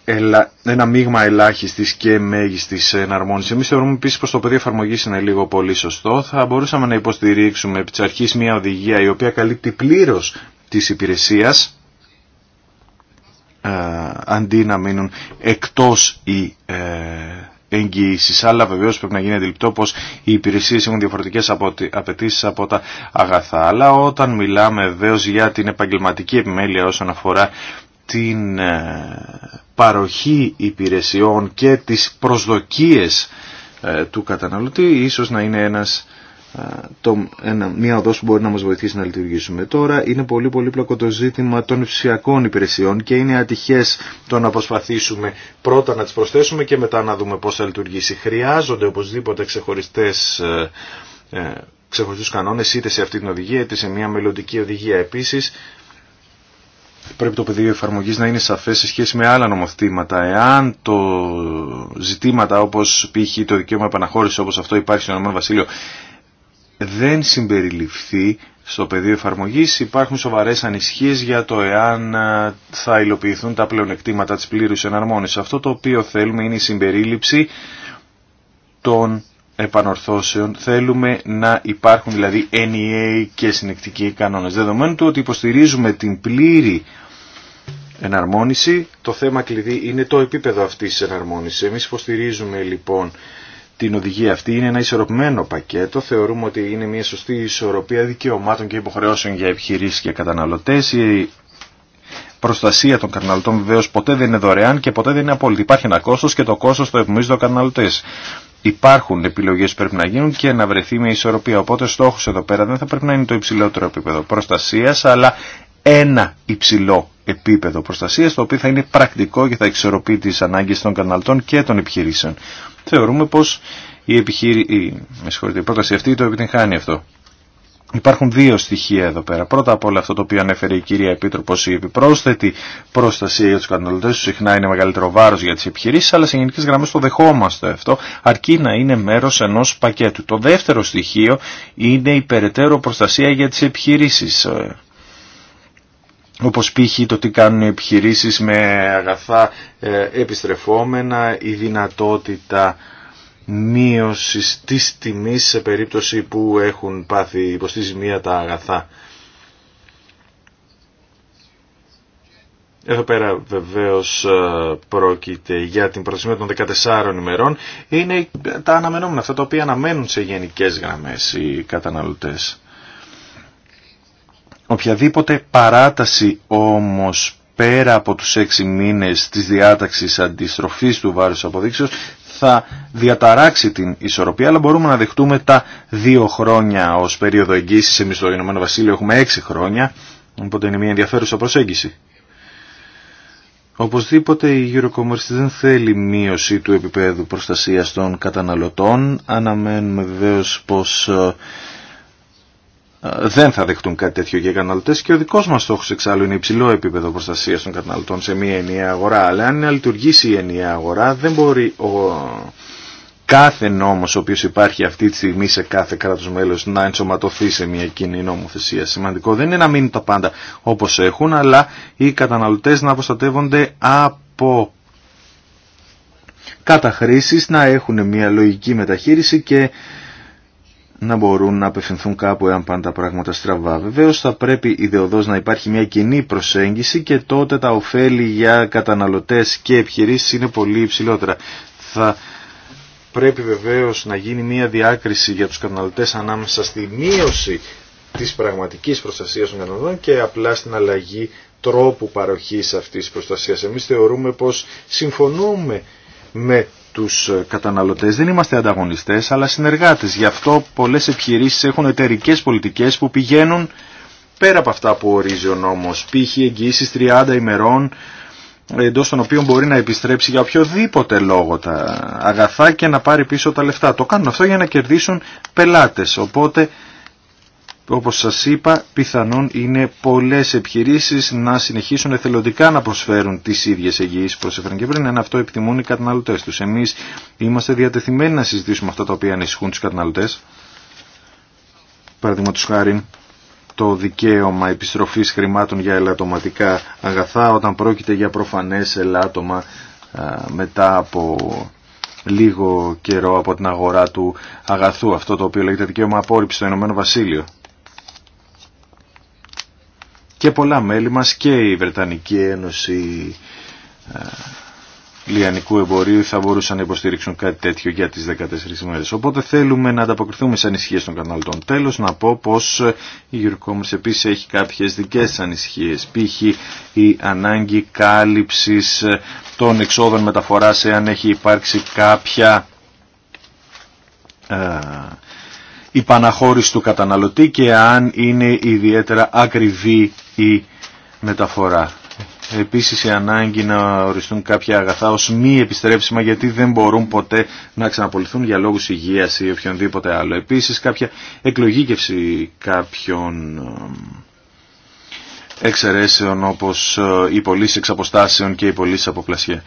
Speaker 2: ένα μείγμα ελάχιστη και μέγιστη εναρμόνιση. Εμεί θεωρούμε επίση πω το πεδίο εφαρμογή είναι λίγο πολύ σωστό. Θα μπορούσαμε να υποστηρίξουμε επί αρχή μια οδηγία η οποία καλύπτει πλήρω της υπηρεσίας ε, αντί να μείνουν εκτός οι ε, εγγυήσεις. Αλλά βεβαίω πρέπει να γίνει αντιληπτό πως οι υπηρεσίε έχουν διαφορετικέ απαιτήσει από τα αγαθά. Αλλά όταν μιλάμε βεβαίως για την επαγγελματική επιμέλεια όσον αφορά την ε, παροχή υπηρεσιών και τις προσδοκίες του καταναλωτή ίσως να είναι ένας το, ένα, μια οδός που μπορεί να μας βοηθήσει να λειτουργήσουμε. Τώρα είναι πολύ πολύπλοκο το ζήτημα των ψηφιακών υπηρεσιών και είναι ατυχές το να προσπαθήσουμε πρώτα να τις προσθέσουμε και μετά να δούμε πώς θα λειτουργήσει. Χρειάζονται οπωσδήποτε ξεχωριστές ε, ε ξεχωριστούς κανόνες είτε σε αυτή την οδηγία είτε σε μια μελλοντική οδηγία επίσης πρέπει το πεδίο εφαρμογή να είναι σαφέ σε σχέση με άλλα νομοθήματα. Εάν το ζητήματα όπω π.χ. το δικαίωμα επαναχώρηση όπω αυτό υπάρχει στο Ηνωμένο Βασίλειο δεν συμπεριληφθεί στο πεδίο εφαρμογής υπάρχουν σοβαρές ανησυχίες για το εάν ε, θα υλοποιηθούν τα πλεονεκτήματα της πλήρους εναρμόνισης. Αυτό το οποίο θέλουμε είναι η συμπερίληψη των επανορθώσεων. Θέλουμε να υπάρχουν δηλαδή N.E.A. και συνεκτικοί κανόνες. Δεδομένου του ότι υποστηρίζουμε την πλήρη εναρμόνιση, το θέμα κλειδί είναι το επίπεδο αυτής της εναρμόνισης. Εμείς υποστηρίζουμε λοιπόν την οδηγία αυτή. Είναι ένα ισορροπημένο πακέτο. Θεωρούμε ότι είναι μια σωστή ισορροπία δικαιωμάτων και υποχρεώσεων για επιχειρήσει και καταναλωτέ, Η προστασία των καταναλωτών βεβαίω ποτέ δεν είναι δωρεάν και ποτέ δεν είναι απόλυτη. Υπάρχει ένα κόστο και το κόστος το ευμίζονται καταναλωτέ. Υπάρχουν επιλογέ που πρέπει να γίνουν και να βρεθεί μια ισορροπία. Οπότε στόχο εδώ πέρα δεν θα πρέπει να είναι το υψηλότερο επίπεδο προστασία, αλλά ένα υψηλό επίπεδο προστασίας, το οποίο θα είναι πρακτικό και θα εξορροπεί τις ανάγκες των καταναλωτών και των επιχειρήσεων. Θεωρούμε πως η, επιχειρη... η... η πρόταση αυτή το επιτυγχάνει αυτό. Υπάρχουν δύο στοιχεία εδώ πέρα. Πρώτα απ' όλα αυτό το οποίο ανέφερε η κυρία Επίτροπο, η επιπρόσθετη προστασία για του καταναλωτέ, που συχνά είναι μεγαλύτερο βάρο για τι επιχειρήσει, αλλά σε γενικέ γραμμέ το δεχόμαστε αυτό, αρκεί να είναι μέρο ενό πακέτου. Το δεύτερο στοιχείο είναι η περαιτέρω προστασία για τι επιχειρήσει. Ε, όπως π.χ. το τι κάνουν οι επιχειρήσεις με αγαθά ε, επιστρεφόμενα, η δυνατότητα μείωσης της τιμής σε περίπτωση που έχουν πάθει υποστή μία τα αγαθά. Εδώ πέρα βεβαίως ε, πρόκειται για την προθεσμία των 14 ημερών. Είναι τα αναμενόμενα, αυτά τα οποία αναμένουν σε γενικές γραμμές οι καταναλωτές. Οποιαδήποτε παράταση όμως πέρα από τους έξι μήνες της διάταξης αντιστροφής του βάρους αποδείξεως θα διαταράξει την ισορροπία, αλλά μπορούμε να δεχτούμε τα δύο χρόνια ως περίοδο εγγύησης. Εμείς στο Ηνωμένο Βασίλειο έχουμε έξι χρόνια, οπότε είναι μια ενδιαφέρουσα προσέγγιση. Οπωσδήποτε η Eurocommerce δεν θέλει μείωση του επίπεδου προστασίας των καταναλωτών. Αναμένουμε βεβαίως πως ε, δεν θα δεχτούν κάτι τέτοιο για καταναλωτέ και ο δικό μα στόχο εξάλλου είναι υψηλό επίπεδο προστασία των καταναλωτών σε μια ενιαία αγορά. Αλλά αν να λειτουργήσει η ενιαία αγορά, δεν μπορεί ο κάθε νόμος ο οποίος υπάρχει αυτή τη στιγμή σε κάθε κράτος μέλος να ενσωματωθεί σε μια κοινή νομοθεσία. Σημαντικό δεν είναι να μείνουν τα πάντα όπως έχουν, αλλά οι καταναλωτές να προστατεύονται από καταχρήσεις, να έχουν μια λογική μεταχείριση και να μπορούν να απευθυνθούν κάπου εάν πάντα πράγματα στραβά. Βεβαίω θα πρέπει ιδεοδό να υπάρχει μια κοινή προσέγγιση και τότε τα ωφέλη για καταναλωτέ και επιχειρήσει είναι πολύ υψηλότερα. Θα πρέπει βεβαίω να γίνει μια διάκριση για του καταναλωτέ ανάμεσα στη μείωση τη πραγματική προστασία των καταναλωτών και απλά στην αλλαγή τρόπου παροχή αυτή τη προστασία. Εμεί θεωρούμε πω συμφωνούμε με τους ε, καταναλωτές. Δεν είμαστε ανταγωνιστές αλλά συνεργάτες. Γι' αυτό πολλές επιχειρήσεις έχουν εταιρικέ πολιτικές που πηγαίνουν πέρα από αυτά που ορίζει ο νόμος. Π.χ. εγγυήσεις 30 ημερών εντό των οποίων μπορεί να επιστρέψει για οποιοδήποτε λόγο τα αγαθά και να πάρει πίσω τα λεφτά. Το κάνουν αυτό για να κερδίσουν πελάτες. Οπότε όπως σας είπα, πιθανόν είναι πολλές επιχειρήσεις να συνεχίσουν εθελοντικά να προσφέρουν τις ίδιες εγγυήσεις προς έφεραν και πριν, αν αυτό επιθυμούν οι καταναλωτές τους. Εμείς είμαστε διατεθειμένοι να συζητήσουμε αυτά τα οποία ανησυχούν τους καταναλωτές. τους χάρη, το δικαίωμα επιστροφής χρημάτων για ελαττωματικά αγαθά όταν πρόκειται για προφανές ελάττωμα μετά από λίγο καιρό από την αγορά του αγαθού, αυτό το οποίο λέγεται δικαίωμα απόρριψη στο Ηνωμένο Βασίλειο και πολλά μέλη μας και η Βρετανική Ένωση ε, Λιανικού Εμπορίου θα μπορούσαν να υποστηρίξουν κάτι τέτοιο για τις 14 ημέρες. Οπότε θέλουμε να ανταποκριθούμε στις ανησυχίες των καταναλωτών. Τέλος να πω πως η Eurocommerce επίσης έχει κάποιες δικές ανησυχίες. Π.χ. η ανάγκη κάλυψης ε, των εξόδων μεταφοράς εάν έχει υπάρξει κάποια ε, η παναχώρηση του καταναλωτή και αν είναι ιδιαίτερα ακριβή η μεταφορά. Επίσης η ανάγκη να οριστούν κάποια αγαθά ως μη επιστρέψιμα γιατί δεν μπορούν ποτέ να ξαναπολυθούν για λόγους υγείας ή οποιονδήποτε άλλο. Επίσης κάποια εκλογήκευση κάποιων ε, εξαιρέσεων όπως ε, οι πωλήσει εξ και οι πωλήσει από πλασιά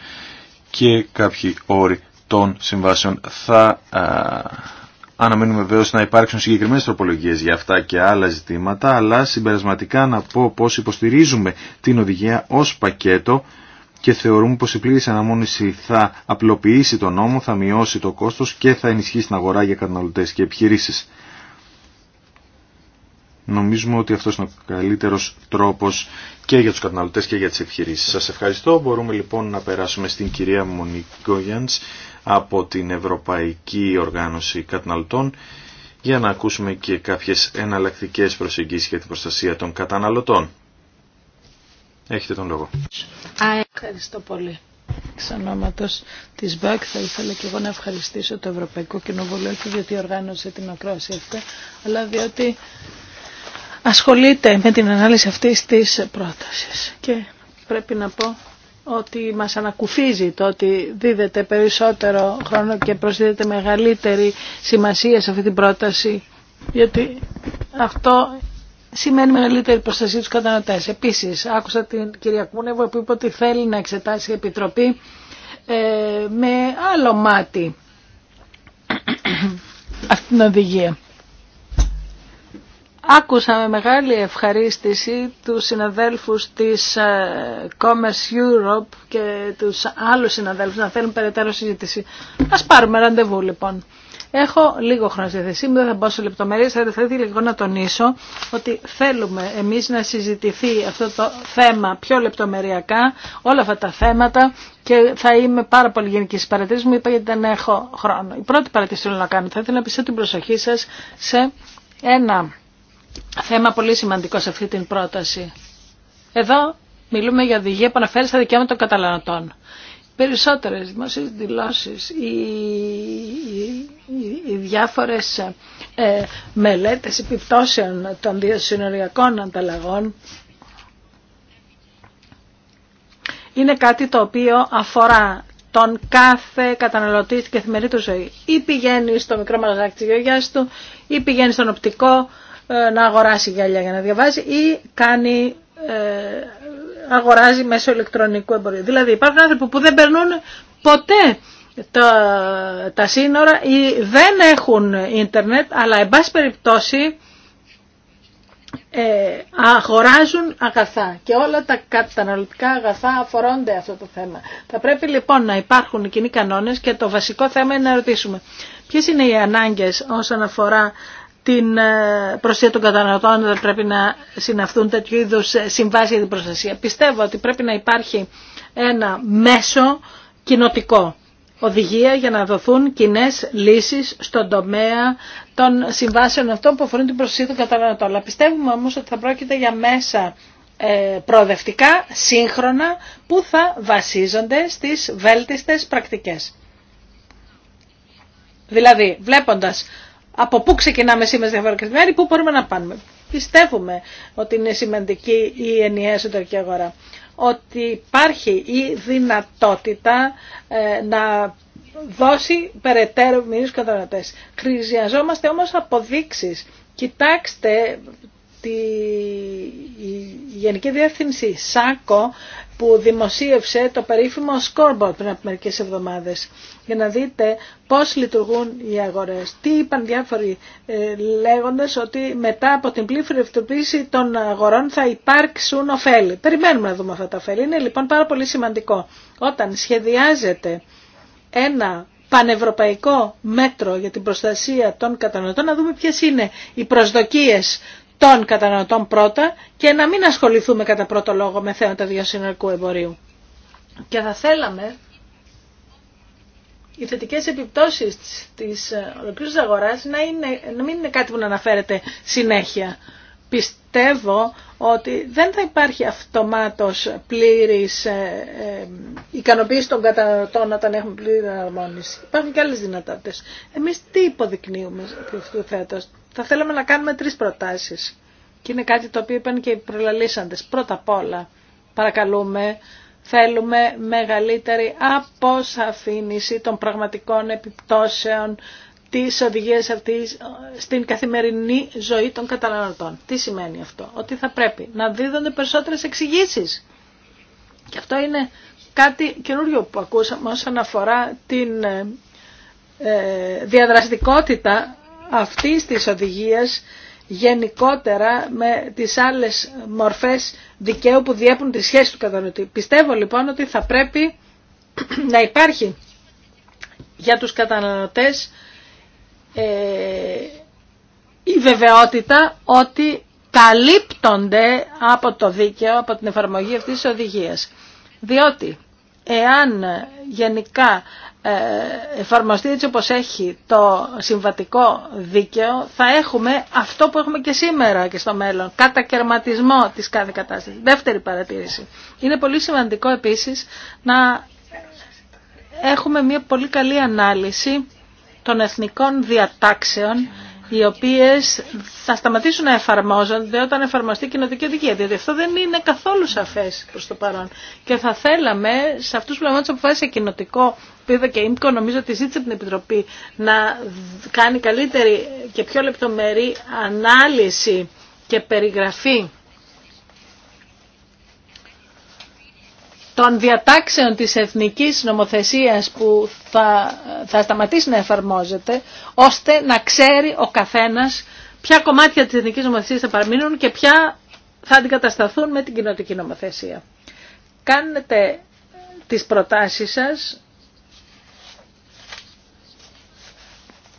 Speaker 2: και κάποιοι όροι των συμβάσεων θα ε, Αναμένουμε βεβαίω να υπάρξουν συγκεκριμένε τροπολογίε για αυτά και άλλα ζητήματα, αλλά συμπερασματικά να πω πώ υποστηρίζουμε την οδηγία ω πακέτο και θεωρούμε πω η πλήρη αναμόνιση θα απλοποιήσει τον νόμο, θα μειώσει το κόστο και θα ενισχύσει την αγορά για καταναλωτέ και επιχειρήσει. Νομίζουμε ότι αυτό είναι ο καλύτερο τρόπο και για του καταναλωτέ και για τι επιχειρήσει. Σα ευχαριστώ. Μπορούμε λοιπόν να περάσουμε στην κυρία Γκόγιαντ από την Ευρωπαϊκή Οργάνωση Καταναλωτών για να ακούσουμε και κάποιες εναλλακτικές προσεγγίσεις για την προστασία των καταναλωτών. Έχετε τον λόγο.
Speaker 4: Ευχαριστώ πολύ. Εξ ονόματος της ΜΠΑΚ θα ήθελα και εγώ να ευχαριστήσω το Ευρωπαϊκό Κοινοβούλιο και διότι οργάνωσε την ακρόαση αυτή, αλλά διότι ασχολείται με την ανάλυση αυτής της πρότασης. Και πρέπει να πω ότι μας ανακουφίζει το ότι δίδεται περισσότερο χρόνο και προσδίδεται μεγαλύτερη σημασία σε αυτή την πρόταση γιατί αυτό σημαίνει μεγαλύτερη προστασία τους καταναλωτές. Επίσης, άκουσα την κυρία Κούνεβο που είπε ότι θέλει να εξετάσει η Επιτροπή ε, με άλλο μάτι αυτή την οδηγία. Άκουσα με μεγάλη ευχαρίστηση του συναδέλφους της ε, Commerce Europe και τους άλλους συναδέλφους να θέλουν περαιτέρω συζήτηση. Ας πάρουμε ραντεβού λοιπόν. Έχω λίγο χρόνο στη θέση μου, δεν θα μπω σε λεπτομέρειες, αλλά θα ήθελα λίγο να τονίσω ότι θέλουμε εμείς να συζητηθεί αυτό το θέμα πιο λεπτομεριακά, όλα αυτά τα θέματα και θα είμαι πάρα πολύ γενική στις μου, είπα γιατί δεν έχω χρόνο. Η πρώτη παρατήρηση θέλω να κάνω, θα ήθελα να πιστεύω την προσοχή σας σε ένα θέμα πολύ σημαντικό σε αυτή την πρόταση. Εδώ μιλούμε για οδηγία που αναφέρει στα δικαιώματα των καταναλωτών. Περισσότερες δημόσιες δηλώσεις, οι, οι, οι διάφορες ε, μελέτες επιπτώσεων των συνοριακών ανταλλαγών είναι κάτι το οποίο αφορά τον κάθε καταναλωτή στην καθημερινή του ζωή. Ή πηγαίνει στο μικρό μαγαζάκι τη του, ή πηγαίνει στον οπτικό, ε, να αγοράσει γυαλιά για να διαβάζει ή κάνει, ε, αγοράζει μέσω ηλεκτρονικού εμπορίου. Δηλαδή υπάρχουν άνθρωποι που δεν περνούν ποτέ τα, τα σύνορα ή δεν έχουν ίντερνετ αλλά εν πάση περιπτώσει ε, αγοράζουν αγαθά και όλα τα καταναλωτικά αγαθά αφορώνται αυτό το θέμα. Θα πρέπει λοιπόν να υπάρχουν κοινοί κανόνες και το βασικό θέμα είναι να ρωτήσουμε ποιες είναι οι ανάγκες όσον αφορά την ε, προστασία των καταναλωτών δεν πρέπει να συναυθούν τέτοιου είδου ε, συμβάσεις για την προστασία. Πιστεύω ότι πρέπει να υπάρχει ένα μέσο κοινοτικό οδηγία για να δοθούν κοινέ λύσεις στον τομέα των συμβάσεων αυτών που αφορούν την προστασία των καταναλωτών. Αλλά πιστεύουμε όμως ότι θα πρόκειται για μέσα ε, προοδευτικά, σύγχρονα, που θα βασίζονται στις βέλτιστες πρακτικές. Δηλαδή, βλέποντας από πού ξεκινάμε σήμερα να πάνουμε. Πιστεύουμε ότι είναι σημαντική μέρη, πού μπορούμε να πάμε. Πιστεύουμε ότι είναι σημαντική η ενιαία εσωτερική αγορά. Ότι υπάρχει η δυνατότητα ε, να δώσει περαιτέρω μυρίους κατανατές. Χρειαζόμαστε όμως αποδείξεις. Κοιτάξτε τη η Γενική Διεύθυνση ΣΑΚΟ που δημοσίευσε το περίφημο scoreboard πριν από μερικές εβδομάδες για να δείτε πώς λειτουργούν οι αγορές. Τι είπαν διάφοροι ε, λέγοντας ότι μετά από την πλήρη των αγορών θα υπάρξουν ωφέλη. Περιμένουμε να δούμε αυτά τα ωφέλη. Είναι λοιπόν πάρα πολύ σημαντικό όταν σχεδιάζεται ένα πανευρωπαϊκό μέτρο για την προστασία των κατανοητών, να δούμε ποιες είναι οι προσδοκίες των καταναλωτών πρώτα και να μην ασχοληθούμε κατά πρώτο λόγο με θέματα διασυνορικού εμπορίου. Και θα θέλαμε οι θετικέ επιπτώσει τη ολοκλήρωση αγορά να, να μην είναι κάτι που να αναφέρεται συνέχεια πιστεύω ότι δεν θα υπάρχει αυτομάτως πλήρης ε, ε, ικανοποίηση των καταναλωτών όταν έχουμε πλήρη αναρμόνιση. Υπάρχουν και άλλες δυνατότητες. Εμείς τι υποδεικνύουμε από αυτού θέτος. Θα θέλαμε να κάνουμε τρεις προτάσεις. Και είναι κάτι το οποίο είπαν και οι προλαλήσαντες. Πρώτα απ' όλα παρακαλούμε θέλουμε μεγαλύτερη αποσαφήνιση των πραγματικών επιπτώσεων τις οδηγίες αυτής ε, στην καθημερινή ζωή των καταναλωτών. Τι σημαίνει αυτό, ότι θα πρέπει να δίδονται περισσότερες εξηγήσει. Και αυτό είναι κάτι καινούριο που ακούσαμε όσον αφορά την ε, ε, διαδραστικότητα αυτής της οδηγίας γενικότερα με τις άλλες μορφές δικαίου που διέπουν τη σχέση του καταναλωτή. Πιστεύω λοιπόν ότι θα πρέπει να υπάρχει για τους καταναλωτές ε, η βεβαιότητα ότι καλύπτονται από το δίκαιο, από την εφαρμογή αυτής της οδηγίας. Διότι εάν γενικά ε, εφαρμοστεί έτσι όπως έχει το συμβατικό δίκαιο, θα έχουμε αυτό που έχουμε και σήμερα και στο μέλλον, κατακαιρματισμό της κάθε κατάστασης. Δεύτερη παρατήρηση. Είναι πολύ σημαντικό επίσης να έχουμε μια πολύ καλή ανάλυση των εθνικών διατάξεων οι οποίες θα σταματήσουν να εφαρμόζονται όταν εφαρμοστεί η κοινοτική οδηγία, διότι αυτό δεν είναι καθόλου σαφές προς το παρόν. Και θα θέλαμε σε αυτούς που λαμβάνουν τις αποφάσεις σε κοινοτικό επίπεδο και ΙΜΚΟ νομίζω ότι ζήτησε την Επιτροπή να κάνει καλύτερη και πιο λεπτομερή ανάλυση και περιγραφή των διατάξεων της εθνικής νομοθεσίας που θα, θα σταματήσει να εφαρμόζεται, ώστε να ξέρει ο καθένας ποια κομμάτια της εθνικής νομοθεσίας θα παραμείνουν και ποια θα αντικατασταθούν με την κοινωτική νομοθεσία. Κάνετε τις προτάσεις σας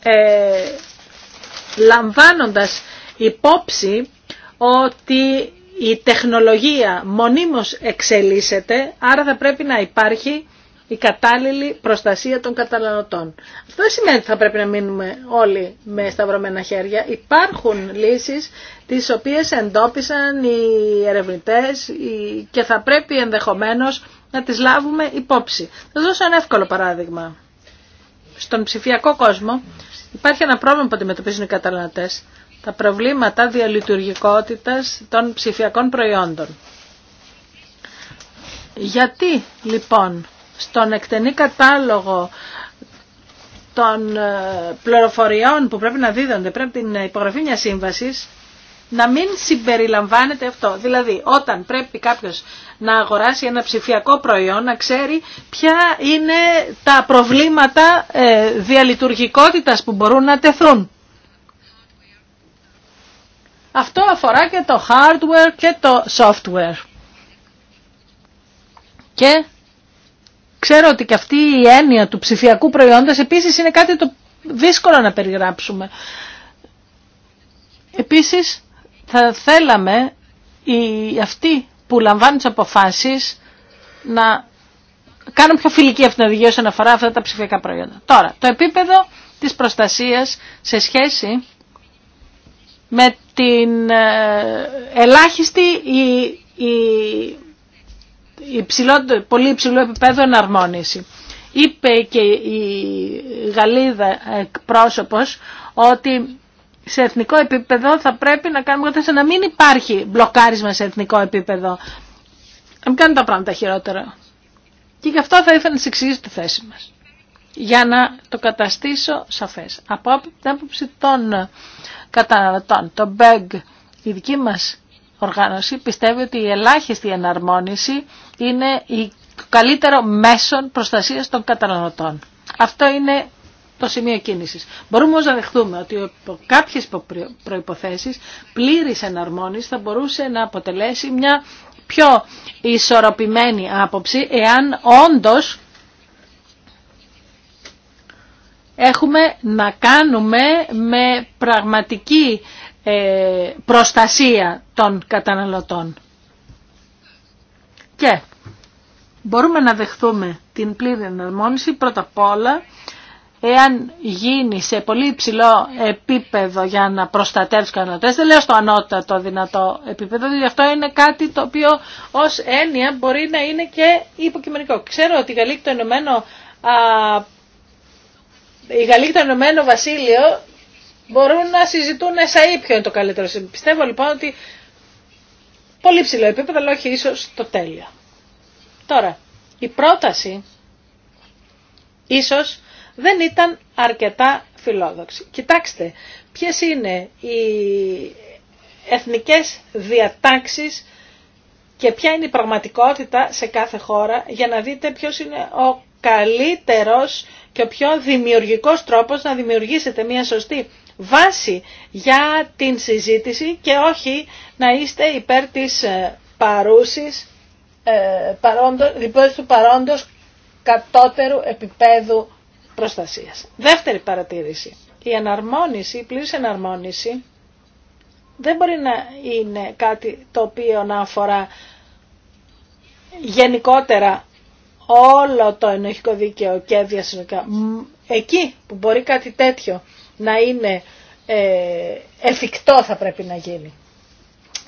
Speaker 4: ε, λαμβάνοντας υπόψη ότι η τεχνολογία μονίμως εξελίσσεται, άρα θα πρέπει να υπάρχει η κατάλληλη προστασία των καταναλωτών. Αυτό δεν σημαίνει ότι θα πρέπει να μείνουμε όλοι με σταυρωμένα χέρια. Υπάρχουν λύσεις τις οποίες εντόπισαν οι ερευνητές και θα πρέπει ενδεχομένως να τις λάβουμε υπόψη. Θα δώσω ένα εύκολο παράδειγμα. Στον ψηφιακό κόσμο υπάρχει ένα πρόβλημα που αντιμετωπίζουν οι καταναλωτές τα προβλήματα διαλειτουργικότητας των ψηφιακών προϊόντων. Γιατί λοιπόν στον εκτενή κατάλογο των ε, πληροφοριών που πρέπει να δίδονται πρέπει την υπογραφή μιας σύμβασης να μην συμπεριλαμβάνεται αυτό. Δηλαδή, όταν πρέπει κάποιος να αγοράσει ένα ψηφιακό προϊόν, να ξέρει ποια είναι τα προβλήματα ε, διαλειτουργικότητας που μπορούν να τεθούν. Αυτό αφορά και το hardware και το software. Και ξέρω ότι και αυτή η έννοια του ψηφιακού προϊόντος επίσης είναι κάτι το δύσκολο να περιγράψουμε. Επίσης θα θέλαμε οι, αυτοί που λαμβάνουν τις αποφάσεις να κάνουν πιο φιλική αυτήν την όσον αφορά αυτά τα ψηφιακά προϊόντα. Τώρα, το επίπεδο της προστασίας σε σχέση με την ε, ελάχιστη ή, ή πολύ υψηλό επίπεδο εναρμόνιση. Είπε και η Γαλλίδα εκπρόσωπος ότι σε εθνικό επίπεδο θα πρέπει να κάνουμε κατάσταση να μην υπάρχει μπλοκάρισμα σε εθνικό επίπεδο. Να μην κάνουν τα πράγματα χειρότερα. Και γι' αυτό θα ήθελα να σας εξηγήσω τη θέση μας για να το καταστήσω σαφές. Από την άποψη των καταναλωτών, το BEG, η δική μας οργάνωση πιστεύει ότι η ελάχιστη εναρμόνιση είναι η καλύτερο μέσον προστασίας των καταναλωτών. Αυτό είναι το σημείο κίνησης. Μπορούμε όμως να δεχτούμε ότι από κάποιες προϋποθέσεις πλήρης εναρμόνιση θα μπορούσε να αποτελέσει μια πιο ισορροπημένη άποψη εάν όντως έχουμε να κάνουμε με πραγματική ε, προστασία των καταναλωτών. Και μπορούμε να δεχθούμε την πλήρη εναρμόνιση πρώτα απ' όλα εάν γίνει σε πολύ υψηλό επίπεδο για να προστατεύσει τους καταναλωτές, δεν λέω στο ανώτατο δυνατό επίπεδο, διότι αυτό είναι κάτι το οποίο ως έννοια μπορεί να είναι και υποκειμενικό. Ξέρω ότι η Γαλλική το οι Γαλλοί και το Ενωμένο Βασίλειο μπορούν να συζητούν εσαΐ e ποιο είναι το καλύτερο. Πιστεύω λοιπόν ότι πολύ ψηλό επίπεδο, αλλά όχι ίσω το τέλειο. Τώρα, η πρόταση ίσως δεν ήταν αρκετά φιλόδοξη. Κοιτάξτε, ποιε είναι οι εθνικές διατάξεις και ποια είναι η πραγματικότητα σε κάθε χώρα για να δείτε ποιος είναι ο καλύτερος και ο πιο δημιουργικός τρόπος να δημιουργήσετε μια σωστή βάση για την συζήτηση και όχι να είστε υπέρ της ε, παρούσης, ε, παρόντος, του παρόντος κατώτερου επίπεδου προστασίας. Δεύτερη παρατήρηση. Η εναρμόνιση, η πλήρης εναρμόνιση δεν μπορεί να είναι κάτι το οποίο να αφορά γενικότερα όλο το ενοχικό δίκαιο και διασυνοκά. Εκεί που μπορεί κάτι τέτοιο να είναι ε, εφικτό θα πρέπει να γίνει.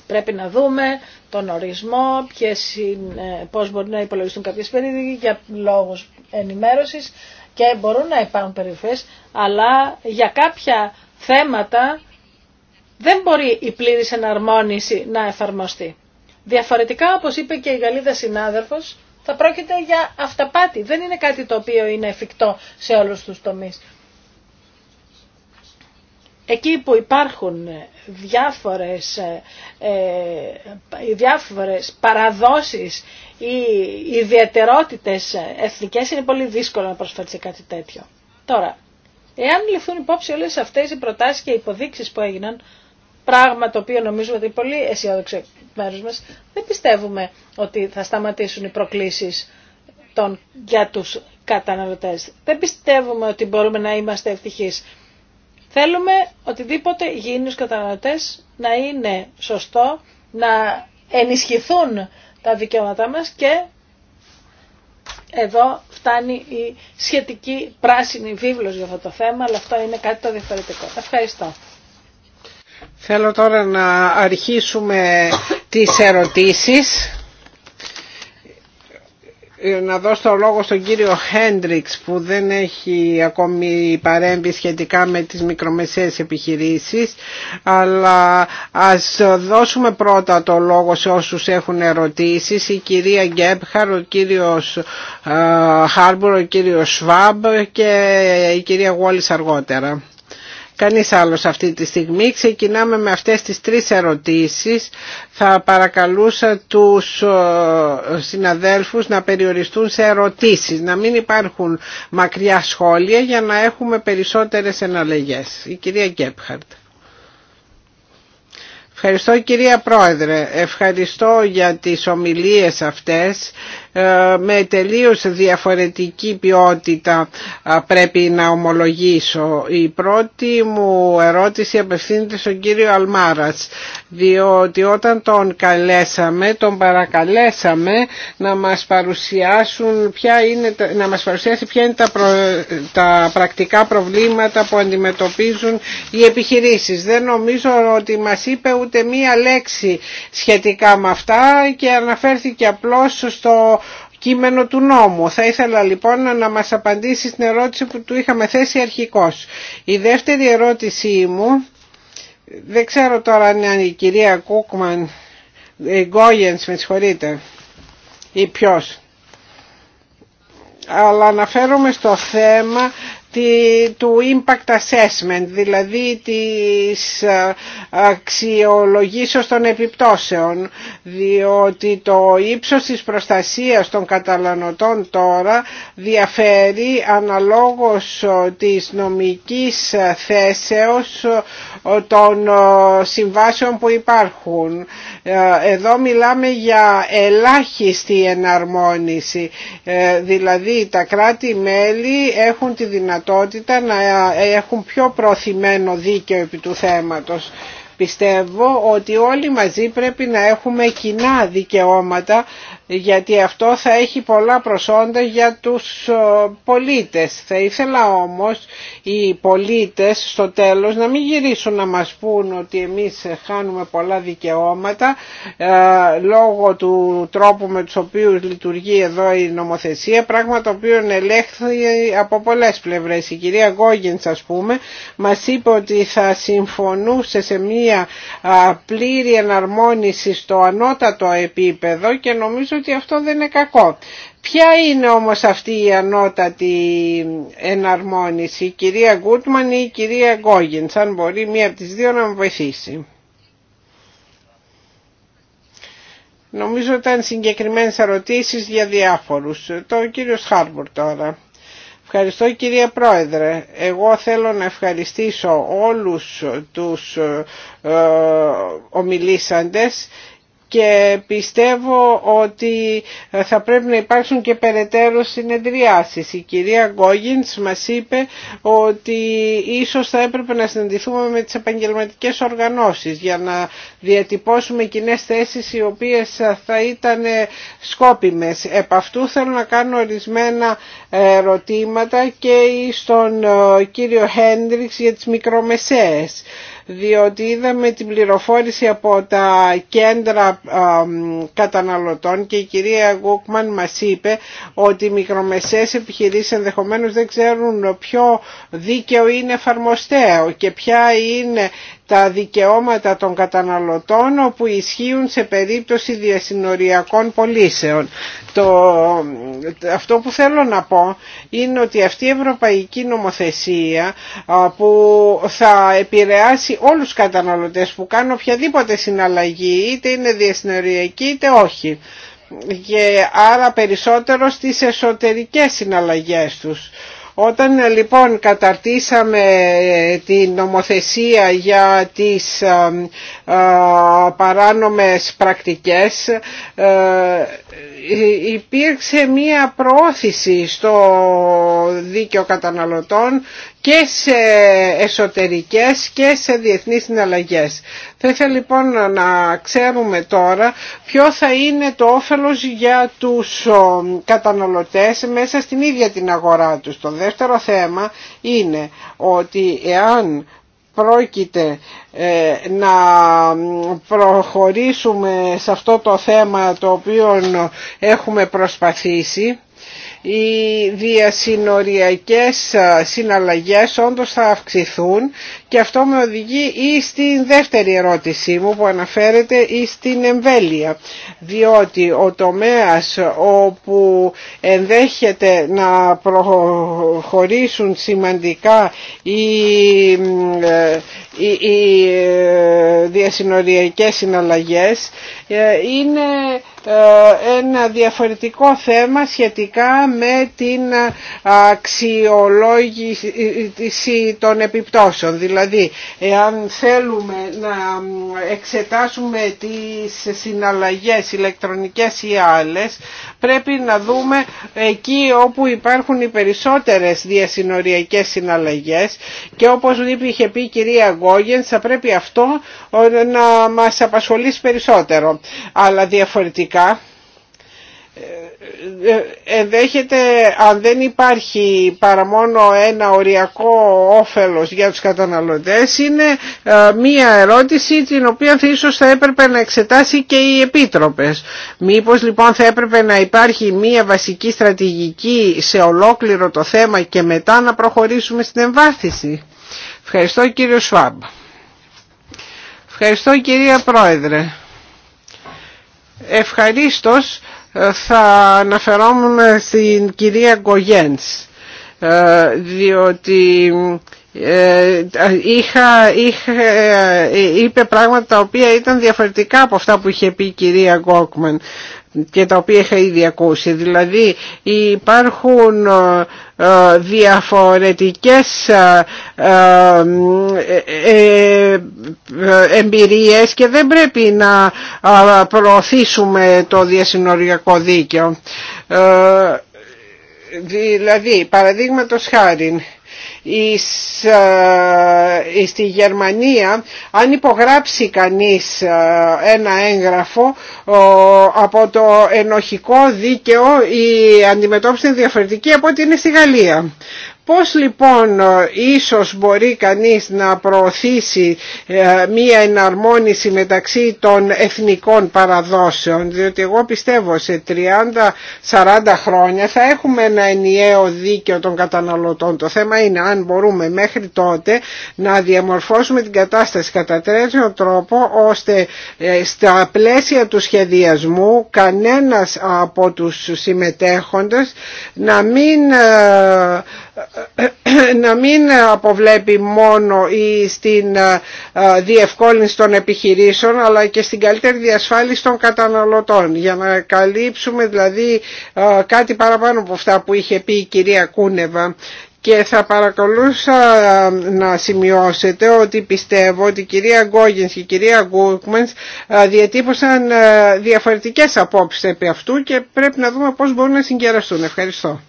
Speaker 4: Πρέπει να δούμε τον ορισμό, ποιες είναι, πώς μπορεί να υπολογιστούν κάποιες περίοδοι για λόγους ενημέρωσης και μπορούν να υπάρχουν περιφές, αλλά για κάποια θέματα δεν μπορεί η πλήρης εναρμόνιση να εφαρμοστεί. Διαφορετικά, όπως είπε και η Γαλλίδα συνάδελφος, θα πρόκειται για αυταπάτη. Δεν είναι κάτι το οποίο είναι εφικτό σε όλους τους τομείς. Εκεί που υπάρχουν διάφορες, ε, ε διάφορες παραδόσεις ή ιδιαιτερότητες εθνικές είναι πολύ δύσκολο να προσφέρει σε κάτι τέτοιο. Τώρα, εάν ληφθούν υπόψη όλες αυτές οι προτάσεις και οι υποδείξεις που έγιναν, πράγμα το οποίο νομίζω ότι είναι πολύ αισιόδοξο μέρου μας, δεν πιστεύουμε ότι θα σταματήσουν οι προκλήσεις για τους καταναλωτές. Δεν πιστεύουμε ότι μπορούμε να είμαστε ευτυχείς. Θέλουμε οτιδήποτε γίνει στους καταναλωτές να είναι σωστό, να ενισχυθούν τα δικαιώματά μας και εδώ φτάνει η σχετική πράσινη βίβλος για αυτό το θέμα, αλλά αυτό είναι κάτι το διαφορετικό. Ευχαριστώ.
Speaker 3: Θέλω τώρα να αρχίσουμε τις ερωτήσεις. Να δώσω το λόγο στον κύριο Χέντριξ που δεν έχει ακόμη παρέμβει σχετικά με τις μικρομεσαίες επιχειρήσεις αλλά ας δώσουμε πρώτα το λόγο σε όσους έχουν ερωτήσεις η κυρία Γκέπχαρ, ο κύριος ε, Χάρμπουρ, ο κύριος Σβάμπ και η κυρία Γόλης αργότερα κανείς άλλος αυτή τη στιγμή. Ξεκινάμε με αυτές τις τρεις ερωτήσεις. Θα παρακαλούσα τους ε, συναδέλφους να περιοριστούν σε ερωτήσεις, να μην υπάρχουν μακριά σχόλια για να έχουμε περισσότερες εναλλαγές. Η κυρία Γκέπχαρτ. Ευχαριστώ κυρία Πρόεδρε, ευχαριστώ για τις ομιλίες αυτές ε, με τελείως διαφορετική ποιότητα πρέπει να ομολογήσω. Η πρώτη μου ερώτηση απευθύνεται στον κύριο Αλμάρας διότι όταν τον καλέσαμε, τον παρακαλέσαμε να μας παρουσιάσουν ποια είναι, να μας παρουσιάσει ποια είναι τα, τα πρακτικά προβλήματα που αντιμετωπίζουν οι επιχειρήσεις. Δεν νομίζω ότι μας είπε ούτε μία λέξη σχετικά με αυτά και αναφέρθηκε απλώς στο κείμενο του νόμου. Θα ήθελα λοιπόν να μας απαντήσει στην ερώτηση που του είχαμε θέσει αρχικώς. Η δεύτερη ερώτησή μου, δεν ξέρω τώρα αν η κυρία Κούκμαν, η ε, Γκόγενς με συγχωρείτε, ή ποιος, αλλά αναφέρομαι στο θέμα του impact assessment, δηλαδή της ε, αξιολογήσεως των επιπτώσεων, διότι το ύψος της προστασίας των καταναλωτών τώρα διαφέρει αναλόγως ε, της νομικής ε, θέσεως των συμβάσεων που υπάρχουν. Εδώ μιλάμε για ελάχιστη εναρμόνιση, δηλαδή τα κράτη-μέλη έχουν τη δυνατότητα δυνατότητα να έχουν πιο προωθημένο δίκαιο επί του θέματος Πιστεύω ότι όλοι μαζί πρέπει να έχουμε κοινά δικαιώματα γιατί αυτό θα έχει πολλά προσόντα για τους ε, πολίτες. Θα ήθελα όμως οι πολίτες στο τέλος να μην γυρίσουν να μας πούν ότι εμείς χάνουμε πολλά δικαιώματα ε, λόγω του τρόπου με τους οποίους λειτουργεί εδώ η νομοθεσία, πράγμα το οποίο ελέγχθη από πολλές πλευρές. Η κυρία Γκόγινς ας πούμε μας είπε ότι θα συμφωνούσε σε μία μία πλήρη εναρμόνιση στο ανώτατο επίπεδο και νομίζω ότι αυτό δεν είναι κακό. Ποια είναι όμως αυτή η ανώτατη εναρμόνιση, η κυρία Γκούτμαν ή η κυρία Γκόγιν, αν μπορεί μία από τις δύο να μου βοηθήσει. Νομίζω ήταν συγκεκριμένες ερωτήσεις για διάφορους. Το κύριο Χάρμπορ τώρα. Ευχαριστώ κυρία Πρόεδρε. Εγώ θέλω να ευχαριστήσω όλους τους ε, ε, ομιλήσαντες και πιστεύω ότι θα πρέπει να υπάρξουν και περαιτέρω συνεδριάσεις. Η κυρία Γκόγινς μας είπε ότι ίσως θα έπρεπε να συναντηθούμε με τις επαγγελματικές οργανώσεις για να διατυπώσουμε κοινέ θέσεις οι οποίες θα ήταν σκόπιμες. Επ' αυτού θέλω να κάνω ορισμένα ερωτήματα και στον ε, κύριο Χέντριξ για τις μικρομεσαίες διότι είδαμε την πληροφόρηση από τα κέντρα καταναλωτών και η κυρία Γκούκμαν μας είπε ότι οι μικρομεσαίες επιχειρήσεις ενδεχομένως δεν ξέρουν ποιο δίκαιο είναι εφαρμοστέο και ποια είναι τα δικαιώματα των καταναλωτών όπου ισχύουν σε περίπτωση διασυνοριακών πωλήσεων. Το, αυτό που θέλω να πω είναι ότι αυτή η ευρωπαϊκή νομοθεσία που θα επηρεάσει όλους τους καταναλωτές που κάνουν οποιαδήποτε συναλλαγή είτε είναι διασυνοριακή είτε όχι και άρα περισσότερο στις εσωτερικές συναλλαγές τους όταν ε, λοιπόν καταρτήσαμε ε, την νομοθεσία για τις ε, παράνομες πρακτικές υπήρξε μία προώθηση στο δίκαιο καταναλωτών και σε εσωτερικές και σε διεθνείς συναλλαγές. Θα ήθελα λοιπόν να ξέρουμε τώρα ποιο θα είναι το όφελος για τους καταναλωτές μέσα στην ίδια την αγορά τους. Το δεύτερο θέμα είναι ότι εάν πρόκειται ε, να προχωρήσουμε σε αυτό το θέμα το οποίο έχουμε προσπαθήσει οι διασυνοριακές ε, συναλλαγές όντως θα αυξηθούν και αυτό με οδηγεί ή στην δεύτερη ερώτησή μου που αναφέρεται ή στην εμβέλεια. Διότι ο τομέας όπου ενδέχεται να προχωρήσουν σημαντικά οι, ε, οι, οι ε, διασυνοριακές συναλλαγές ε, είναι ένα διαφορετικό θέμα σχετικά με την αξιολόγηση των επιπτώσεων. Δηλαδή, Δηλαδή, εάν θέλουμε να εξετάσουμε τις συναλλαγές ηλεκτρονικές ή άλλες, πρέπει να δούμε εκεί όπου υπάρχουν οι περισσότερες διασυνοριακές συναλλαγές και όπως είχε πει η κυρία Γκόγεν, θα πρέπει αυτό να μας απασχολήσει περισσότερο. Αλλά διαφορετικά ε, ε, ενδέχεται αν δεν υπάρχει παρά μόνο ένα οριακό όφελος για τους καταναλωτές είναι ε, μία ερώτηση την οποία θα ίσως θα έπρεπε να εξετάσει και οι επίτροπες. Μήπως λοιπόν θα έπρεπε να υπάρχει μία βασική στρατηγική σε ολόκληρο το θέμα και μετά να προχωρήσουμε στην εμβάθυση. Ευχαριστώ κύριο Σουάμπ. Ευχαριστώ κυρία Πρόεδρε. Ευχαρίστως θα αναφερόμουν στην κυρία Γκογένς ε, διότι ε, είχα, είχα, ε, είπε πράγματα τα οποία ήταν διαφορετικά από αυτά που είχε πει η κυρία Γκόκμαν και τα οποία είχα ήδη ακούσει. Δηλαδή υπάρχουν ε, ε, διαφορετικές ε, εμπειρίες και δεν πρέπει να προωθήσουμε το διασυνοριακό δίκαιο. Δηλαδή, παραδείγματος χάρη, Στη ε, Γερμανία αν υπογράψει κανείς ε, ένα έγγραφο από το ενοχικό δίκαιο η αντιμετώπιση είναι διαφορετική από ό,τι είναι στη Γαλλία. Πώς λοιπόν ε, ίσως μπορεί κανείς να προωθήσει ε, μία εναρμόνιση μεταξύ των εθνικών παραδόσεων διότι εγώ πιστεύω σε 30-40 χρόνια θα έχουμε ένα ενιαίο δίκαιο των καταναλωτών. Το θέμα είναι αν μπορούμε μέχρι τότε να διαμορφώσουμε την κατάσταση κατά τέτοιο τρόπο ώστε ε, στα πλαίσια του σχεδιασμού κανένας από τους συμμετέχοντες να μην να μην αποβλέπει μόνο ή στην ε, διευκόλυνση των επιχειρήσεων αλλά και στην καλύτερη διασφάλιση των καταναλωτών για να καλύψουμε δηλαδή ε, κάτι παραπάνω από αυτά που είχε πει η κυρία Κούνεβα και θα παρακολούσα ε, να σημειώσετε ότι πιστεύω ότι η κυρία Γκόγινς και η κυρία Γκούκμενς διατύπωσαν διαφορετικές απόψεις επί αυτού και πρέπει να δούμε πώς μπορούν να συγκεραστούν. Ευχαριστώ.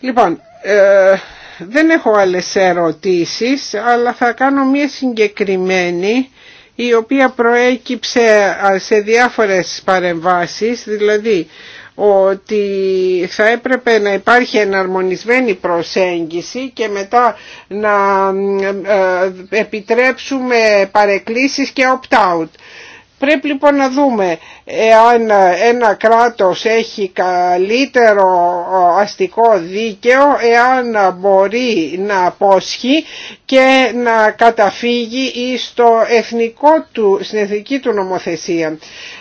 Speaker 3: Λοιπόν, ε, δεν έχω άλλες ερωτήσεις, αλλά θα κάνω μία συγκεκριμένη η οποία προέκυψε σε διάφορες παρεμβάσεις, δηλαδή ότι θα έπρεπε να υπάρχει εναρμονισμένη προσέγγιση και μετά να ε, ε, επιτρέψουμε παρεκκλήσεις και opt-out. Πρέπει λοιπόν να δούμε εάν ένα κράτος έχει καλύτερο ε, αστικό δίκαιο, εάν μπορεί να απόσχει και να καταφύγει στο εθνικό του, στην εθνική του νομοθεσία.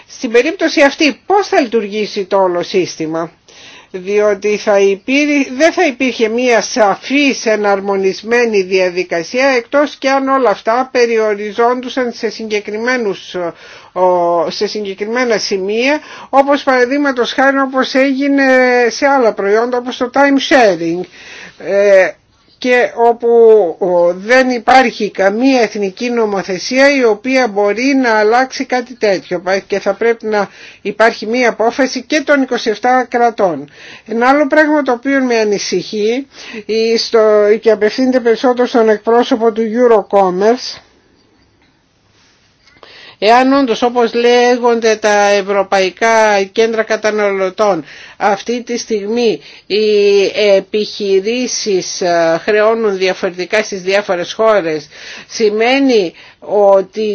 Speaker 3: Στην περίπτωση αυτή πώς θα λειτουργήσει το όλο σύστημα διότι θα δεν θα υπήρχε μία σαφής εναρμονισμένη διαδικασία εκτός και αν όλα αυτά περιοριζόντουσαν σε, συγκεκριμένους, σε συγκεκριμένα σημεία όπως παραδείγματος χάρη όπως έγινε σε άλλα προϊόντα όπως το time sharing. Ε, και όπου δεν υπάρχει καμία εθνική νομοθεσία η οποία μπορεί να αλλάξει κάτι τέτοιο και θα πρέπει να υπάρχει μία απόφαση και των 27 κρατών. Ένα άλλο πράγμα το οποίο με ανησυχεί και απευθύνεται περισσότερο στον εκπρόσωπο του Eurocommerce Εάν όντως όπως λέγονται τα ευρωπαϊκά κέντρα καταναλωτών αυτή τη στιγμή οι επιχειρήσεις ε, χρεώνουν διαφορετικά στις διάφορες χώρες σημαίνει ότι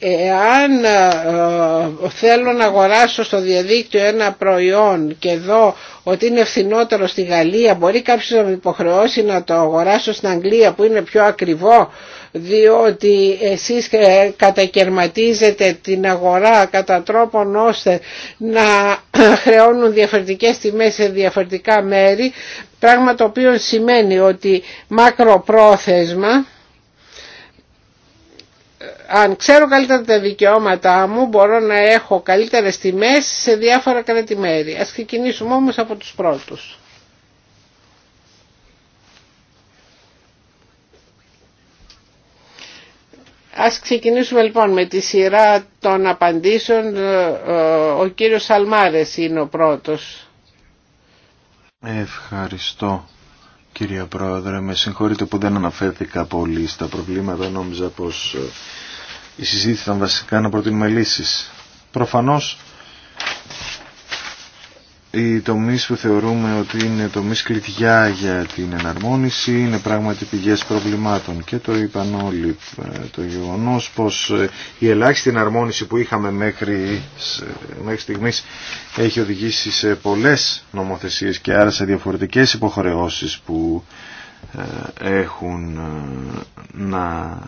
Speaker 3: εάν ε, θέλω να αγοράσω στο διαδίκτυο ένα προϊόν και δω ότι είναι φθηνότερο στη Γαλλία μπορεί κάποιος να με υποχρεώσει να το αγοράσω στην Αγγλία που είναι πιο ακριβό διότι εσείς ε, κατακαιρματίζετε την αγορά κατά τρόπον ώστε να χρεώνουν διαφορετικές τιμές σε διαφορετικά μέρη, πράγμα το οποίο σημαίνει ότι μακροπρόθεσμα αν ξέρω καλύτερα τα δικαιώματά μου μπορώ να έχω καλύτερες τιμές σε διάφορα μέρη. Ας ξεκινήσουμε όμως από τους πρώτους. Ας ξεκινήσουμε λοιπόν με τη σειρά των απαντήσεων. Ε, ε, ο κύριος Σαλμάρες είναι ο πρώτος.
Speaker 2: Ευχαριστώ κύριε Πρόεδρε. Με συγχωρείτε που δεν αναφέρθηκα πολύ στα προβλήματα. Νόμιζα πως ε, η συζήτηση ήταν βασικά να προτείνουμε λύσεις. Προφανώς οι τομείς που θεωρούμε ότι είναι τομείς κλειδιά για την εναρμόνιση είναι πράγματι πηγές προβλημάτων και το είπαν όλοι ε, το γεγονός πως ε, η ελάχιστη εναρμόνιση που είχαμε μέχρι, ε, μέχρι στιγμής έχει οδηγήσει σε πολλές νομοθεσίες και άρα σε διαφορετικές υποχρεώσεις που έχουν να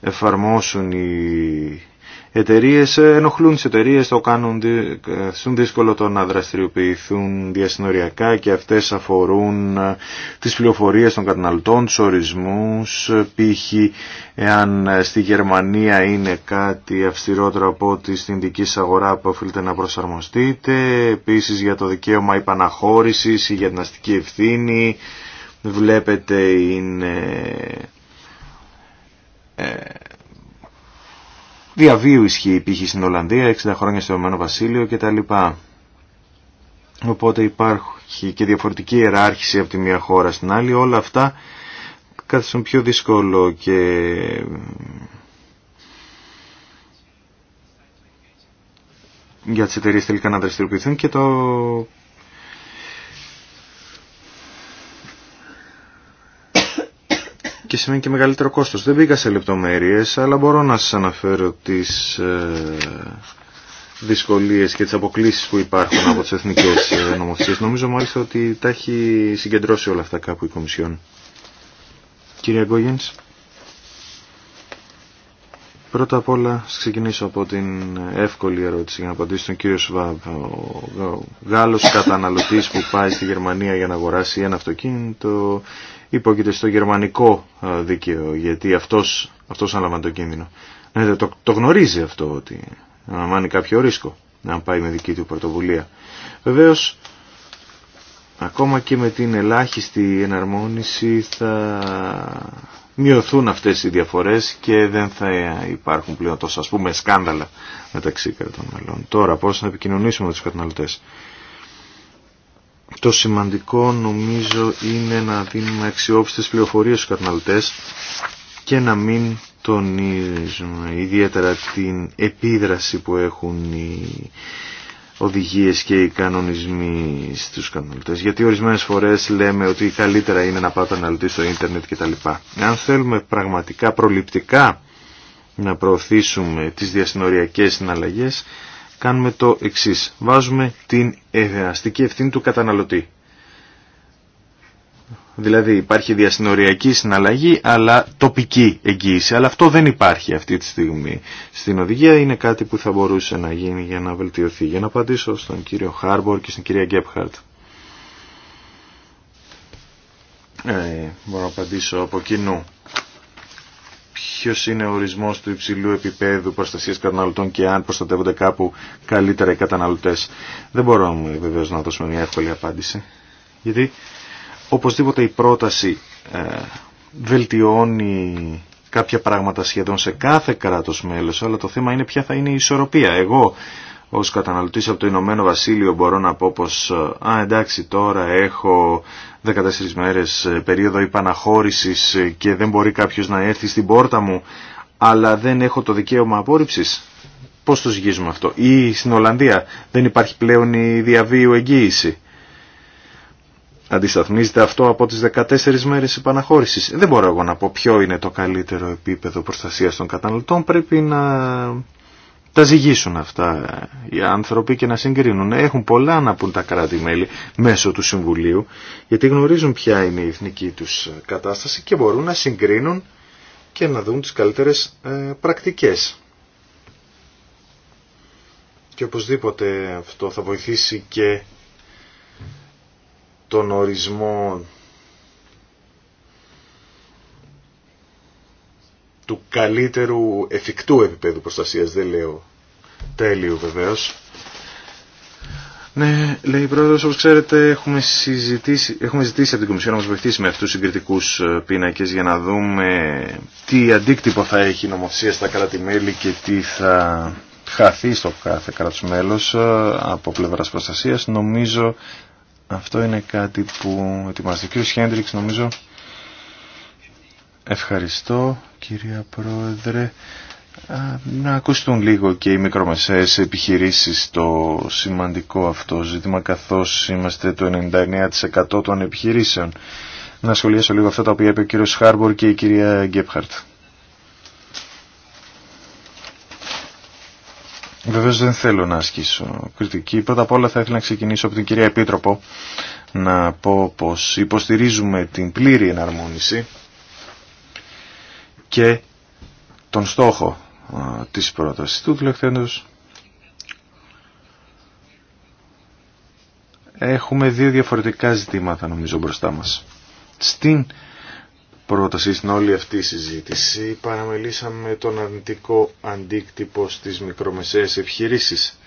Speaker 2: εφαρμόσουν οι εταιρείε ε, ενοχλούν τι εταιρείε, το κάνουν δύσκολο το να δραστηριοποιηθούν διασυνοριακά και αυτέ αφορούν ε, τι πληροφορίε των καταναλωτών, του ορισμού. Ε, π.χ. εάν στη Γερμανία είναι κάτι αυστηρότερο από ότι στην δική σα αγορά που οφείλετε να προσαρμοστείτε. Επίση για το δικαίωμα υπαναχώρηση ή για την αστική ευθύνη. Βλέπετε είναι διαβίου ισχύει πύχη στην Ολλανδία, 60 χρόνια στο Ηνωμένο Βασίλειο κτλ. Οπότε υπάρχει και διαφορετική ιεράρχηση από τη μία χώρα στην άλλη. Όλα αυτά κάθισαν πιο δύσκολο και για τις εταιρείε τελικά να δραστηριοποιηθούν και το και σημαίνει και μεγαλύτερο κόστος. Δεν μπήκα σε λεπτομέρειες, αλλά μπορώ να σας αναφέρω τις ε, δυσκολίες και τις αποκλήσεις που υπάρχουν από τις εθνικές ε, νομοθεσίες. Νομίζω μάλιστα ότι τα έχει συγκεντρώσει όλα αυτά κάπου η Κομισιόν. Κύριε Γκόγενς. Πρώτα απ' όλα ξεκινήσω από την εύκολη ερώτηση για να απαντήσω τον κύριο Σβάμπ. Ο Γάλλος καταναλωτής που πάει στη Γερμανία για να αγοράσει ένα αυτοκίνητο υπόκειται στο γερμανικό δίκαιο, γιατί αυτός, αυτός αναλαμβάνει το κίνδυνο. Ναι, το, το γνωρίζει αυτό ότι αναλαμβάνει κάποιο ρίσκο να πάει με δική του πρωτοβουλία. Βεβαίως, ακόμα και με την ελάχιστη εναρμόνιση θα μειωθούν αυτές οι διαφορές και δεν θα υπάρχουν πλέον τόσο ας πούμε σκάνδαλα μεταξύ κρατών μελών. Τώρα πώς να επικοινωνήσουμε με τους καταναλωτές. Το σημαντικό νομίζω είναι να δίνουμε αξιόπιστες πληροφορίες στους καταναλωτές και να μην τονίζουμε ιδιαίτερα την επίδραση που έχουν οι οδηγίες και οι κανονισμοί στους καταναλωτές. Γιατί ορισμένες φορές λέμε ότι καλύτερα είναι να πάω αναλυτή στο ίντερνετ κτλ. Αν θέλουμε πραγματικά προληπτικά να προωθήσουμε τις διασυνοριακές συναλλαγές κάνουμε το εξή. Βάζουμε την αστική ευθύνη του καταναλωτή. Δηλαδή υπάρχει διασυνοριακή συναλλαγή αλλά τοπική εγγύηση. Αλλά αυτό δεν υπάρχει αυτή τη στιγμή στην οδηγία. Είναι κάτι που θα μπορούσε να γίνει για να βελτιωθεί. Για να απαντήσω στον κύριο Χάρμπορ και στην κυρία Γκέπχαρτ. Ε, μπορώ να απαντήσω από κοινού ποιος είναι ο ορισμός του υψηλού επίπεδου προστασίας καταναλωτών και αν προστατεύονται κάπου καλύτερα οι καταναλωτές. Δεν μπορώ βεβαίως να δώσουμε μια εύκολη απάντηση. Γιατί οπωσδήποτε η πρόταση ε, βελτιώνει κάποια πράγματα σχεδόν σε κάθε κράτος μέλος, αλλά το θέμα είναι ποια θα είναι η ισορροπία. Εγώ ως καταναλωτής από το Ηνωμένο Βασίλειο μπορώ να πω πως «Α, εντάξει, τώρα έχω 14 μέρες περίοδο υπαναχώρησης και δεν μπορεί κάποιος να έρθει στην πόρτα μου, αλλά δεν έχω το δικαίωμα απόρριψης». Πώς το ζυγίζουμε αυτό. Ή στην Ολλανδία δεν υπάρχει πλέον η διαβίου εγγύηση. Αντισταθμίζεται αυτό από τις 14 μέρες επαναχώρησης. Δεν μπορώ εγώ να πω ποιο είναι το καλύτερο επίπεδο προστασίας των καταναλωτών. Πρέπει να τα ζυγίσουν αυτά ε, οι άνθρωποι και να συγκρίνουν. Έχουν πολλά να πούν τα κράτη-μέλη μέσω του Συμβουλίου, γιατί γνωρίζουν ποια είναι η εθνική τους ε, κατάσταση και μπορούν να συγκρίνουν και να δουν τις καλύτερες ε, πρακτικές. Και οπωσδήποτε αυτό θα βοηθήσει και τον ορισμό του καλύτερου εφικτού επίπεδου προστασίας, δεν λέω τέλειου βεβαίως. Ναι, λέει η Πρόεδρος, όπως ξέρετε έχουμε, συζητήσει, έχουμε ζητήσει από την Κομισιόν να μας βοηθήσει με αυτούς τους συγκριτικούς ε, πίνακες για να δούμε τι αντίκτυπο θα έχει η νομοθεσία στα κράτη-μέλη και τι θα χαθεί στο κάθε κράτος μέλος ε, από πλευράς προστασίας. Νομίζω αυτό είναι κάτι που ετοιμάζεται. Ο κ. Χέντριξ νομίζω Ευχαριστώ κυρία
Speaker 1: Πρόεδρε.
Speaker 2: Να ακουστούν λίγο και οι μικρομεσαίες επιχειρήσεις το σημαντικό αυτό ζήτημα καθώς είμαστε το 99% των επιχειρήσεων. Να σχολιάσω λίγο αυτά τα οποία είπε ο κύριος Χάρμπορ και η κυρία Γκέπχαρτ. Βεβαίως δεν θέλω να ασκήσω κριτική. Πρώτα απ' όλα θα ήθελα να ξεκινήσω από την κυρία Επίτροπο να πω πως υποστηρίζουμε την πλήρη εναρμόνιση και τον στόχο της πρότασης του τουλεχθέντος. Έχουμε δύο διαφορετικά ζητήματα νομίζω μπροστά μας. Στην πρόταση, στην όλη αυτή η συζήτηση, παραμελήσαμε τον αρνητικό αντίκτυπο στις μικρομεσαίες επιχειρήσεις.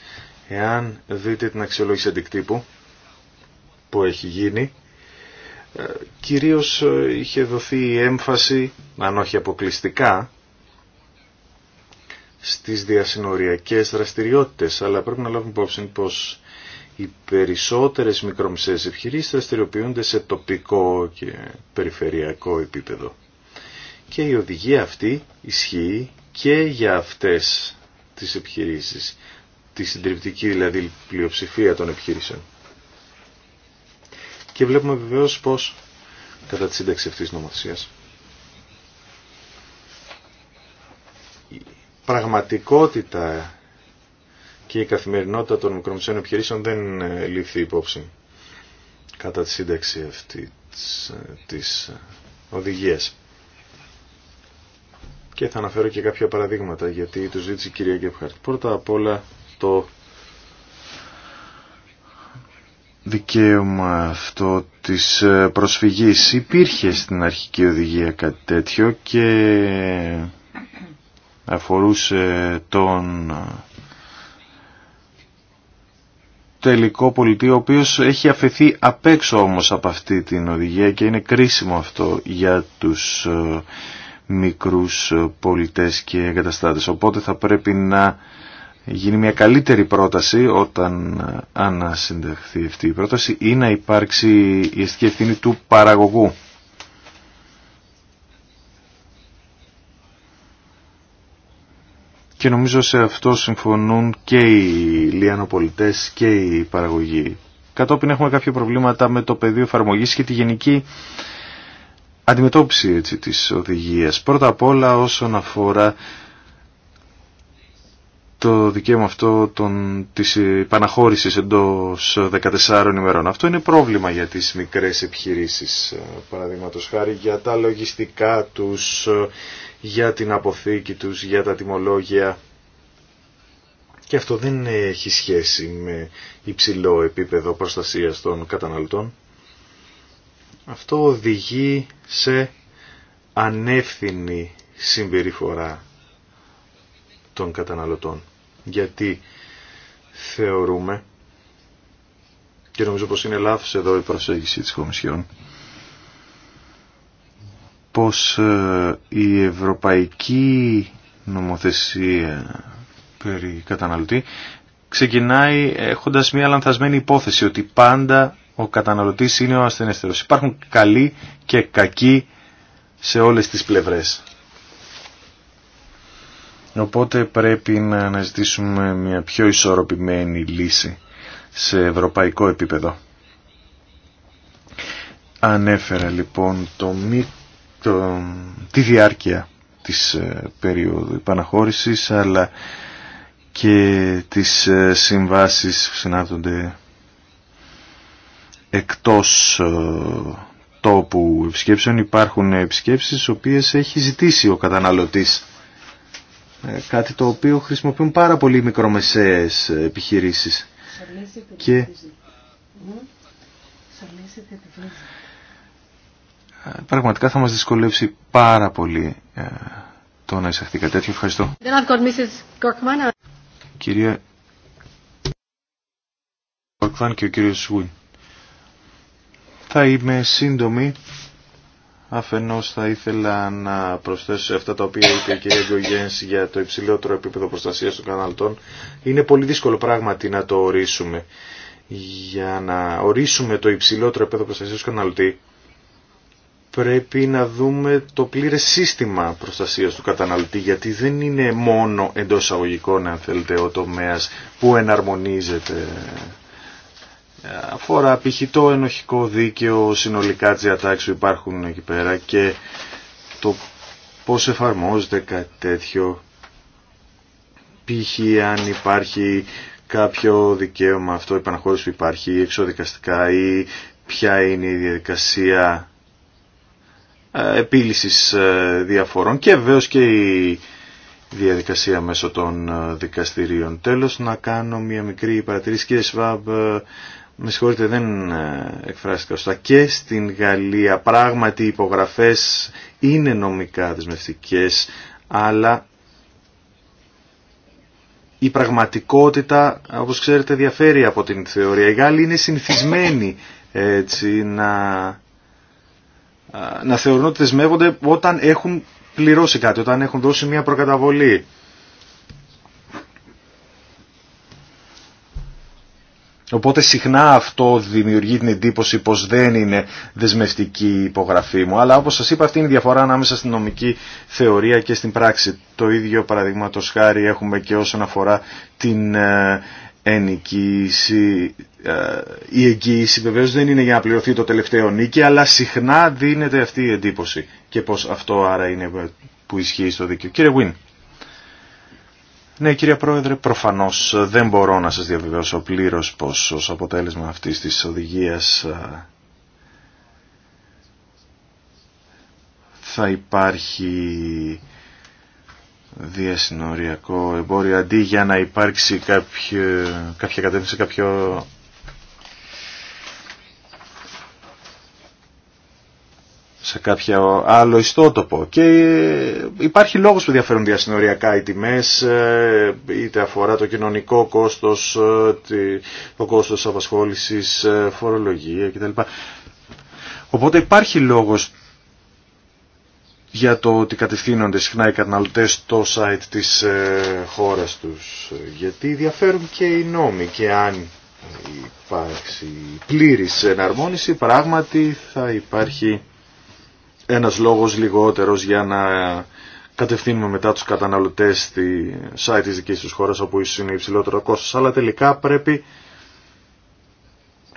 Speaker 2: Εάν δείτε την αξιολόγηση αντικτύπου που έχει γίνει, ε, κυρίως ε, είχε δοθεί έμφαση, αν όχι αποκλειστικά, στις διασυνοριακές δραστηριότητες, αλλά πρέπει να λάβουμε υπόψη πως οι περισσότερες μικρομεσαίες επιχειρήσεις δραστηριοποιούνται σε τοπικό και περιφερειακό επίπεδο. Και η οδηγία αυτή ισχύει και για αυτές τις επιχειρήσεις, τη συντριπτική δηλαδή πλειοψηφία των επιχειρήσεων. Και βλέπουμε βεβαίω πως κατά τη σύνταξη αυτής της νομοθεσίας η πραγματικότητα και η καθημερινότητα των μικρομεσαίων επιχειρήσεων δεν ε, λήφθη υπόψη κατά τη σύνταξη αυτή της, οδηγία. Ε, ε, οδηγίας. Και θα αναφέρω και κάποια παραδείγματα γιατί του ζήτησε η κυρία Γκέπχαρτ. Πρώτα απ' όλα το δικαίωμα αυτό της ε, προσφυγής υπήρχε στην αρχική οδηγία κάτι τέτοιο και αφορούσε τον ε, τελικό πολιτή ο οποίος έχει αφαιθεί απέξω έξω όμως από αυτή την οδηγία και είναι κρίσιμο αυτό για τους ε, μικρούς πολιτές και εγκαταστάτες. Οπότε θα πρέπει να γίνει μια καλύτερη πρόταση όταν ανασυνταχθεί αυτή η πρόταση ή να υπάρξει η αισθητική ευθύνη του παραγωγού. Και νομίζω σε αυτό συμφωνούν και οι λιανοπολιτές και οι παραγωγοί. Κατόπιν έχουμε κάποια προβλήματα με το πεδίο εφαρμογή και τη γενική αντιμετώπιση έτσι, της οδηγίας. Πρώτα απ' όλα όσον αφορά το δικαίωμα αυτό των, της επαναχώρησης εντός 14 ημερών. Αυτό είναι πρόβλημα για τις μικρές επιχειρήσεις, ε, παραδείγματο χάρη, για τα λογιστικά τους, ε, για την αποθήκη τους, για τα τιμολόγια. Και αυτό δεν έχει σχέση με υψηλό επίπεδο προστασίας των καταναλωτών. Αυτό οδηγεί σε ανεύθυνη συμπεριφορά των καταναλωτών γιατί θεωρούμε και νομίζω πως είναι λάθος εδώ η προσέγγιση της Κομισιόν πως ε, η ευρωπαϊκή νομοθεσία περί καταναλωτή ξεκινάει έχοντας μια λανθασμένη υπόθεση ότι πάντα ο καταναλωτής είναι ο ασθενέστερος. Υπάρχουν καλοί και κακοί σε όλες τις πλευρές. Οπότε πρέπει να αναζητήσουμε μια πιο ισορροπημένη λύση σε ευρωπαϊκό επίπεδο. Ανέφερα λοιπόν το, μη, το τη διάρκεια της ε, περίοδου επαναχώρησης αλλά και τις ε, συμβάσεις που εκτός ε, τόπου επισκέψεων υπάρχουν επισκέψεις οποίες έχει ζητήσει ο καταναλωτής ε, κάτι το οποίο χρησιμοποιούν πάρα πολύ μικρομεσαίες επιχειρήσεις. Και... Ε, πραγματικά θα μας δυσκολεύσει πάρα πολύ ε, το να εισαχθεί κάτι τέτοιο. Ευχαριστώ. Κυρία και ο κύριος Σουίν. Θα είμαι σύντομη Αφενός θα ήθελα να προσθέσω σε αυτά τα οποία είπε η κυρία Γκογένς για το υψηλότερο επίπεδο προστασίας των καναλτών. Είναι πολύ δύσκολο πράγματι να το ορίσουμε. Για να ορίσουμε το υψηλότερο επίπεδο προστασίας του καναλτή πρέπει να δούμε το πλήρες σύστημα προστασίας του καταναλωτή γιατί δεν είναι μόνο εντό αγωγικών αν θέλετε ο τομέας που εναρμονίζεται αφορά π.χ. το ενοχικό δίκαιο συνολικά της διατάξης που υπάρχουν εκεί πέρα και το πώς εφαρμόζεται κάτι τέτοιο π.χ. αν υπάρχει κάποιο δικαίωμα αυτό επαναχώρηση που υπάρχει εξοδικαστικά ή ποια είναι η διαδικασία ε, επίλυσης ε, διαφορών και βεβαίω και η διαδικασία μέσω των ε, δικαστηρίων. Τέλος να κάνω μια μικρή παρατηρήση κύριε με συγχωρείτε δεν ε, εκφράστηκα σωστά, και στην Γαλλία πράγματι οι υπογραφές είναι νομικά δεσμευτικές, αλλά η πραγματικότητα, όπως ξέρετε, διαφέρει από την θεωρία. Οι Γάλλοι είναι συνηθισμένοι έτσι, να, ε, να θεωρούν ότι δεσμεύονται όταν έχουν πληρώσει κάτι, όταν έχουν δώσει μια προκαταβολή. Οπότε συχνά αυτό δημιουργεί την εντύπωση πως δεν είναι δεσμευτική υπογραφή μου. Αλλά όπως σας είπα αυτή είναι η διαφορά ανάμεσα στην νομική θεωρία και στην πράξη. Το ίδιο παραδείγματο χάρη έχουμε και όσον αφορά την ε, ενοικίηση. Ε, η εγγύηση βεβαίως δεν είναι για να πληρωθεί το τελευταίο νίκη αλλά συχνά δίνεται αυτή η εντύπωση και πως αυτό άρα είναι που ισχύει στο δίκαιο. Κύριε Γουίν. Ναι, κύριε Πρόεδρε, προφανώς δεν μπορώ να σας διαβεβαιώσω πλήρως πως ως αποτέλεσμα αυτής της οδηγίας θα υπάρχει διασυνοριακό εμπόριο αντί για να υπάρξει κάποιο, κάποια κατεύθυνση, κάποιο σε κάποιο άλλο ιστότοπο. Και υπάρχει λόγος που διαφέρουν διασυνοριακά οι τιμές, ε, είτε αφορά το κοινωνικό κόστος, ε, το κόστος απασχόλησης, ε, φορολογία κτλ. Οπότε υπάρχει λόγος για το ότι κατευθύνονται συχνά οι καταναλωτές στο site της χώρας τους. Γιατί διαφέρουν και οι νόμοι και αν υπάρξει πλήρης εναρμόνιση πράγματι θα υπάρχει ένας λόγος λιγότερος για να κατευθύνουμε μετά τους καταναλωτές στη site της δικής τους χώρας όπου ίσως είναι υψηλότερο κόστος αλλά τελικά πρέπει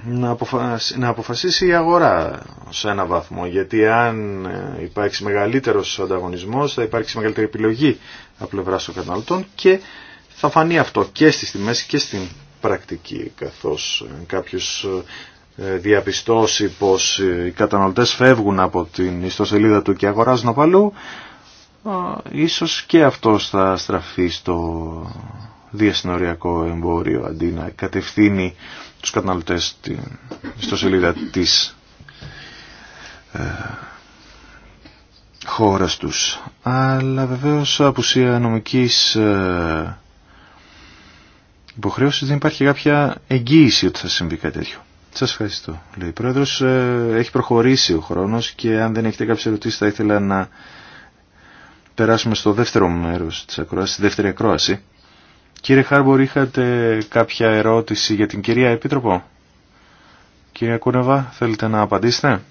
Speaker 2: να, αποφασίσει, να αποφασίσει η αγορά σε ένα βαθμό γιατί αν υπάρξει μεγαλύτερος ανταγωνισμός θα υπάρξει μεγαλύτερη επιλογή από πλευρά των καταναλωτών και θα φανεί αυτό και στις τιμές και στην πρακτική καθώς κάποιος ε, διαπιστώσει πως οι καταναλωτές φεύγουν από την ιστοσελίδα του και αγοράζουν από αλλού, ίσως και αυτό θα στραφεί στο διασυνοριακό εμπόριο αντί να κατευθύνει τους καταναλωτές στην ιστοσελίδα της ε, χώρας τους. Αλλά βεβαίως απουσία νομικής ε, υποχρέωσης δεν υπάρχει κάποια εγγύηση ότι θα συμβεί κάτι τέτοιο. Σας ευχαριστώ, λέει ο Πρόεδρος. Ε, έχει προχωρήσει ο χρόνος και αν δεν έχετε κάποιες ερωτήσεις θα ήθελα να περάσουμε στο δεύτερο μέρος της ακρόασης, στη δεύτερη ακρόαση. Κύριε Χάρμπορ, είχατε κάποια ερώτηση για την κυρία Επίτροπο. Κυρία Κούνεβα, θέλετε να απαντήσετε.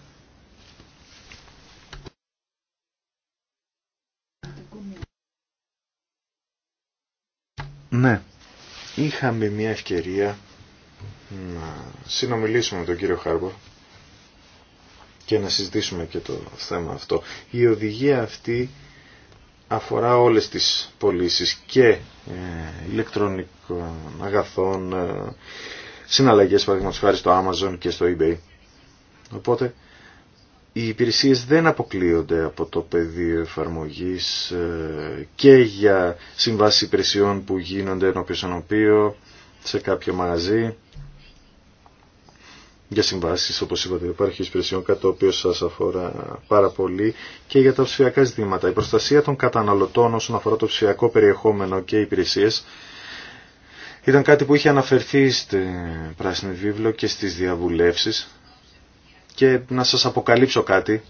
Speaker 2: Ναι, είχαμε μια ευκαιρία να συνομιλήσουμε με τον κύριο Χάρμπορ και να συζητήσουμε και το θέμα αυτό. Η οδηγία αυτή αφορά όλες τις πωλήσει και ε, ηλεκτρονικών αγαθών, ε, συναλλαγές παραδείγματος χάρη στο Amazon και στο eBay. Οπότε οι υπηρεσίες δεν αποκλείονται από το πεδίο εφαρμογής ε, και για συμβάσεις υπηρεσιών που γίνονται ενώπιος ενωπίο σε κάποιο μαγαζί για συμβάσεις, όπως είπατε, υπάρχει υπηρεσιών κάτι το οποίο σας αφορά πάρα πολύ και για τα ψηφιακά ζητήματα. Η προστασία των καταναλωτών όσον αφορά το ψηφιακό περιεχόμενο και υπηρεσίες ήταν κάτι που είχε αναφερθεί στο Πράσινη Βίβλο και στις διαβουλεύσεις και να σας αποκαλύψω κάτι.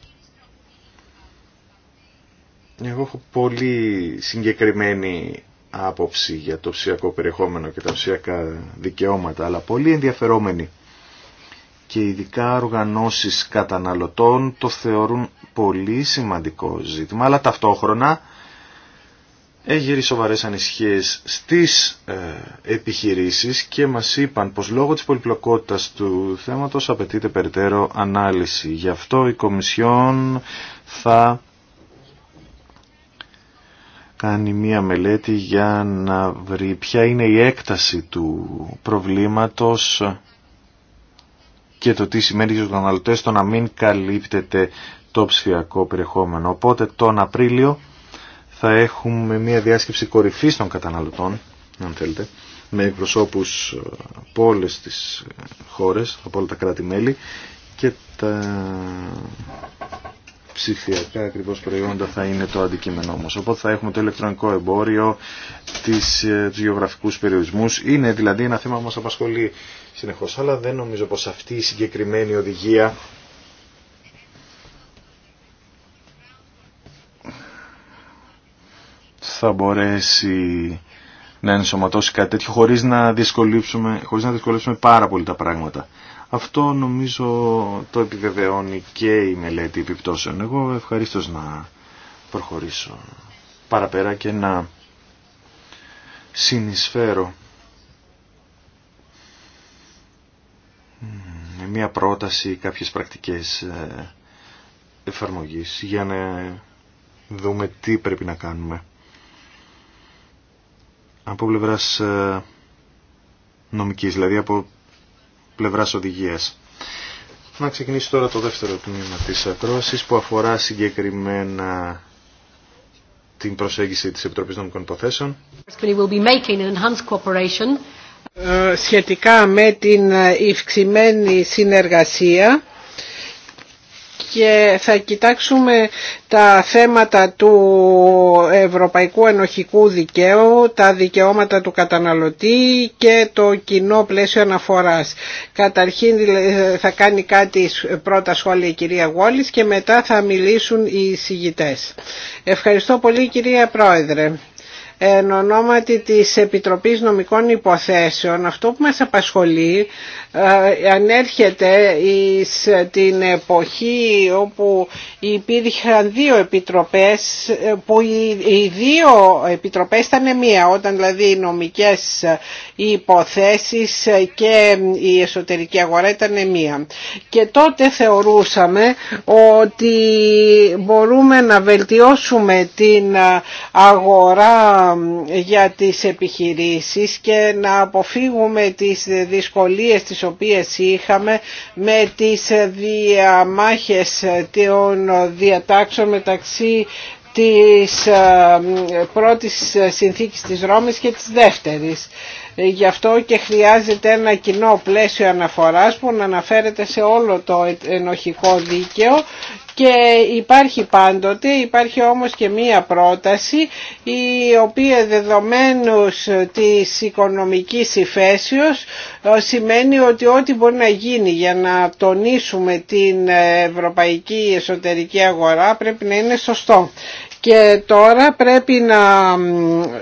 Speaker 2: Εγώ έχω πολύ συγκεκριμένη άποψη για το ψηφιακό περιεχόμενο και τα ψηφιακά δικαιώματα, αλλά πολύ ενδιαφερόμενη και ειδικά οργανώσεις καταναλωτών το θεωρούν πολύ σημαντικό ζήτημα, αλλά ταυτόχρονα έγινε σοβαρές ανησυχίες στις ε, επιχειρήσεις και μας είπαν πως λόγω της πολυπλοκότητας του θέματος απαιτείται περαιτέρω ανάλυση. Γι' αυτό η Κομισιόν θα κάνει μία μελέτη για να βρει ποια είναι η έκταση του προβλήματος και το τι σημαίνει για τους καταναλωτές το να μην καλύπτεται το ψηφιακό περιεχόμενο. Οπότε τον Απρίλιο θα έχουμε μια διάσκεψη κορυφής των καταναλωτών, αν θέλετε, με εκπροσώπους ε, από όλες τις ε, χώρες, από όλα τα κράτη-μέλη και τα ψηφιακά ακριβώς προϊόντα θα είναι το αντικείμενό μας. Οπότε θα έχουμε το ηλεκτρονικό εμπόριο, τις, ε, τους γεωγραφικούς Είναι δηλαδή ένα θέμα που μας απασχολεί συνεχώς. Αλλά δεν νομίζω πως αυτή η συγκεκριμένη οδηγία θα μπορέσει να ενσωματώσει κάτι τέτοιο χωρίς να δυσκολέψουμε, να πάρα πολύ τα πράγματα. Αυτό νομίζω το επιβεβαιώνει και η μελέτη επιπτώσεων. Εγώ ευχαριστώ να προχωρήσω παραπέρα και να συνεισφέρω με μία πρόταση κάποιες πρακτικές ε, εφαρμογής για να δούμε τι πρέπει να κάνουμε. Από πλευράς ε, νομικής, δηλαδή από πλευράς οδηγίας. Να ξεκινήσει τώρα το δεύτερο τμήμα της ακρόασης που αφορά συγκεκριμένα την προσέγγιση της Επιτροπής Νομικών Υποθέσεων
Speaker 3: ε, σχετικά με την ευξημένη συνεργασία και θα κοιτάξουμε τα θέματα του Ευρωπαϊκού Ενοχικού Δικαίου, τα δικαιώματα του καταναλωτή και το κοινό πλαίσιο αναφοράς. Καταρχήν θα κάνει κάτι πρώτα σχόλια η κυρία Γόλης και μετά θα μιλήσουν οι συγητές. Ευχαριστώ πολύ κυρία Πρόεδρε εν ονόματι της Επιτροπής Νομικών Υποθέσεων αυτό που μας απασχολεί ε, ανέρχεται εις την εποχή όπου υπήρχαν δύο επιτροπές ε, που οι δύο επιτροπές ήταν μία όταν δηλαδή οι νομικές υποθέσεις και η εσωτερική αγορά ήταν μία και τότε θεωρούσαμε ότι μπορούμε να βελτιώσουμε την αγορά για τις επιχειρήσεις και να αποφύγουμε τις δυσκολίες τις οποίες είχαμε με τις διαμάχες των διατάξεων μεταξύ της ε, πρώτης συνθήκης της Ρώμης και της δεύτερης. Ε, γι' αυτό και χρειάζεται ένα κοινό πλαίσιο αναφοράς που να αναφέρεται σε όλο το ενοχικό δίκαιο και υπάρχει πάντοτε, υπάρχει όμως και μία πρόταση η οποία δεδομένου της οικονομικής υφέσιος ε, σημαίνει ότι ό,τι μπορεί να γίνει για να τονίσουμε την ε, ευρωπαϊκή εσωτερική αγορά πρέπει να είναι σωστό και τώρα πρέπει να,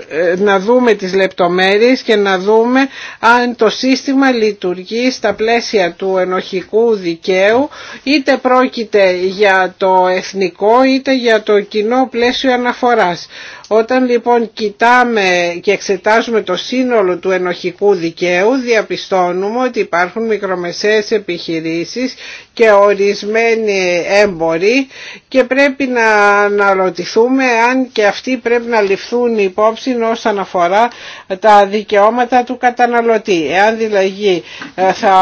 Speaker 3: ε, να δούμε τις λεπτομέρειες και να δούμε αν το σύστημα λειτουργεί στα πλαίσια του ενοχικού δικαίου είτε πρόκειται για το εθνικό είτε για το κοινό πλαίσιο αναφοράς. Όταν λοιπόν κοιτάμε και εξετάζουμε το σύνολο του ενοχικού δικαίου διαπιστώνουμε ότι υπάρχουν μικρομεσαίες επιχειρήσεις και ορισμένοι έμποροι και πρέπει να αναρωτηθούμε αν και αυτοί πρέπει να ληφθούν υπόψη όσον αφορά τα δικαιώματα του καταναλωτή. Εάν δηλαδή ε, θα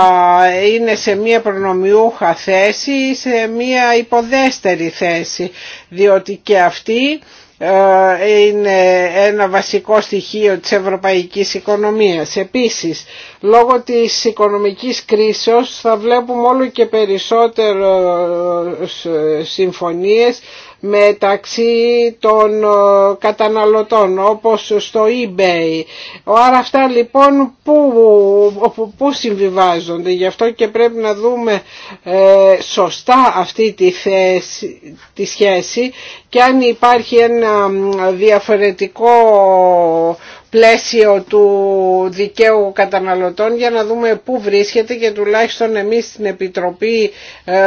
Speaker 3: είναι σε μία προνομιούχα θέση ή σε μία υποδέστερη θέση διότι και αυτοί ε, είναι ένα βασικό στοιχείο της ευρωπαϊκής οικονομίας. Επίσης, λόγω της οικονομικής κρίσης θα βλέπουμε όλο και περισσότερο ε, συμφωνίες μεταξύ των ε, καταναλωτών όπως στο eBay. Άρα αυτά λοιπόν που, που συμβιβάζονται. Γι' αυτό και πρέπει να δούμε ε, σωστά αυτή τη, τη σχέση και αν υπάρχει ένα διαφορετικό πλαίσιο του δικαίου καταναλωτών για να δούμε πού βρίσκεται και τουλάχιστον εμείς στην, Επιτροπή, ε,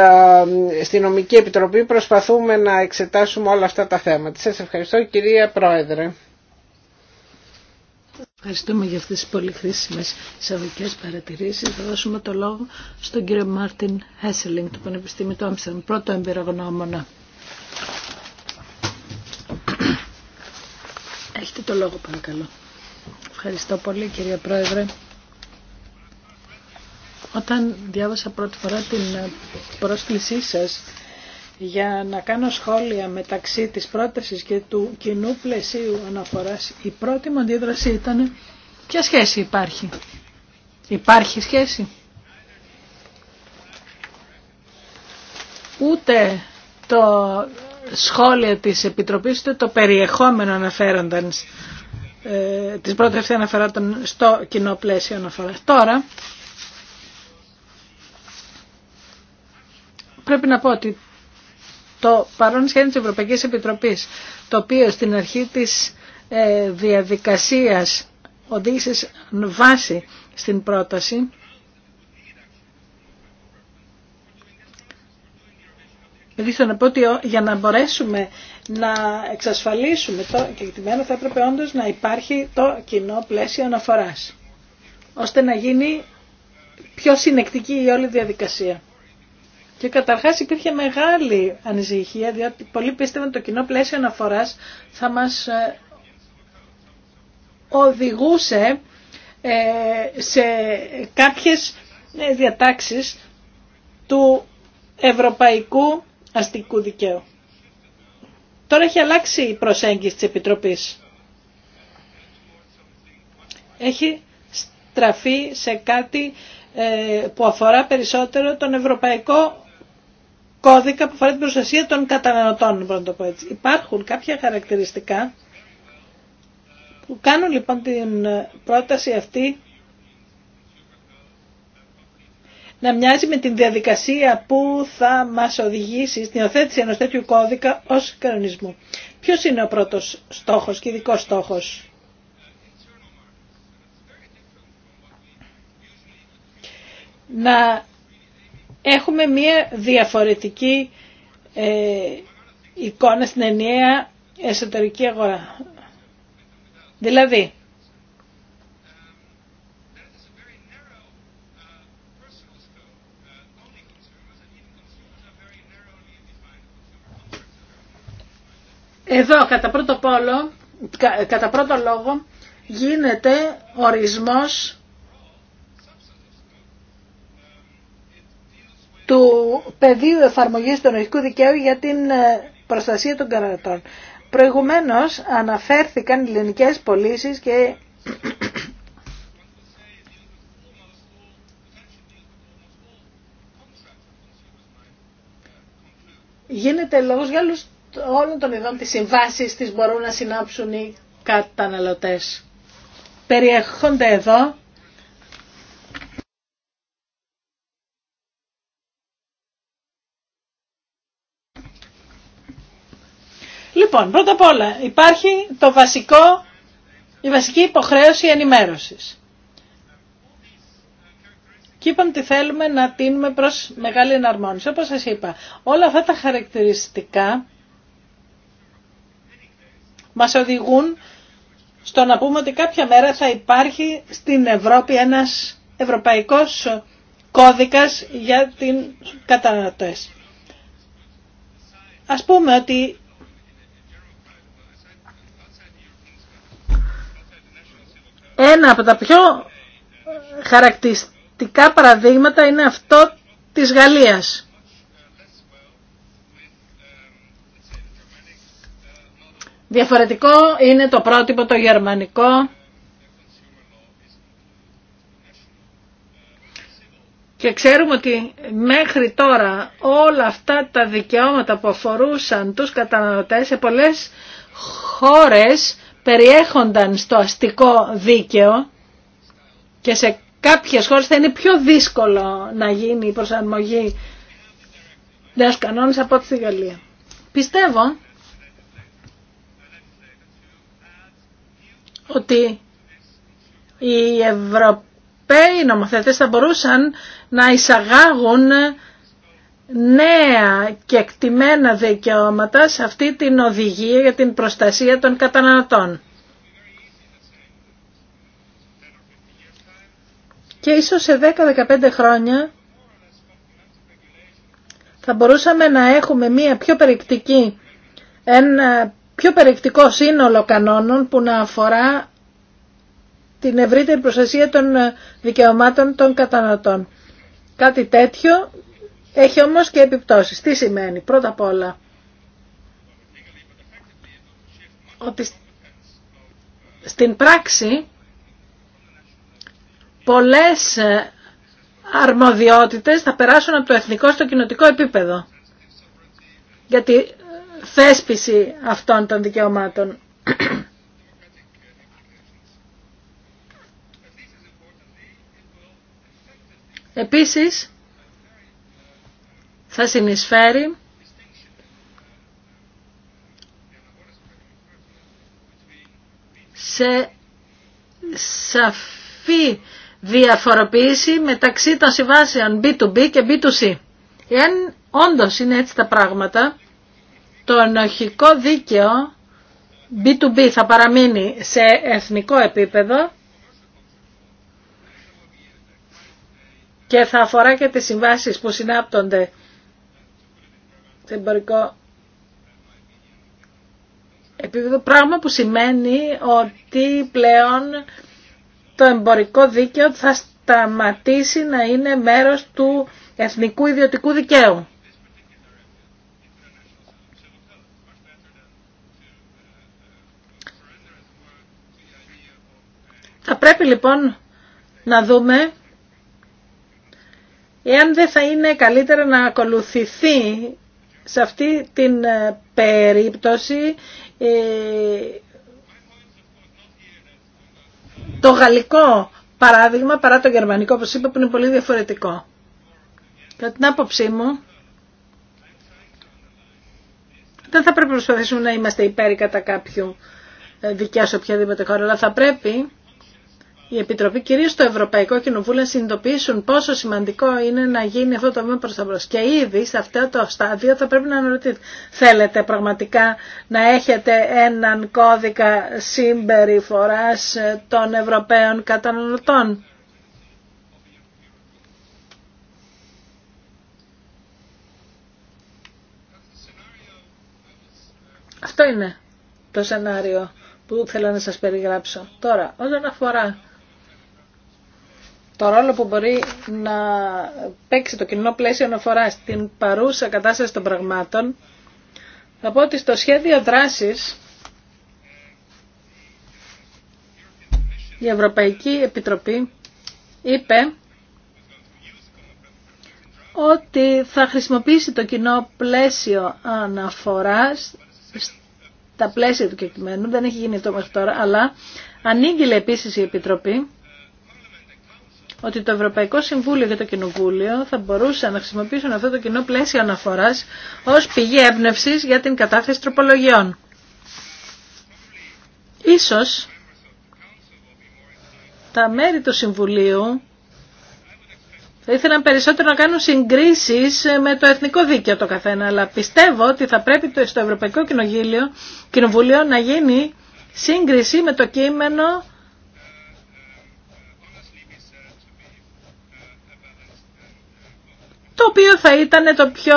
Speaker 3: στην Νομική Επιτροπή προσπαθούμε να εξετάσουμε όλα αυτά τα θέματα. Σας ευχαριστώ κυρία Πρόεδρε.
Speaker 4: Ευχαριστούμε για αυτές τις πολύ χρήσιμες εισαγωγικές παρατηρήσεις. Θα δώσουμε το λόγο στον κύριο Μάρτιν Χέσελινγκ του Πανεπιστήμιου του πρώτο εμπειρογνώμονα. Έχετε το λόγο παρακαλώ. Ευχαριστώ πολύ κύριε Πρόεδρε. Όταν διάβασα πρώτη φορά την ε, πρόσκλησή σας για να κάνω σχόλια μεταξύ της πρότασης και του κοινού πλαισίου αναφοράς, η πρώτη μου αντίδραση ήταν ποια σχέση υπάρχει. Υπάρχει σχέση. Ούτε το σχόλιο της Επιτροπής, ούτε το περιεχόμενο αναφέρονταν ε, της πρώτης αυτή στο κοινό πλαίσιο Τώρα, πρέπει να πω ότι το παρόν σχέδιο της Ευρωπαϊκής Επιτροπής, το οποίο στην αρχή της ε, διαδικασίας οδήγησε βάση στην πρόταση, θέλω να πω ότι για να μπορέσουμε να εξασφαλίσουμε το κεκτημένο θα έπρεπε όντως να υπάρχει το κοινό πλαίσιο αναφοράς, ώστε να γίνει πιο συνεκτική η όλη διαδικασία. Και καταρχάς υπήρχε μεγάλη ανησυχία, διότι πολλοί πίστευαν το κοινό πλαίσιο αναφοράς θα μας ε, οδηγούσε ε, σε κάποιες ε, διατάξεις του ευρωπαϊκού αστικού δικαίου. Τώρα έχει αλλάξει η προσέγγιση της Επιτροπής. Έχει στραφεί σε κάτι ε, που αφορά περισσότερο τον Ευρωπαϊκό Κώδικα που αφορά την προστασία των καταναλωτών, μπορώ το Υπάρχουν κάποια χαρακτηριστικά που κάνουν λοιπόν την πρόταση αυτή να μοιάζει με την διαδικασία που θα μας οδηγήσει στην υιοθέτηση ενός τέτοιου κώδικα ως κανονισμού. Ποιος είναι ο πρώτος στόχος και ειδικός στόχος. Να έχουμε μία διαφορετική ε, εικόνα στην ενιαία εσωτερική αγορά. Δηλαδή, Εδώ κατά πρώτο, πόλο, κατά πρώτο λόγο γίνεται ορισμός του πεδίου εφαρμογής του νοητικού δικαίου για την ε, προστασία των καρατών. Προηγουμένως αναφέρθηκαν οι ελληνικές πωλήσει και γίνεται λόγος για όλων των ειδών τις συμβάσεις τις μπορούν να συνάψουν οι καταναλωτές. Περιέχονται εδώ Λοιπόν, πρώτα απ' όλα υπάρχει το βασικό, η βασική υποχρέωση ενημέρωσης. Και είπαμε ότι θέλουμε να τίνουμε προς μεγάλη εναρμόνιση. Όπως σας είπα, όλα αυτά τα χαρακτηριστικά μας οδηγούν στο να πούμε ότι κάποια μέρα θα υπάρχει στην Ευρώπη ένας ευρωπαϊκός κώδικας για την καταναλωτές. Ας πούμε ότι ένα από τα πιο χαρακτηριστικά παραδείγματα είναι αυτό της Γαλλίας. Διαφορετικό είναι το πρότυπο το γερμανικό και ξέρουμε ότι μέχρι τώρα όλα αυτά τα δικαιώματα που αφορούσαν τους καταναλωτές σε πολλές χώρες περιέχονταν στο αστικό δίκαιο και σε κάποιες χώρες θα είναι πιο δύσκολο να γίνει η προσαρμογή νέας κανόνης από τη Γαλλία. Πιστεύω ότι οι Ευρωπαίοι νομοθέτες θα μπορούσαν να εισαγάγουν νέα και εκτιμένα δικαιώματα σε αυτή την οδηγία για την προστασία των καταναλωτών. Και ίσως σε 10-15 χρόνια θα μπορούσαμε να έχουμε μία πιο περιεκτική, ένα πιο περιεκτικό σύνολο κανόνων που να αφορά την ευρύτερη προστασία των ε, δικαιωμάτων των κατανατών. Κάτι τέτοιο έχει όμως και επιπτώσεις. Τι σημαίνει πρώτα απ' όλα ότι στην πράξη πολλές ε, αρμοδιότητες θα περάσουν από το εθνικό στο κοινοτικό επίπεδο. Γιατί θέσπιση αυτών των δικαιωμάτων. Επίσης, θα συνεισφέρει σε σαφή διαφοροποίηση μεταξύ των συμβάσεων B2B και B2C. Εάν όντως είναι έτσι τα πράγματα, το ενοχικό δίκαιο B2B θα παραμείνει σε εθνικό επίπεδο και θα αφορά και τις συμβάσεις που συνάπτονται σε εμπορικό επίπεδο, πράγμα που σημαίνει ότι πλέον το εμπορικό δίκαιο θα σταματήσει να είναι μέρος του εθνικού ιδιωτικού δικαίου. Θα πρέπει λοιπόν να δούμε εάν δεν θα είναι καλύτερα να ακολουθηθεί σε αυτή την ε, περίπτωση ε, το γαλλικό παράδειγμα παρά το γερμανικό όπως είπα που είναι πολύ διαφορετικό. Κατά την άποψή μου δεν θα πρέπει να προσπαθήσουμε να είμαστε υπέρ κατά κάποιου ε, δικιά σε οποιαδήποτε χώρα αλλά θα πρέπει η Επιτροπή, κυρίως το Ευρωπαϊκό Κοινοβούλιο, να συνειδητοποιήσουν πόσο σημαντικό είναι να γίνει αυτό το βήμα προς τα μπρος. Και ήδη σε αυτό το στάδιο θα πρέπει να αναρωτηθείτε, θέλετε πραγματικά να έχετε έναν κώδικα συμπεριφοράς των Ευρωπαίων καταναλωτών. Αυτό είναι το σενάριο που θέλω να σας περιγράψω. Τώρα, όσον αφορά το ρόλο που μπορεί να παίξει το κοινό πλαίσιο αναφορά στην παρούσα κατάσταση των πραγμάτων, θα πω ότι στο σχέδιο δράσης η Ευρωπαϊκή Επιτροπή είπε ότι θα χρησιμοποιήσει το κοινό πλαίσιο αναφοράς στα πλαίσια του κεκτημένου, δεν έχει γίνει το μέχρι τώρα, αλλά ανήγγειλε επίσης η Επιτροπή ότι το Ευρωπαϊκό Συμβούλιο και το Κοινοβούλιο θα μπορούσε να χρησιμοποιήσουν αυτό το κοινό πλαίσιο αναφοράς ως πηγή έμπνευση για την κατάθεση τροπολογιών. Ίσως τα μέρη του Συμβουλίου θα ήθελαν περισσότερο να κάνουν συγκρίσεις με το εθνικό δίκαιο το καθένα, αλλά πιστεύω ότι θα πρέπει στο Ευρωπαϊκό Κοινοβούλιο να γίνει σύγκριση με το κείμενο το οποίο θα ήταν το πιο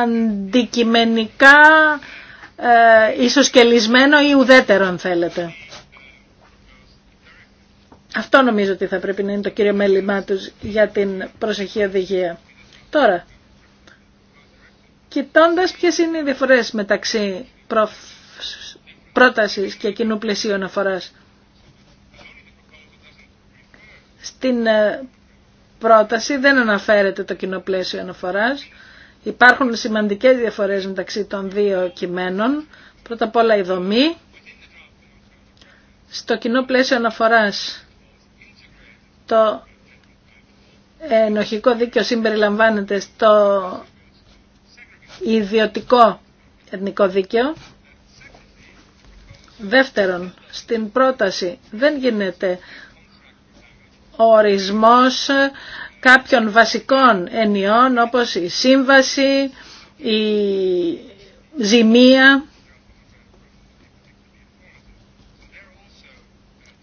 Speaker 4: αντικειμενικά ε, ισοσκελισμένο ή ουδέτερο αν θέλετε. Αυτό νομίζω ότι θα πρέπει να είναι το κύριο μέλημά τους για την προσεχή οδηγία. Τώρα, κοιτώντας ποιες είναι οι διαφορές μεταξύ πρότασης και κοινού πλαισίου αναφοράς. Στην ε, πρόταση δεν αναφέρεται το κοινό πλαίσιο αναφοράς. Υπάρχουν σημαντικές διαφορές μεταξύ των δύο κειμένων. Πρώτα απ' όλα η δομή. Στο κοινό πλαίσιο αναφοράς το ενοχικό δίκαιο συμπεριλαμβάνεται στο ιδιωτικό εθνικό δίκαιο. Δεύτερον, στην πρόταση δεν γίνεται ο ορισμός κάποιων βασικών ενιών όπως η σύμβαση, η ζημία.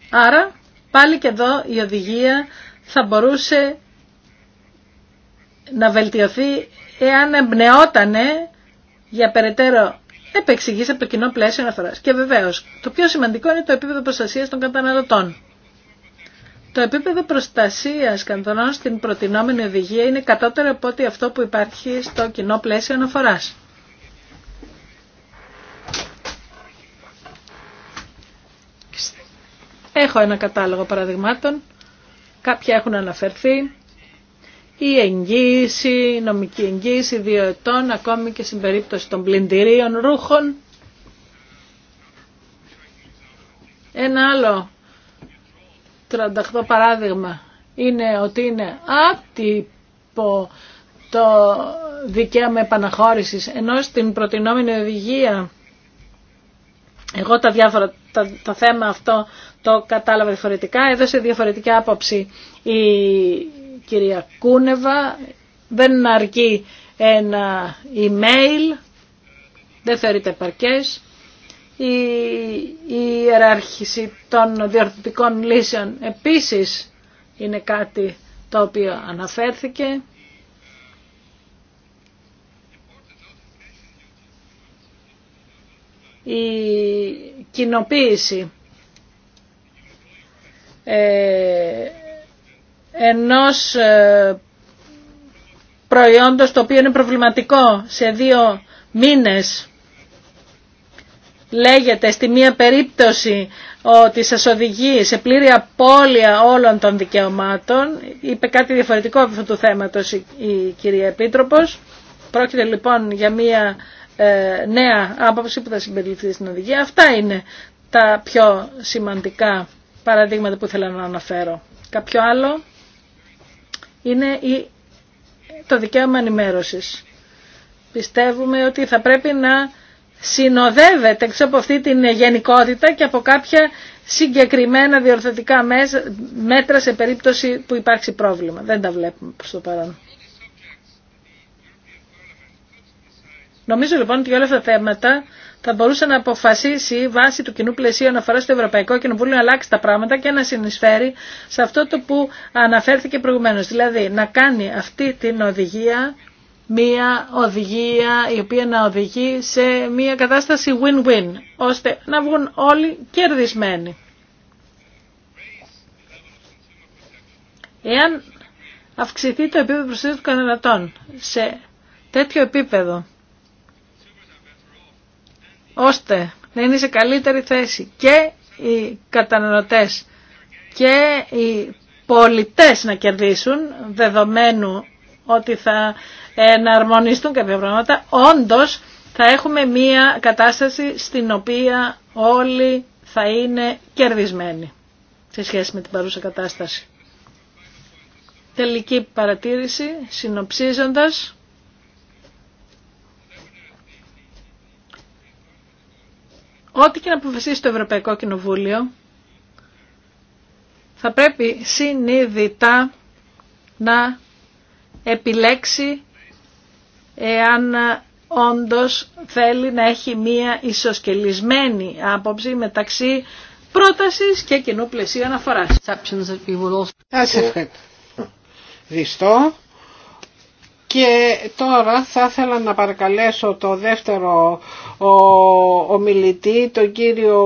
Speaker 4: Άρα πάλι και εδώ η οδηγία θα μπορούσε να βελτιωθεί εάν εμπνεότανε για περαιτέρω επεξηγήσει από το κοινό πλαίσιο αναφορά. Και βεβαίως το πιο σημαντικό είναι το επίπεδο προστασία των καταναλωτών. Το επίπεδο προστασία κανδονών στην προτινόμενη οδηγία είναι κατώτερο από ό,τι αυτό που υπάρχει στο κοινό πλαίσιο αναφορά. Έχω ένα κατάλογο παραδειγμάτων. Κάποια έχουν αναφερθεί. Η εγγύηση, η νομική εγγύηση δύο ετών, ακόμη και στην περίπτωση των πλυντηρίων ρούχων. Ένα άλλο το 38 παράδειγμα είναι ότι είναι άτυπο το δικαίωμα επαναχώρησης ενώ στην προτινόμενη οδηγία εγώ τα διάφορα, τα, το θέμα αυτό το κατάλαβα διαφορετικά, έδωσε διαφορετική άποψη η κυρία Κούνεβα, δεν αρκεί ένα email, δεν θεωρείται επαρκές η, η ιεράρχηση των διορθωτικών λύσεων επίσης είναι κάτι το οποίο αναφέρθηκε. Η κοινοποίηση ε, ενός ε, προϊόντος το οποίο είναι προβληματικό σε δύο μήνες λέγεται στη μία περίπτωση ότι σας οδηγεί σε πλήρη απώλεια όλων των δικαιωμάτων. Είπε κάτι διαφορετικό από το του θέματος η κυρία Επίτροπος. Πρόκειται λοιπόν για μία ε, νέα άποψη που θα συμπεριληφθεί στην οδηγία. Αυτά είναι τα πιο σημαντικά παραδείγματα που ήθελα να αναφέρω. Κάποιο άλλο είναι το δικαίωμα ενημέρωση. Πιστεύουμε ότι θα πρέπει να συνοδεύεται από αυτή την γενικότητα και από κάποια συγκεκριμένα διορθωτικά μέτρα σε περίπτωση που υπάρξει πρόβλημα. Δεν τα βλέπουμε προς το παρόν. Νομίζω λοιπόν ότι όλα αυτά τα θέματα θα μπορούσε να αποφασίσει βάσει του κοινού πλαισίου αναφορά στο Ευρωπαϊκό Κοινοβούλιο να αλλάξει τα πράγματα και να συνεισφέρει σε αυτό το που αναφέρθηκε προηγουμένω. Δηλαδή να κάνει αυτή την οδηγία μία οδηγία η οποία να οδηγεί σε μία κατάσταση win-win, ώστε να βγουν όλοι κερδισμένοι. Εάν αυξηθεί το επίπεδο προσθέσεων των καταναλωτών σε τέτοιο επίπεδο, ώστε να είναι σε καλύτερη θέση και οι καταναλωτές και οι πολιτές να κερδίσουν, δεδομένου ότι θα να αρμονιστούν κάποια πράγματα, όντως θα έχουμε μία κατάσταση στην οποία όλοι θα είναι κερδισμένοι σε σχέση με την παρούσα κατάσταση. Τελική παρατήρηση, συνοψίζοντας. Ό,τι και να αποφασίσει το Ευρωπαϊκό Κοινοβούλιο, θα πρέπει συνειδητά να επιλέξει εάν όντως θέλει να έχει μία ισοσκελισμένη άποψη μεταξύ πρότασης και κοινού πλαισίου αναφοράς.
Speaker 3: ευχαριστώ. Και τώρα θα ήθελα να παρακαλέσω το δεύτερο ο ομιλητή, τον κύριο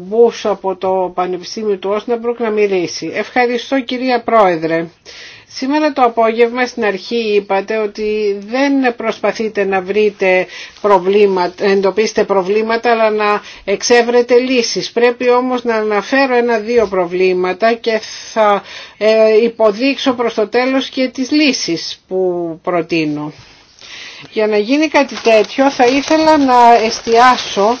Speaker 3: Μπούς από το Πανεπιστήμιο του Όσναμπρουκ να μιλήσει. Ευχαριστώ κυρία Πρόεδρε. Σήμερα το απόγευμα στην αρχή είπατε ότι δεν προσπαθείτε να βρείτε προβλήματα, εντοπίσετε προβλήματα αλλά να εξεύρετε λύσεις. Πρέπει όμως να αναφέρω ένα-δύο προβλήματα και θα ε, υποδείξω προς το τέλος και τις λύσεις που προτείνω. Για να γίνει κάτι τέτοιο θα ήθελα να εστιάσω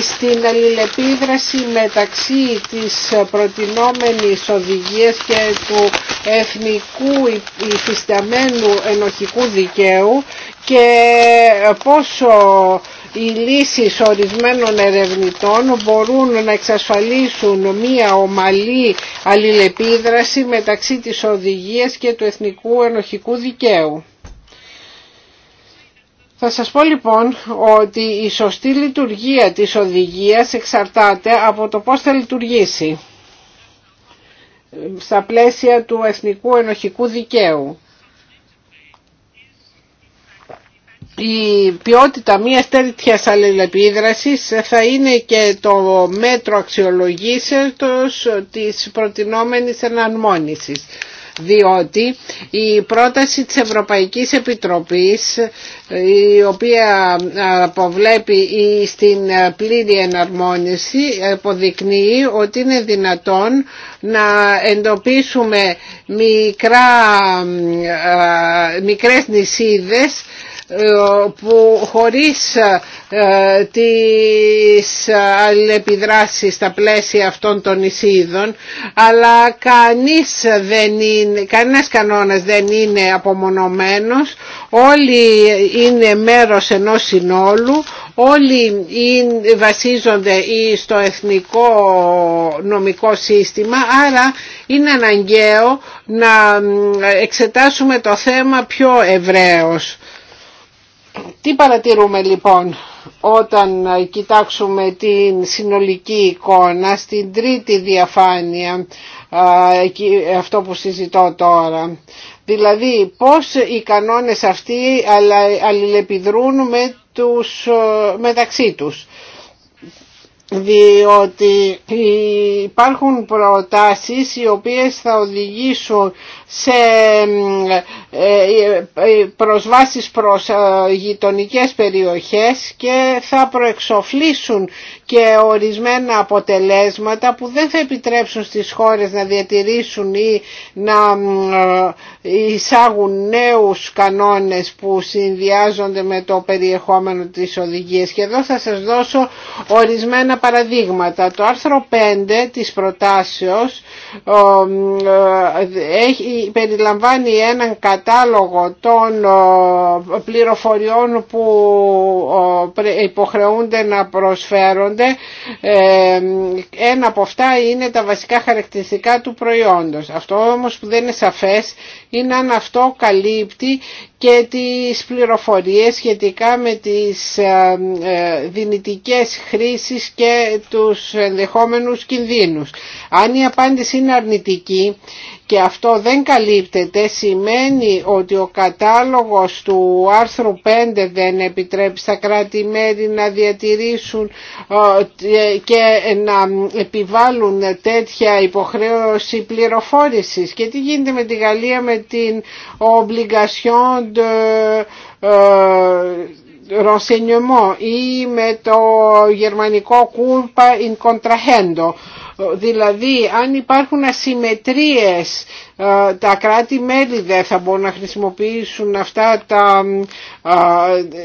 Speaker 3: στην αλληλεπίδραση μεταξύ της προτινόμενης οδηγίας και του εθνικού υφισταμένου ενοχικού δικαίου και πόσο οι λύσεις ορισμένων ερευνητών μπορούν να εξασφαλίσουν μία ομαλή αλληλεπίδραση μεταξύ της οδηγίας και του εθνικού ενοχικού δικαίου. Θα σας πω λοιπόν ότι η σωστή λειτουργία της οδηγίας εξαρτάται από το πώς θα λειτουργήσει στα πλαίσια του εθνικού ενοχικού δικαίου. η ποιότητα μιας τέτοιας αλληλεπίδρασης θα είναι και το μέτρο αξιολογήσεως της προτινόμενης εναρμόνισης διότι η πρόταση της Ευρωπαϊκής Επιτροπής η οποία αποβλέπει στην πλήρη εναρμόνιση αποδεικνύει ότι είναι δυνατόν να εντοπίσουμε μικρά, ε, μικρές νησίδες ε, που χωρίς ε, τις αλληλεπιδράσεις στα πλαίσια αυτών των εισίδων αλλά κανείς δεν είναι, κανένας κανόνας δεν είναι απομονωμένος όλοι είναι μέρος ενός συνόλου όλοι βασίζονται στο εθνικό νομικό σύστημα άρα είναι αναγκαίο να εξετάσουμε το θέμα πιο ευρέως. Τι παρατηρούμε λοιπόν όταν ε, κοιτάξουμε την συνολική εικόνα στην τρίτη διαφάνεια ε, αυτό που συζητώ τώρα. Δηλαδή πώς οι κανόνες αυτοί αλληλεπιδρούν με τους, ε, μεταξύ τους διότι υπάρχουν προτάσεις οι οποίες θα οδηγήσουν σε ε, ε, προσβάσεις προς ε, γειτονικές περιοχές και θα προεξοφλήσουν και ορισμένα αποτελέσματα που δεν θα επιτρέψουν στις χώρες να διατηρήσουν ή να εισάγουν νέους κανόνες που συνδυάζονται με το περιεχόμενο της οδηγίας. Και εδώ θα σας δώσω ορισμένα παραδείγματα. Το άρθρο 5 της προτάσεως έχει περιλαμβάνει έναν κατάλογο των πληροφοριών που υποχρεούνται να προσφέρονται. Ε, ένα από αυτά είναι τα βασικά χαρακτηριστικά του προϊόντος. Αυτό όμως που δεν είναι σαφές είναι αν αυτό καλύπτει και τις πληροφορίες σχετικά με τις ε, ε, δυνητικές χρήσεις και τους ενδεχόμενους κινδύνους. Αν η απάντηση είναι αρνητική, και αυτό δεν καλύπτεται σημαίνει ότι ο κατάλογος του άρθρου 5 δεν επιτρέπει στα κράτη-μέρη να διατηρήσουν ε, και να επιβάλλουν τέτοια υποχρέωση πληροφόρησης. Και τι γίνεται με τη Γαλλία με την obligation de ε, renseignement ή με το γερμανικό culpa in contrahendo Δηλαδή αν υπάρχουν ασυμμετρίες τα κράτη-μέλη δεν θα μπορούν να χρησιμοποιήσουν αυτά τα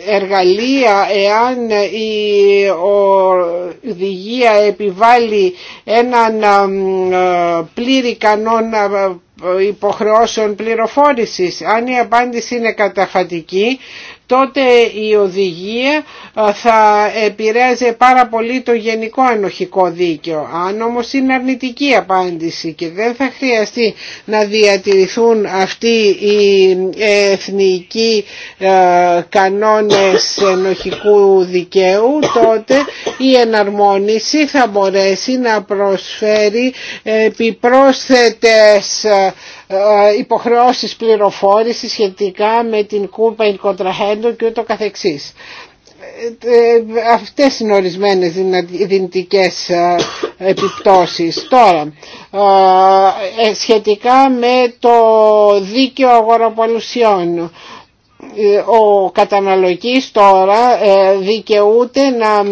Speaker 3: εργαλεία εάν η οδηγία επιβάλλει έναν πλήρη κανόνα υποχρεώσεων πληροφόρησης. Αν η απάντηση είναι καταφατική τότε η οδηγία θα επηρέαζε πάρα πολύ το γενικό ενοχικό δίκαιο. Αν όμως είναι αρνητική απάντηση και δεν θα χρειαστεί να διατηρηθούν αυτοί οι εθνικοί κανόνες ενοχικού δικαίου, τότε η εναρμόνιση θα μπορέσει να προσφέρει επιπρόσθετες ε, ε, υποχρεώσεις πληροφόρηση σχετικά με την κούρπα in και ούτω καθεξής. Ε, αυτές είναι ορισμένες δυνητικές επιπτώσεις. Τώρα, σχετικά με το δίκαιο αγοραπολουσιών, ο καταναλωτής τώρα δικαιούται να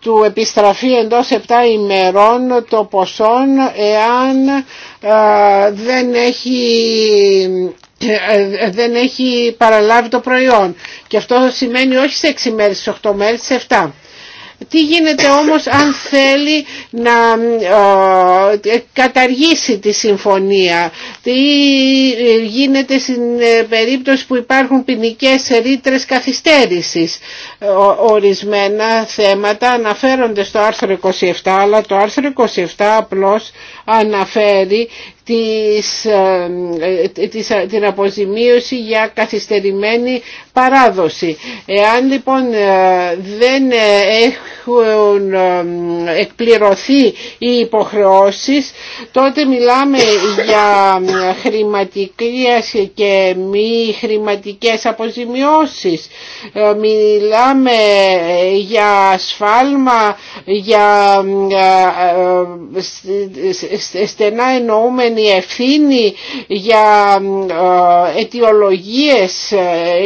Speaker 3: του επιστραφεί εντός 7 ημερών το ποσόν εάν ε, δεν έχει ε, ε, δεν έχει παραλάβει το προϊόν. Και αυτό σημαίνει όχι σε 6 μέρες, σε 8 μέρες, σε 7. Τι γίνεται όμως αν θέλει να καταργήσει τη συμφωνία. Τι γίνεται στην ε, περίπτωση που υπάρχουν ποινικέ ρήτρε καθυστέρησης. Ορισμένα θέματα αναφέρονται στο άρθρο 27 αλλά το άρθρο 27 απλώς αναφέρει ε, ε, την αποζημίωση για καθυστερημένη παράδοση. Εάν λοιπόν ε, δεν έχουν εκπληρωθεί οι υποχρεώσεις τότε μιλάμε για χρηματικές και μη χρηματικές αποζημιώσεις. Μιλάμε για ασφάλμα, για στενά εννοούμενη ευθύνη για αιτιολογίες, ε,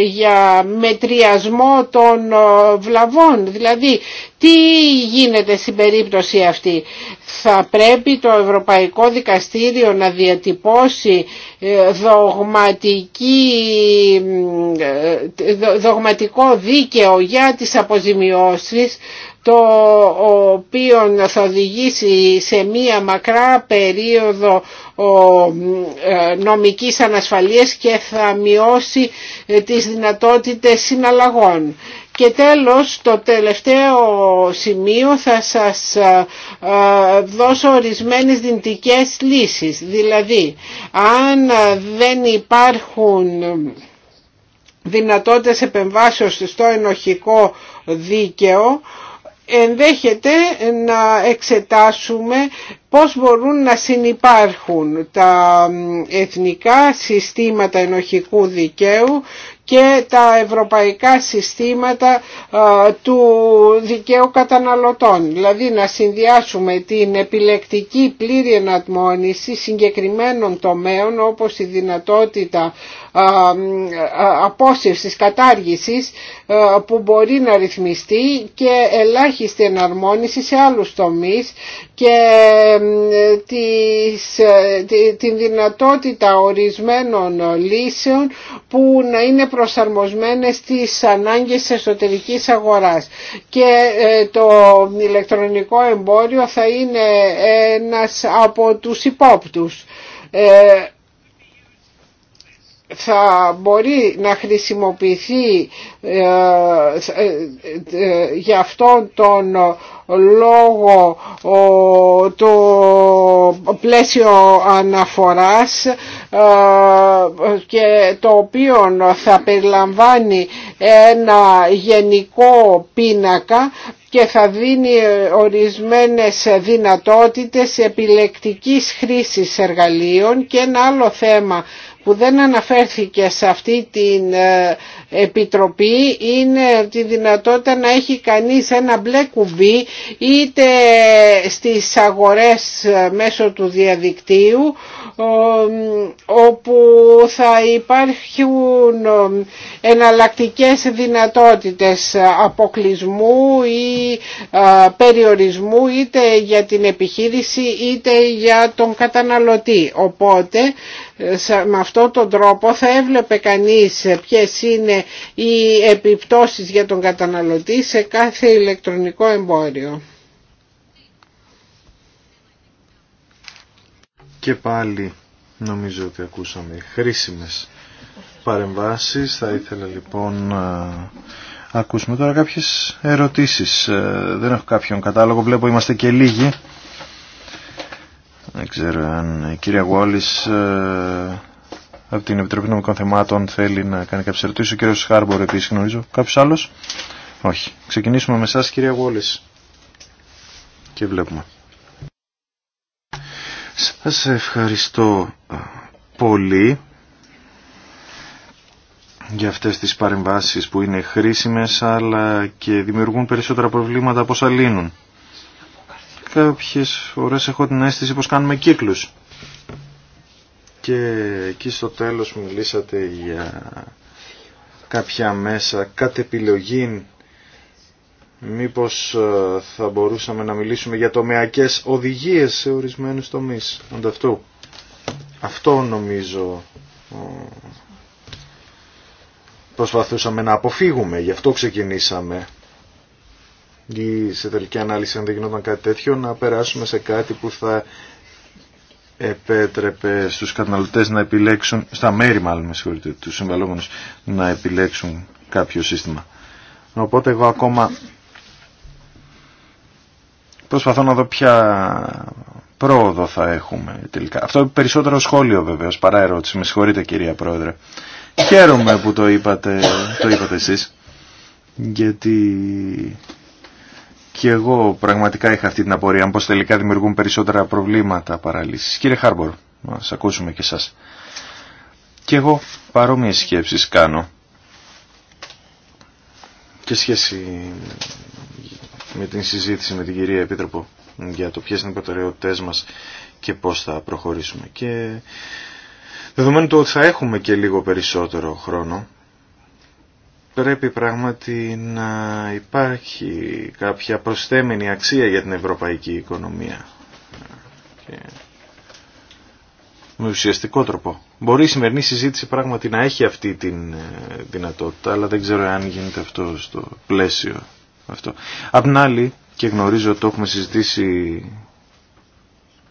Speaker 3: για μετριασμό των ε, βλαβών. Δηλαδή τι γίνεται στην περίπτωση αυτή. Θα πρέπει το Ευρωπαϊκό Δικαστήριο να διατυπώσει ε, δογματική, δογματικό δίκαιο για τις αποζημιώσεις το οποίο θα οδηγήσει σε μία μακρά περίοδο ε, νομικής ανασφαλείας και θα μειώσει ε, τις δυνατότητες συναλλαγών. Και τέλος, το τελευταίο σημείο θα σας ε, δώσω ορισμένες δυνητικές λύσεις. Δηλαδή, αν δεν υπάρχουν δυνατότητες επεμβάσεως στο ενοχικό δίκαιο, ενδέχεται να εξετάσουμε πώς μπορούν να συνυπάρχουν τα εθνικά συστήματα ενοχικού δικαίου και τα ευρωπαϊκά συστήματα ε, του δικαίου καταναλωτών. Δηλαδή να συνδυάσουμε την επιλεκτική πλήρη εναρμόνιση συγκεκριμένων τομέων όπως η δυνατότητα ε, ε, απόσυρσης, κατάργησης που μπορεί να ρυθμιστεί και ελάχιστη εναρμόνιση σε άλλους τομείς και ε, την δυνατότητα ορισμένων λύσεων που να είναι προσαρμοσμένες στις ανάγκες της εσωτερικής αγοράς. Και ε, το ηλεκτρονικό εμπόριο θα είναι ένας από τους υπόπτους ε, θα μπορεί να χρησιμοποιηθεί για αυτόν τον λόγω το πλαίσιο αναφοράς ε, και το οποίο θα περιλαμβάνει ένα γενικό πίνακα και θα δίνει ορισμένες δυνατότητες επιλεκτικής χρήσης εργαλείων και ένα άλλο θέμα που δεν αναφέρθηκε σε αυτή την ε, επιτροπή είναι τη δυνατότητα να έχει κανείς ένα μπλε κουβί είτε στις αγορές ε, μέσω του διαδικτύου όπου θα υπάρχουν ε, εναλλακτικές δυνατότητες αποκλεισμού ή περιορισμού είτε για την επιχείρηση είτε για τον καταναλωτή. Οπότε ε, με αυτόν τον τρόπο θα έβλεπε κανείς ε, ποιες είναι οι επιπτώσεις για τον καταναλωτή σε κάθε ηλεκτρονικό εμπόριο.
Speaker 2: Και πάλι νομίζω ότι ακούσαμε χρήσιμες παρεμβάσεις. Θα ήθελα λοιπόν ε, να ακούσουμε τώρα κάποιες ερωτήσεις. Δεν έχω κάποιον κατάλογο, βλέπω είμαστε και λίγοι. Δεν ξέρω αν η κυρία Γουόλης ε, από την Επιτροπή Νομικών Θεμάτων θέλει να κάνει κάποιες ερωτήσει. Ο κύριος Χάρμπορ επίσης γνωρίζω. Κάποιος άλλος. Όχι. Ξεκινήσουμε με εσάς κυρία Γουόλης. Και βλέπουμε. Σας ευχαριστώ ε, πολύ για αυτές τις παρεμβάσεις που είναι χρήσιμες αλλά και δημιουργούν περισσότερα προβλήματα από όσα λύνουν κάποιες φορές έχω την αίσθηση πως κάνουμε κύκλους. Και εκεί στο τέλος μιλήσατε για κάποια μέσα κατ' επιλογή μήπως ε, θα μπορούσαμε να μιλήσουμε για τομεακές οδηγίες σε ορισμένους τομείς ανταυτού. Αυτό νομίζω ε, προσπαθούσαμε να αποφύγουμε, γι' αυτό ξεκινήσαμε ή σε τελική ανάλυση αν δεν γινόταν κάτι τέτοιο να περάσουμε σε κάτι που θα επέτρεπε στους καταναλωτές να επιλέξουν, στα μέρη μάλλον με συγχωρείτε, τους συμβαλόμενους να επιλέξουν κάποιο σύστημα. Οπότε εγώ ακόμα προσπαθώ να δω ποια πρόοδο θα έχουμε τελικά. Αυτό είναι περισσότερο σχόλιο βεβαίως παρά ερώτηση. Με συγχωρείτε κυρία Πρόεδρε. Χαίρομαι που το είπατε, το είπατε εσείς γιατί και εγώ πραγματικά είχα αυτή την απορία, πως τελικά δημιουργούν περισσότερα προβλήματα παραλύσεις. Κύριε Χάρμπορ, να σας ακούσουμε και εσάς. Και εγώ παρόμοιες σκέψεις κάνω και σχέση με την συζήτηση με την κυρία Επίτροπο για το ποιες είναι οι προτεραιότητες μας και πώς θα προχωρήσουμε. Και δεδομένου του ότι θα έχουμε και λίγο περισσότερο χρόνο, πρέπει πράγματι να υπάρχει κάποια προσθέμενη αξία για την ευρωπαϊκή οικονομία. Και... Με ουσιαστικό τρόπο. Μπορεί η σημερινή συζήτηση πράγματι να έχει αυτή τη ε, δυνατότητα, αλλά δεν ξέρω αν γίνεται αυτό στο πλαίσιο αυτό. Απ' την άλλη, και γνωρίζω ότι το έχουμε συζητήσει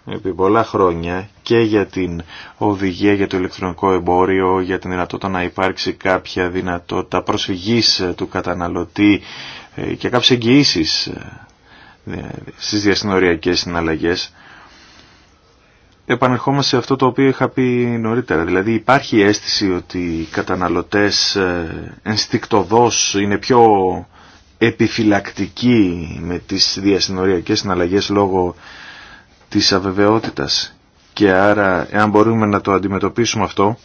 Speaker 2: επί πολλά χρόνια και για την οδηγία για το ηλεκτρονικό εμπόριο, για την δυνατότητα να υπάρξει κάποια δυνατότητα προσφυγής ε, του καταναλωτή ε, και κάποιες εγγυήσει ε, στις διασυνοριακές συναλλαγές. Επανερχόμαστε σε αυτό το οποίο είχα πει νωρίτερα. Δηλαδή υπάρχει αίσθηση ότι οι καταναλωτές ενστικτοδός είναι πιο επιφυλακτικοί με τις διασυνοριακές συναλλαγές λόγω της αβεβαιότητας και άρα εάν μπορούμε να το αντιμετωπίσουμε αυτό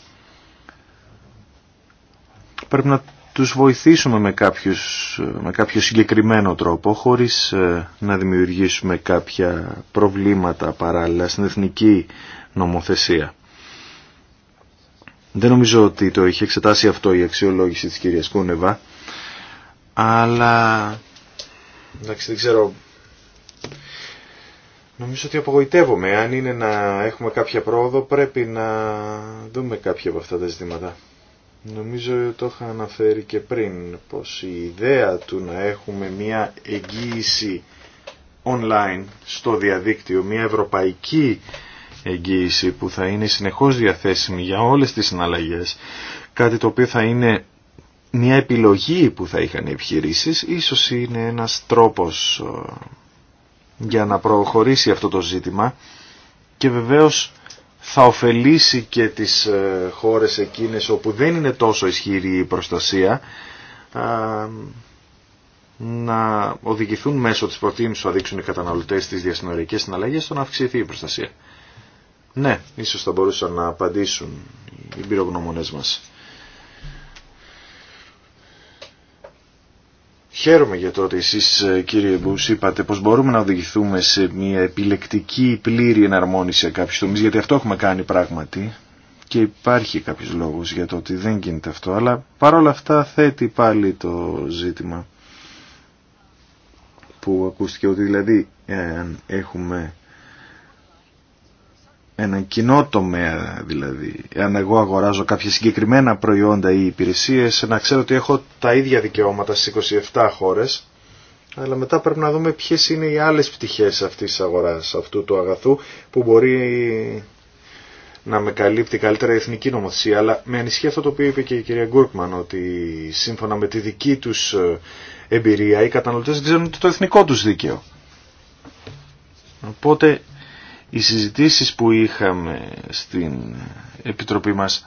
Speaker 2: πρέπει να τους βοηθήσουμε με, κάποιους, με κάποιο συγκεκριμένο τρόπο χωρίς ε, να δημιουργήσουμε κάποια προβλήματα παράλληλα στην εθνική νομοθεσία. Δεν νομίζω ότι το είχε εξετάσει αυτό η αξιολόγηση της κυρίας Κούνεβα αλλά εντάξει, δεν ξέρω Νομίζω ότι απογοητεύομαι. Αν είναι να έχουμε κάποια πρόοδο πρέπει να δούμε κάποια από αυτά τα ζητήματα. Νομίζω το είχα αναφέρει και πριν πως η ιδέα του να έχουμε μια εγγύηση online στο διαδίκτυο, μια ευρωπαϊκή εγγύηση που θα είναι συνεχώς διαθέσιμη για όλες τις συναλλαγές, κάτι το οποίο θα είναι μια επιλογή που θα είχαν οι επιχειρήσεις, ίσως είναι ένας τρόπος ε, για να προχωρήσει αυτό το ζήτημα και βεβαίως θα ωφελήσει και τις ε, χώρες εκείνες όπου δεν είναι τόσο ισχυρή η προστασία να οδηγηθούν μέσω της προτίμησης που θα δείξουν οι καταναλωτές στις διασυνοριακές συναλλαγές στο να αυξηθεί η προστασία. Ναι, ίσως θα μπορούσαν να απαντήσουν οι πυρογνωμονές μας. Χαίρομαι για το ότι εσείς ε, κύριε Μπούς είπατε πως μπορούμε να οδηγηθούμε σε μια επιλεκτική πλήρη εναρμόνιση σε κάποιους τομείς γιατί αυτό έχουμε κάνει πράγματι και υπάρχει κάποιος λόγος για το ότι δεν γίνεται αυτό αλλά παρόλα αυτά θέτει πάλι το ζήτημα που ακούστηκε ότι δηλαδή αν έχουμε έναν κοινό τομέα δηλαδή, αν εγώ αγοράζω κάποια συγκεκριμένα προϊόντα ή υπηρεσίες, να ξέρω ότι έχω τα ίδια δικαιώματα στις 27 χώρες, αλλά μετά πρέπει να δούμε ποιες είναι οι άλλες πτυχές αυτής της αγοράς, αυτού του αγαθού, που μπορεί να με καλύπτει καλύτερα η εθνική νομοθεσία. Αλλά με ανησυχεί αυτό το οποίο είπε και η κυρία Γκούρκμαν, ότι σύμφωνα με τη δική τους ε, εμπειρία οι καταναλωτές δεν ξέρουν το εθνικό τους δίκαιο. Οπότε οι συζητήσεις που είχαμε στην Επιτροπή μας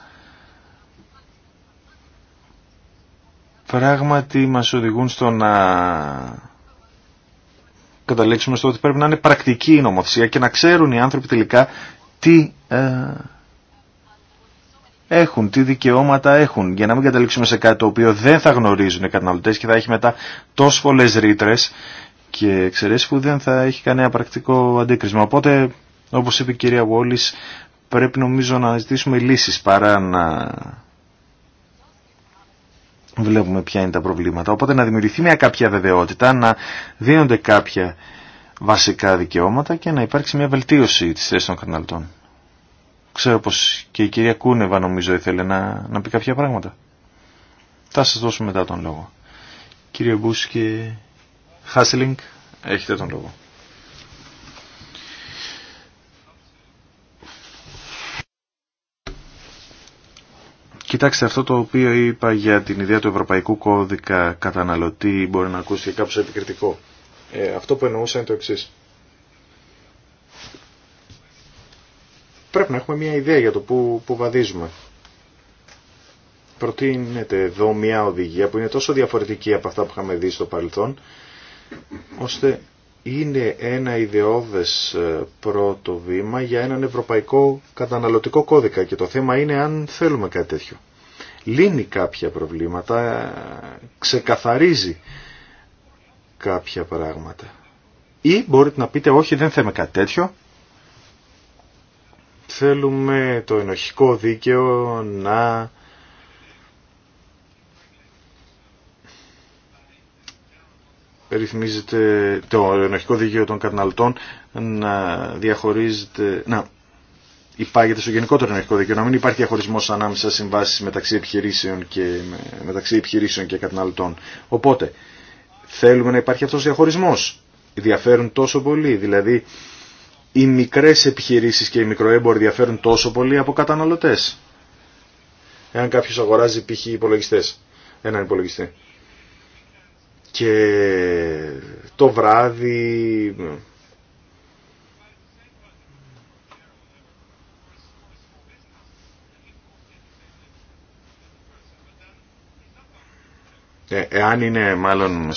Speaker 2: πράγματι μας οδηγούν στο να καταλήξουμε στο ότι πρέπει να είναι πρακτική η νομοθεσία και να ξέρουν οι άνθρωποι τελικά τι ε, έχουν, τι δικαιώματα έχουν για να μην καταλήξουμε σε κάτι το οποίο δεν θα γνωρίζουν οι καταναλωτές και θα έχει μετά τόσο πολλές ρήτρε και εξαιρέσει που δεν θα έχει κανένα πρακτικό αντίκρισμα. Οπότε όπως είπε η κυρία Βόλης, πρέπει νομίζω να ζητήσουμε λύσεις παρά να βλέπουμε ποια είναι τα προβλήματα. Οπότε να δημιουργηθεί μια κάποια βεβαιότητα, να δίνονται κάποια βασικά δικαιώματα και να υπάρξει μια βελτίωση της θέσης των καταναλωτών. Ξέρω πως και η κυρία Κούνεβα νομίζω ήθελε να, να πει κάποια πράγματα. Θα σας δώσω μετά τον λόγο. Κύριε Μπούς και Χάσιλινγκ, έχετε τον λόγο. Κοιτάξτε αυτό το οποίο είπα για την ιδέα του Ευρωπαϊκού Κώδικα καταναλωτή μπορεί να ακούσει κάποιος επικριτικό. Ε, αυτό που εννοούσα είναι το εξή. Πρέπει να έχουμε μια ιδέα για το που, που βαδίζουμε. Προτείνεται εδώ μια οδηγία που είναι τόσο διαφορετική από αυτά που είχαμε δει στο παρελθόν, ώστε είναι ένα ιδεώδες ε, πρώτο βήμα για έναν ευρωπαϊκό καταναλωτικό κώδικα και το θέμα είναι αν θέλουμε κάτι τέτοιο. Λύνει κάποια προβλήματα, ε, ξεκαθαρίζει κάποια πράγματα. Ή μπορείτε να πείτε όχι δεν θέλουμε κάτι τέτοιο, θέλουμε το ενοχικό δίκαιο να ρυθμίζεται το ενοχικό δίκαιο των καταναλωτών να διαχωρίζεται, να υπάγεται στο γενικότερο ενοχικό δίκαιο, να μην υπάρχει διαχωρισμό ανάμεσα συμβάσει μεταξύ επιχειρήσεων και, μεταξύ επιχειρήσεων και καταναλωτών. Οπότε, θέλουμε να υπάρχει αυτός ο διαχωρισμός. Διαφέρουν τόσο πολύ, δηλαδή οι μικρές επιχειρήσεις και οι μικροέμποροι διαφέρουν τόσο πολύ από καταναλωτές. Εάν κάποιο αγοράζει π.χ. υπολογιστές, έναν υπολογιστή, και το βράδυ ε, εάν είναι μάλλον με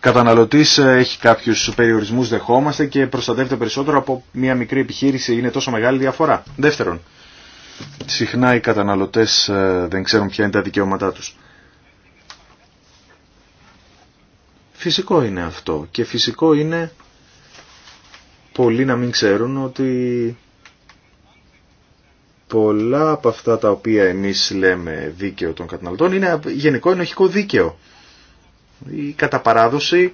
Speaker 2: καταναλωτής ε, έχει κάποιους περιορισμούς δεχόμαστε και προστατεύεται περισσότερο από μια μικρή επιχείρηση είναι τόσο μεγάλη διαφορά. Δεύτερον, συχνά οι καταναλωτές ε, δεν ξέρουν ποια είναι τα δικαιώματά τους. Φυσικό είναι αυτό και φυσικό είναι πολλοί να μην ξέρουν ότι πολλά από αυτά τα οποία εμείς λέμε δίκαιο των καταναλωτών είναι γενικό ενοχικό δίκαιο. Η καταπαράδοση,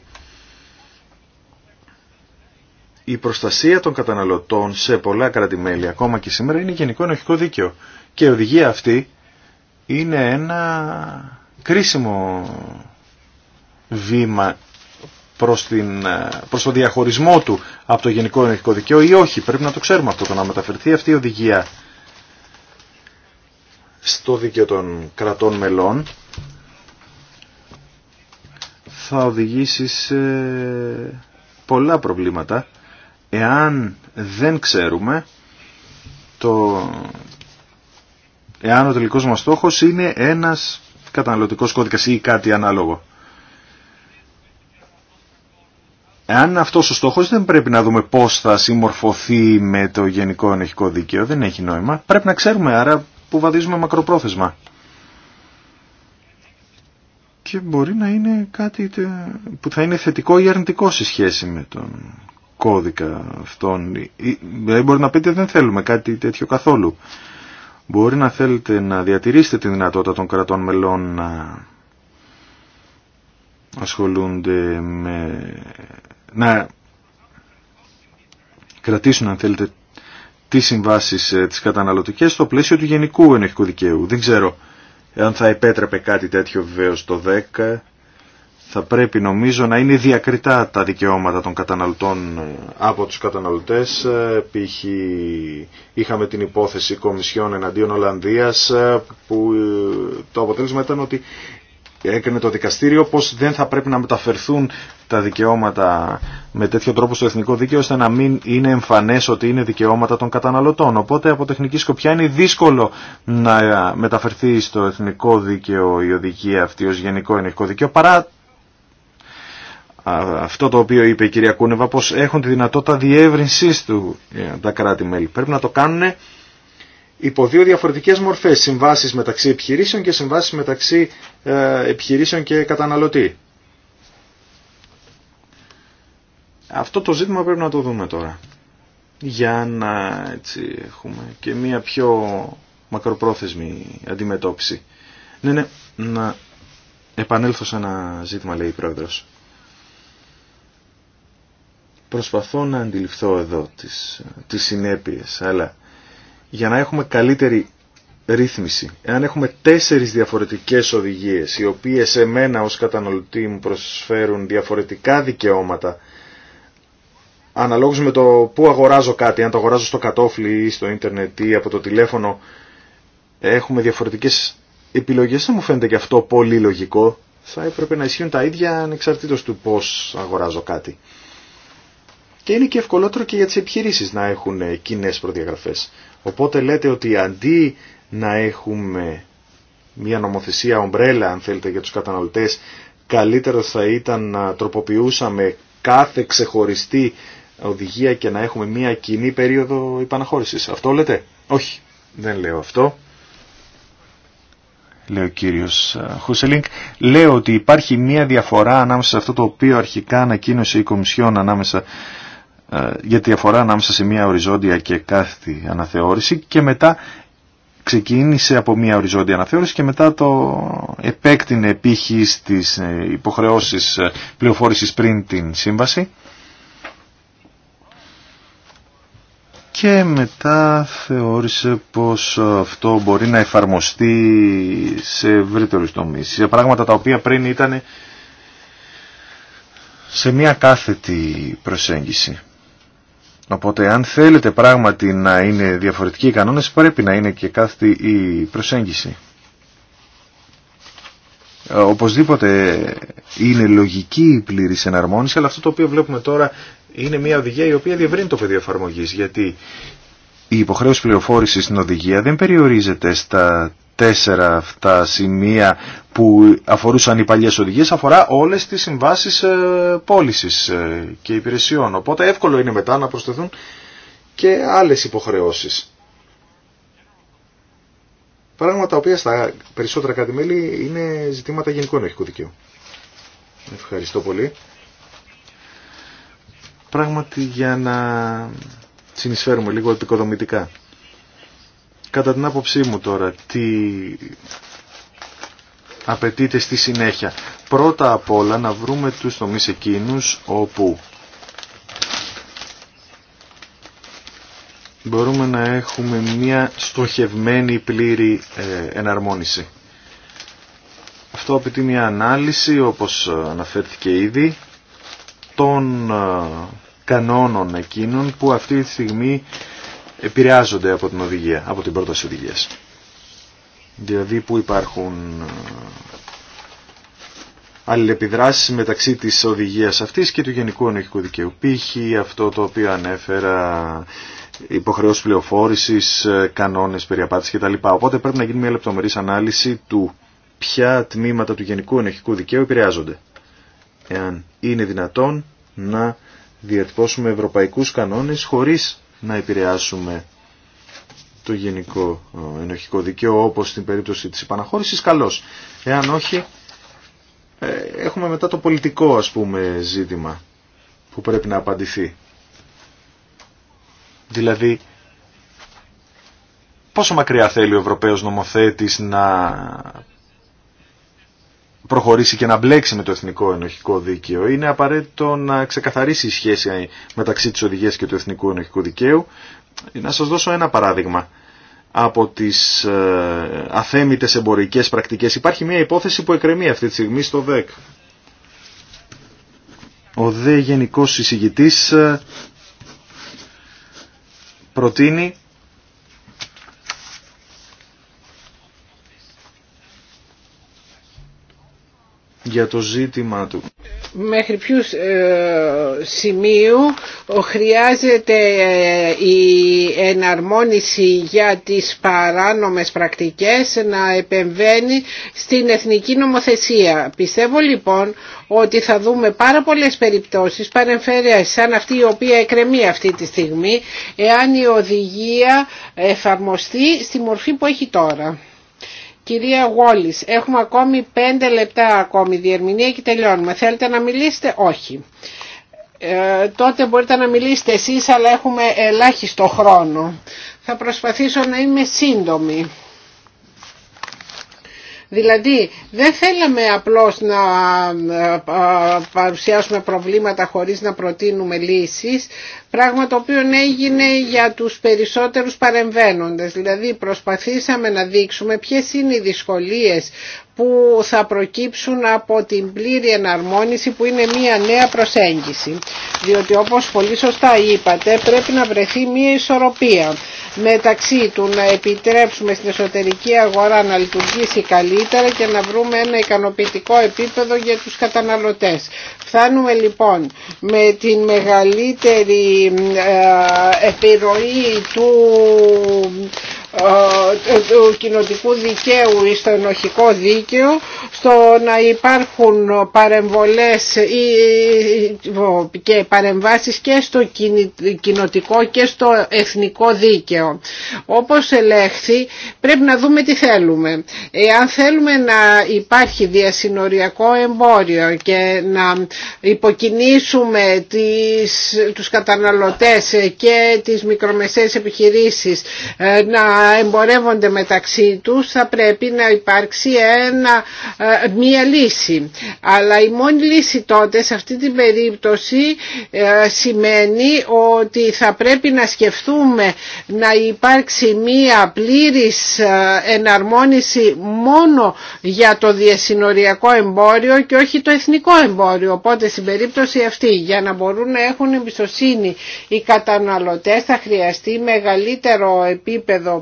Speaker 2: η προστασία των καταναλωτών σε πολλά κρατημέλη ακόμα και σήμερα είναι γενικό ενοχικό δίκαιο. Και η οδηγία αυτή είναι ένα κρίσιμο βήμα προς, την, ε, το διαχωρισμό του από το Γενικό Ενεργικό Δικαίωμα ή όχι. Πρέπει να το ξέρουμε αυτό το να μεταφερθεί αυτή η οδηγία στο δίκαιο των κρατών μελών θα οδηγήσει σε πολλά προβλήματα εάν δεν ξέρουμε το εάν ο τελικός μας στόχος είναι ένας καταναλωτικός κώδικας ή κάτι ανάλογο. αν αυτός ο στόχος δεν πρέπει να δούμε πώς θα συμμορφωθεί με το γενικό ενοχικό δίκαιο, δεν έχει νόημα. Πρέπει να ξέρουμε άρα που βαδίζουμε μακροπρόθεσμα. Και μπορεί να είναι κάτι που θα είναι θετικό ή αρνητικό σε σχέση με τον κώδικα αυτόν. Ε, δηλαδή μπορεί να πείτε δεν θέλουμε κάτι τέτοιο καθόλου. Μπορεί να θέλετε να διατηρήσετε τη δυνατότητα των κρατών μελών να ασχολούνται με να κρατήσουν αν θέλετε τις συμβάσεις ε, τις καταναλωτικές στο πλαίσιο του γενικού ενοχικού δικαίου. Δεν ξέρω αν θα επέτρεπε κάτι τέτοιο βεβαίω το 10. Θα πρέπει νομίζω να είναι διακριτά τα δικαιώματα των καταναλωτών ε, από τους καταναλωτές. Ε, π.χ. είχαμε την υπόθεση Κομισιόν εναντίον Ολλανδίας που το αποτέλεσμα ήταν ότι έκανε το δικαστήριο πως δεν θα πρέπει να μεταφερθούν τα δικαιώματα με τέτοιο τρόπο στο εθνικό δίκαιο ώστε να μην είναι εμφανές ότι είναι δικαιώματα των καταναλωτών. Οπότε από τεχνική σκοπιά είναι δύσκολο να μεταφερθεί στο εθνικό δίκαιο η οδηγία αυτή ως γενικό ενεργικό δίκαιο παρά αυτό το οποίο είπε η κυρία Κούνεβα πως έχουν τη δυνατότητα διεύρυνσης του ε, τα κράτη-μέλη. Πρέπει να το κάνουν υπό δύο διαφορετικέ μορφές, συμβάσει μεταξύ επιχειρήσεων και συμβάσει μεταξύ ε, επιχειρήσεων και καταναλωτή. Αυτό το ζήτημα πρέπει να το δούμε τώρα. Για να έτσι, έχουμε και μία πιο μακροπρόθεσμη αντιμετώπιση. Ναι, ναι, να επανέλθω σε ένα ζήτημα, λέει η Πρόεδρος. Προσπαθώ να αντιληφθώ εδώ τις, τις συνέπειες, αλλά για να έχουμε καλύτερη ρύθμιση. Εάν έχουμε τέσσερις διαφορετικές οδηγίες, οι οποίες εμένα ως καταναλωτή μου προσφέρουν διαφορετικά δικαιώματα, αναλόγως με το που αγοράζω κάτι, αν το αγοράζω στο κατόφλι ή στο ίντερνετ ή από το τηλέφωνο, έχουμε διαφορετικές επιλογές, δεν μου φαίνεται και αυτό πολύ λογικό. Θα έπρεπε να ισχύουν τα ίδια ανεξαρτήτως του πώς αγοράζω κάτι. Και είναι και ευκολότερο και για τις επιχειρήσεις να έχουν κοινέ προδιαγραφές. Οπότε λέτε ότι αντί να έχουμε μια νομοθεσία ομπρέλα αν θέλετε για τους καταναλωτές καλύτερο θα ήταν να τροποποιούσαμε κάθε ξεχωριστή οδηγία και να έχουμε μια κοινή περίοδο υπαναχώρησης. Αυτό λέτε. Όχι. Δεν λέω αυτό. Λέω, ο κύριος ε, Χουσελίνκ. Λέω ότι υπάρχει μια διαφορά ανάμεσα σε αυτό το οποίο αρχικά ανακοίνωσε η Κομισιόν ανάμεσα ε, γιατί αφορά ανάμεσα σε μια οριζόντια και κάθετη αναθεώρηση και μετά ξεκίνησε από μια οριζόντια αναθεώρηση και μετά το επέκτηνε επίχει στις ε, υποχρεώσεις ε, πληροφόρησης πριν την σύμβαση και μετά θεώρησε πως αυτό μπορεί να εφαρμοστεί σε ευρύτερους τομείς σε πράγματα τα οποία πριν ήταν σε μια κάθετη προσέγγιση Οπότε αν θέλετε πράγματι να είναι διαφορετικοί οι κανόνες πρέπει να είναι και κάθε η προσέγγιση. Ε, οπωσδήποτε είναι λογική η πλήρης εναρμόνιση αλλά αυτό το οποίο βλέπουμε τώρα είναι μια οδηγία η οποία διευρύνει το πεδίο εφαρμογή γιατί η υποχρέωση πληροφόρηση στην οδηγία δεν περιορίζεται στα τέσσερα αυτά σημεία που αφορούσαν οι παλιές οδηγίες αφορά όλες τις συμβάσεις ε, πώλησης ε, και υπηρεσιών. Οπότε εύκολο είναι μετά να προσθεθούν και άλλες υποχρεώσεις. Πράγματα τα οποία στα περισσοτερα κάτι κράτη-μέλη είναι ζητήματα γενικών ενοχικού δικαίου. Ευχαριστώ πολύ. Πράγματι για να συνεισφέρουμε λίγο επικοδομητικά κατά την άποψή μου τώρα τι απαιτείται στη συνέχεια. Πρώτα απ' όλα να βρούμε τους τομείς εκείνους όπου μπορούμε να έχουμε μια στοχευμένη πλήρη ε, εναρμόνιση. Αυτό απαιτεί μια ανάλυση, όπως αναφέρθηκε ήδη, των ε, κανόνων εκείνων που αυτή τη στιγμή επηρεάζονται από την οδηγία, από την πρόταση οδηγίας. Δηλαδή που υπάρχουν ε, αλληλεπιδράσεις μεταξύ της οδηγίας αυτής και του γενικού ενοχικού δικαίου. Π.χ. αυτό το οποίο ανέφερα υποχρεώσεις πληροφόρησης, ε, κανόνες περιαπάτησης κτλ. Οπότε πρέπει να γίνει μια λεπτομερής ανάλυση του ποια τμήματα του γενικού ενοχικού δικαίου επηρεάζονται. Εάν είναι δυνατόν να διατυπώσουμε ευρωπαϊκούς κανόνες χωρίς να επηρεάσουμε το γενικό ε, ενοχικό δικαίωμα, όπως στην περίπτωση της επαναχώρησης, καλώς. Εάν όχι, ε, έχουμε μετά το πολιτικό ας πούμε ζήτημα που πρέπει να απαντηθεί. Δηλαδή, πόσο μακριά θέλει ο Ευρωπαίος νομοθέτης να προχωρήσει και να μπλέξει με το εθνικό ενοχικό δίκαιο. Είναι απαραίτητο να ξεκαθαρίσει η σχέση μεταξύ της οδηγίας και του εθνικού ενοχικού δικαίου. Να σας δώσω ένα παράδειγμα από τις ε, αθέμητες εμπορικές πρακτικές. Υπάρχει μια υπόθεση που εκκρεμεί αυτή τη στιγμή στο ΔΕΚ. Ο ΔΕ Γενικός ε, προτείνει για το ζήτημα του.
Speaker 3: Μέχρι ποιου ε, σημείου χρειάζεται ε, η εναρμόνιση για τις παράνομες πρακτικές να επεμβαίνει στην εθνική νομοθεσία. Πιστεύω λοιπόν ότι θα δούμε πάρα πολλές περιπτώσεις παρεμφέρειας, σαν αυτή η οποία εκρεμεί αυτή τη στιγμή εάν η οδηγία εφαρμοστεί στη μορφή που έχει τώρα. Κυρία Γόλης, έχουμε ακόμη πέντε λεπτά ακόμη διερμηνία και τελειώνουμε. Θέλετε να μιλήσετε? Όχι. Ε, τότε μπορείτε να μιλήσετε εσείς αλλά έχουμε ελάχιστο χρόνο. Θα προσπαθήσω να είμαι σύντομη. Δηλαδή δεν θέλαμε απλώς να ε, ε, παρουσιάσουμε προβλήματα χωρίς να προτείνουμε λύσεις, πράγμα το οποίο έγινε για τους περισσότερους παρεμβαίνοντες. Δηλαδή προσπαθήσαμε να δείξουμε ποιες είναι οι δυσκολίες που θα προκύψουν από την πλήρη εναρμόνιση που είναι μια νέα προσέγγιση. Διότι όπως πολύ σωστά είπατε πρέπει να βρεθεί μια ισορροπία μεταξύ του να επιτρέψουμε στην εσωτερική αγορά να λειτουργήσει καλύτερα και να βρούμε ένα ικανοποιητικό επίπεδο για τους καταναλωτές. Φτάνουμε λοιπόν με την μεγαλύτερη ε, επιρροή του ε, του κοινοτικού δικαίου στο ενοχικό δίκαιο στο να υπάρχουν παρεμβολές και παρεμβάσεις και στο κοινοτικό και στο εθνικό δίκαιο. Όπως ελέγχθη πρέπει να δούμε τι θέλουμε. Εάν θέλουμε να υπάρχει διασυνοριακό εμπόριο και να υποκινήσουμε τις, τους καταναλωτές και τις μικρομεσαίες επιχειρήσεις ε, να εμπορεύονται μεταξύ τους θα πρέπει να υπάρξει ένα, ε, μία λύση. Αλλά η μόνη λύση τότε σε αυτή την περίπτωση ε, σημαίνει ότι θα πρέπει να σκεφτούμε να υπάρξει μία πλήρης ε, εναρμόνιση μόνο για το διασυνοριακό εμπόριο και όχι το εθνικό εμπόριο. Οπότε στην περίπτωση αυτή για να μπορούν να έχουν εμπιστοσύνη οι καταναλωτές θα χρειαστεί μεγαλύτερο επίπεδο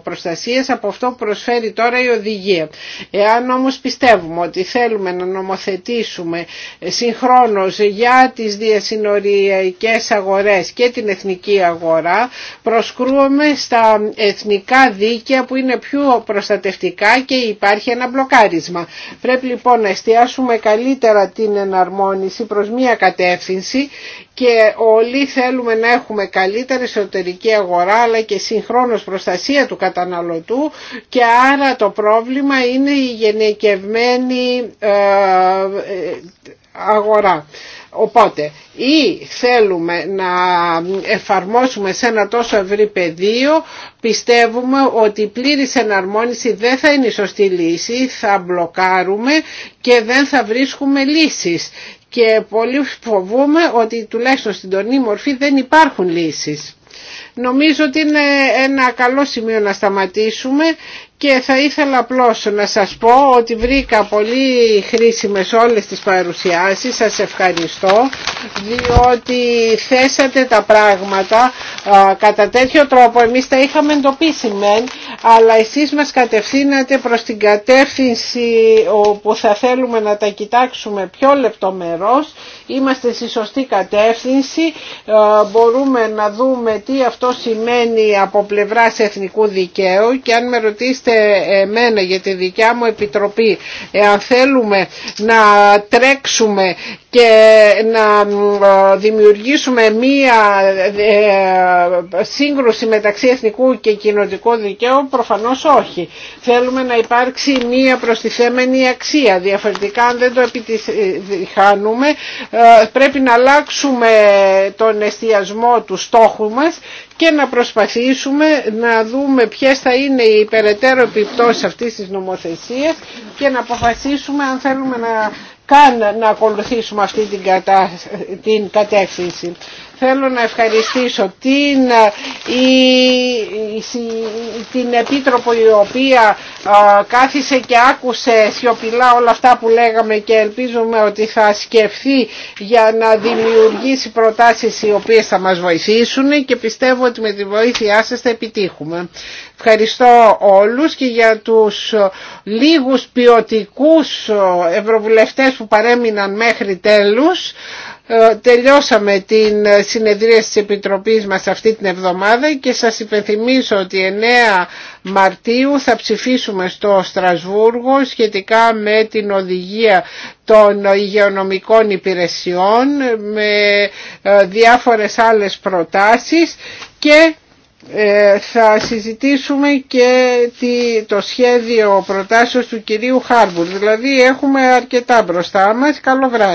Speaker 3: από αυτό που προσφέρει τώρα η οδηγία. Εάν όμως πιστεύουμε ότι θέλουμε να νομοθετήσουμε συγχρόνως για τις διασυνοριακές αγορές και την εθνική αγορά, προσκρούμε στα εθνικά δίκαια που είναι πιο προστατευτικά και υπάρχει ένα μπλοκάρισμα. Πρέπει λοιπόν να εστιάσουμε καλύτερα την εναρμόνιση προς μία κατεύθυνση και όλοι θέλουμε να έχουμε καλύτερη εσωτερική αγορά αλλά και συγχρόνως προστασία του καταναλωτού και άρα το πρόβλημα είναι η γενικευμένη ε, αγορά. Οπότε ή θέλουμε να εφαρμόσουμε σε ένα τόσο ευρύ πεδίο πιστεύουμε ότι η πλήρης εναρμόνιση δεν θα είναι η σωστή λύση, θα μπλοκάρουμε και δεν θα βρίσκουμε λύσεις και πολύ φοβούμε ότι τουλάχιστον στην τωρινή μορφή δεν υπάρχουν λύσεις. Νομίζω ότι είναι ένα καλό σημείο να σταματήσουμε και θα ήθελα απλώς να σας πω ότι βρήκα πολύ χρήσιμες όλες τις παρουσιάσεις, σας ευχαριστώ διότι θέσατε τα πράγματα κατά τέτοιο τρόπο, εμείς τα είχαμε εντοπίσει μεν, αλλά εσείς μας κατευθύνατε προς την κατεύθυνση όπου θα θέλουμε να τα κοιτάξουμε πιο λεπτομερώς, είμαστε στη σωστή κατεύθυνση, μπορούμε να δούμε τι αυτό σημαίνει από πλευράς εθνικού δικαίου και αν με ρωτήσετε εμένα για τη δικιά μου επιτροπή εάν θέλουμε να τρέξουμε και να δημιουργήσουμε μία ε, σύγκρουση μεταξύ εθνικού και κοινωτικού δικαίου προφανώς όχι. Θέλουμε να υπάρξει μία προστιθέμενη αξία. Διαφορετικά αν δεν το επιτυχάνουμε ε, πρέπει να αλλάξουμε τον εστιασμό του στόχου μας και να προσπαθήσουμε να δούμε ποιες θα είναι οι περαιτέρω επιπτώσεις αυτής της νομοθεσίας και να αποφασίσουμε αν θέλουμε να καν να ακολουθήσουμε αυτή την, κατεύθυνση. Θέλω να ευχαριστήσω την, ε, την Επίτροπο η οποία ε, κάθισε και άκουσε σιωπηλά όλα αυτά που λέγαμε και ελπίζουμε ότι θα σκεφτεί για να δημιουργήσει προτάσεις οι οποίες θα μας βοηθήσουν και πιστεύω ότι με τη βοήθειά σας θα επιτύχουμε. Ευχαριστώ όλους και για τους λίγους ποιοτικούς ε, ευρωβουλευτές που παρέμειναν μέχρι τέλους. Ε, τελειώσαμε την συνεδρία της Επιτροπής μας αυτή την εβδομάδα και σας υπενθυμίσω ότι 9 Μαρτίου θα ψηφίσουμε στο Στρασβούργο σχετικά με την οδηγία των υγειονομικών υπηρεσιών με ε, διάφορες άλλες προτάσεις και ε, θα συζητήσουμε και το σχέδιο προτάσεως του κυρίου Χάρμπουρ. Δηλαδή έχουμε αρκετά μπροστά μας. Καλό βράδυ.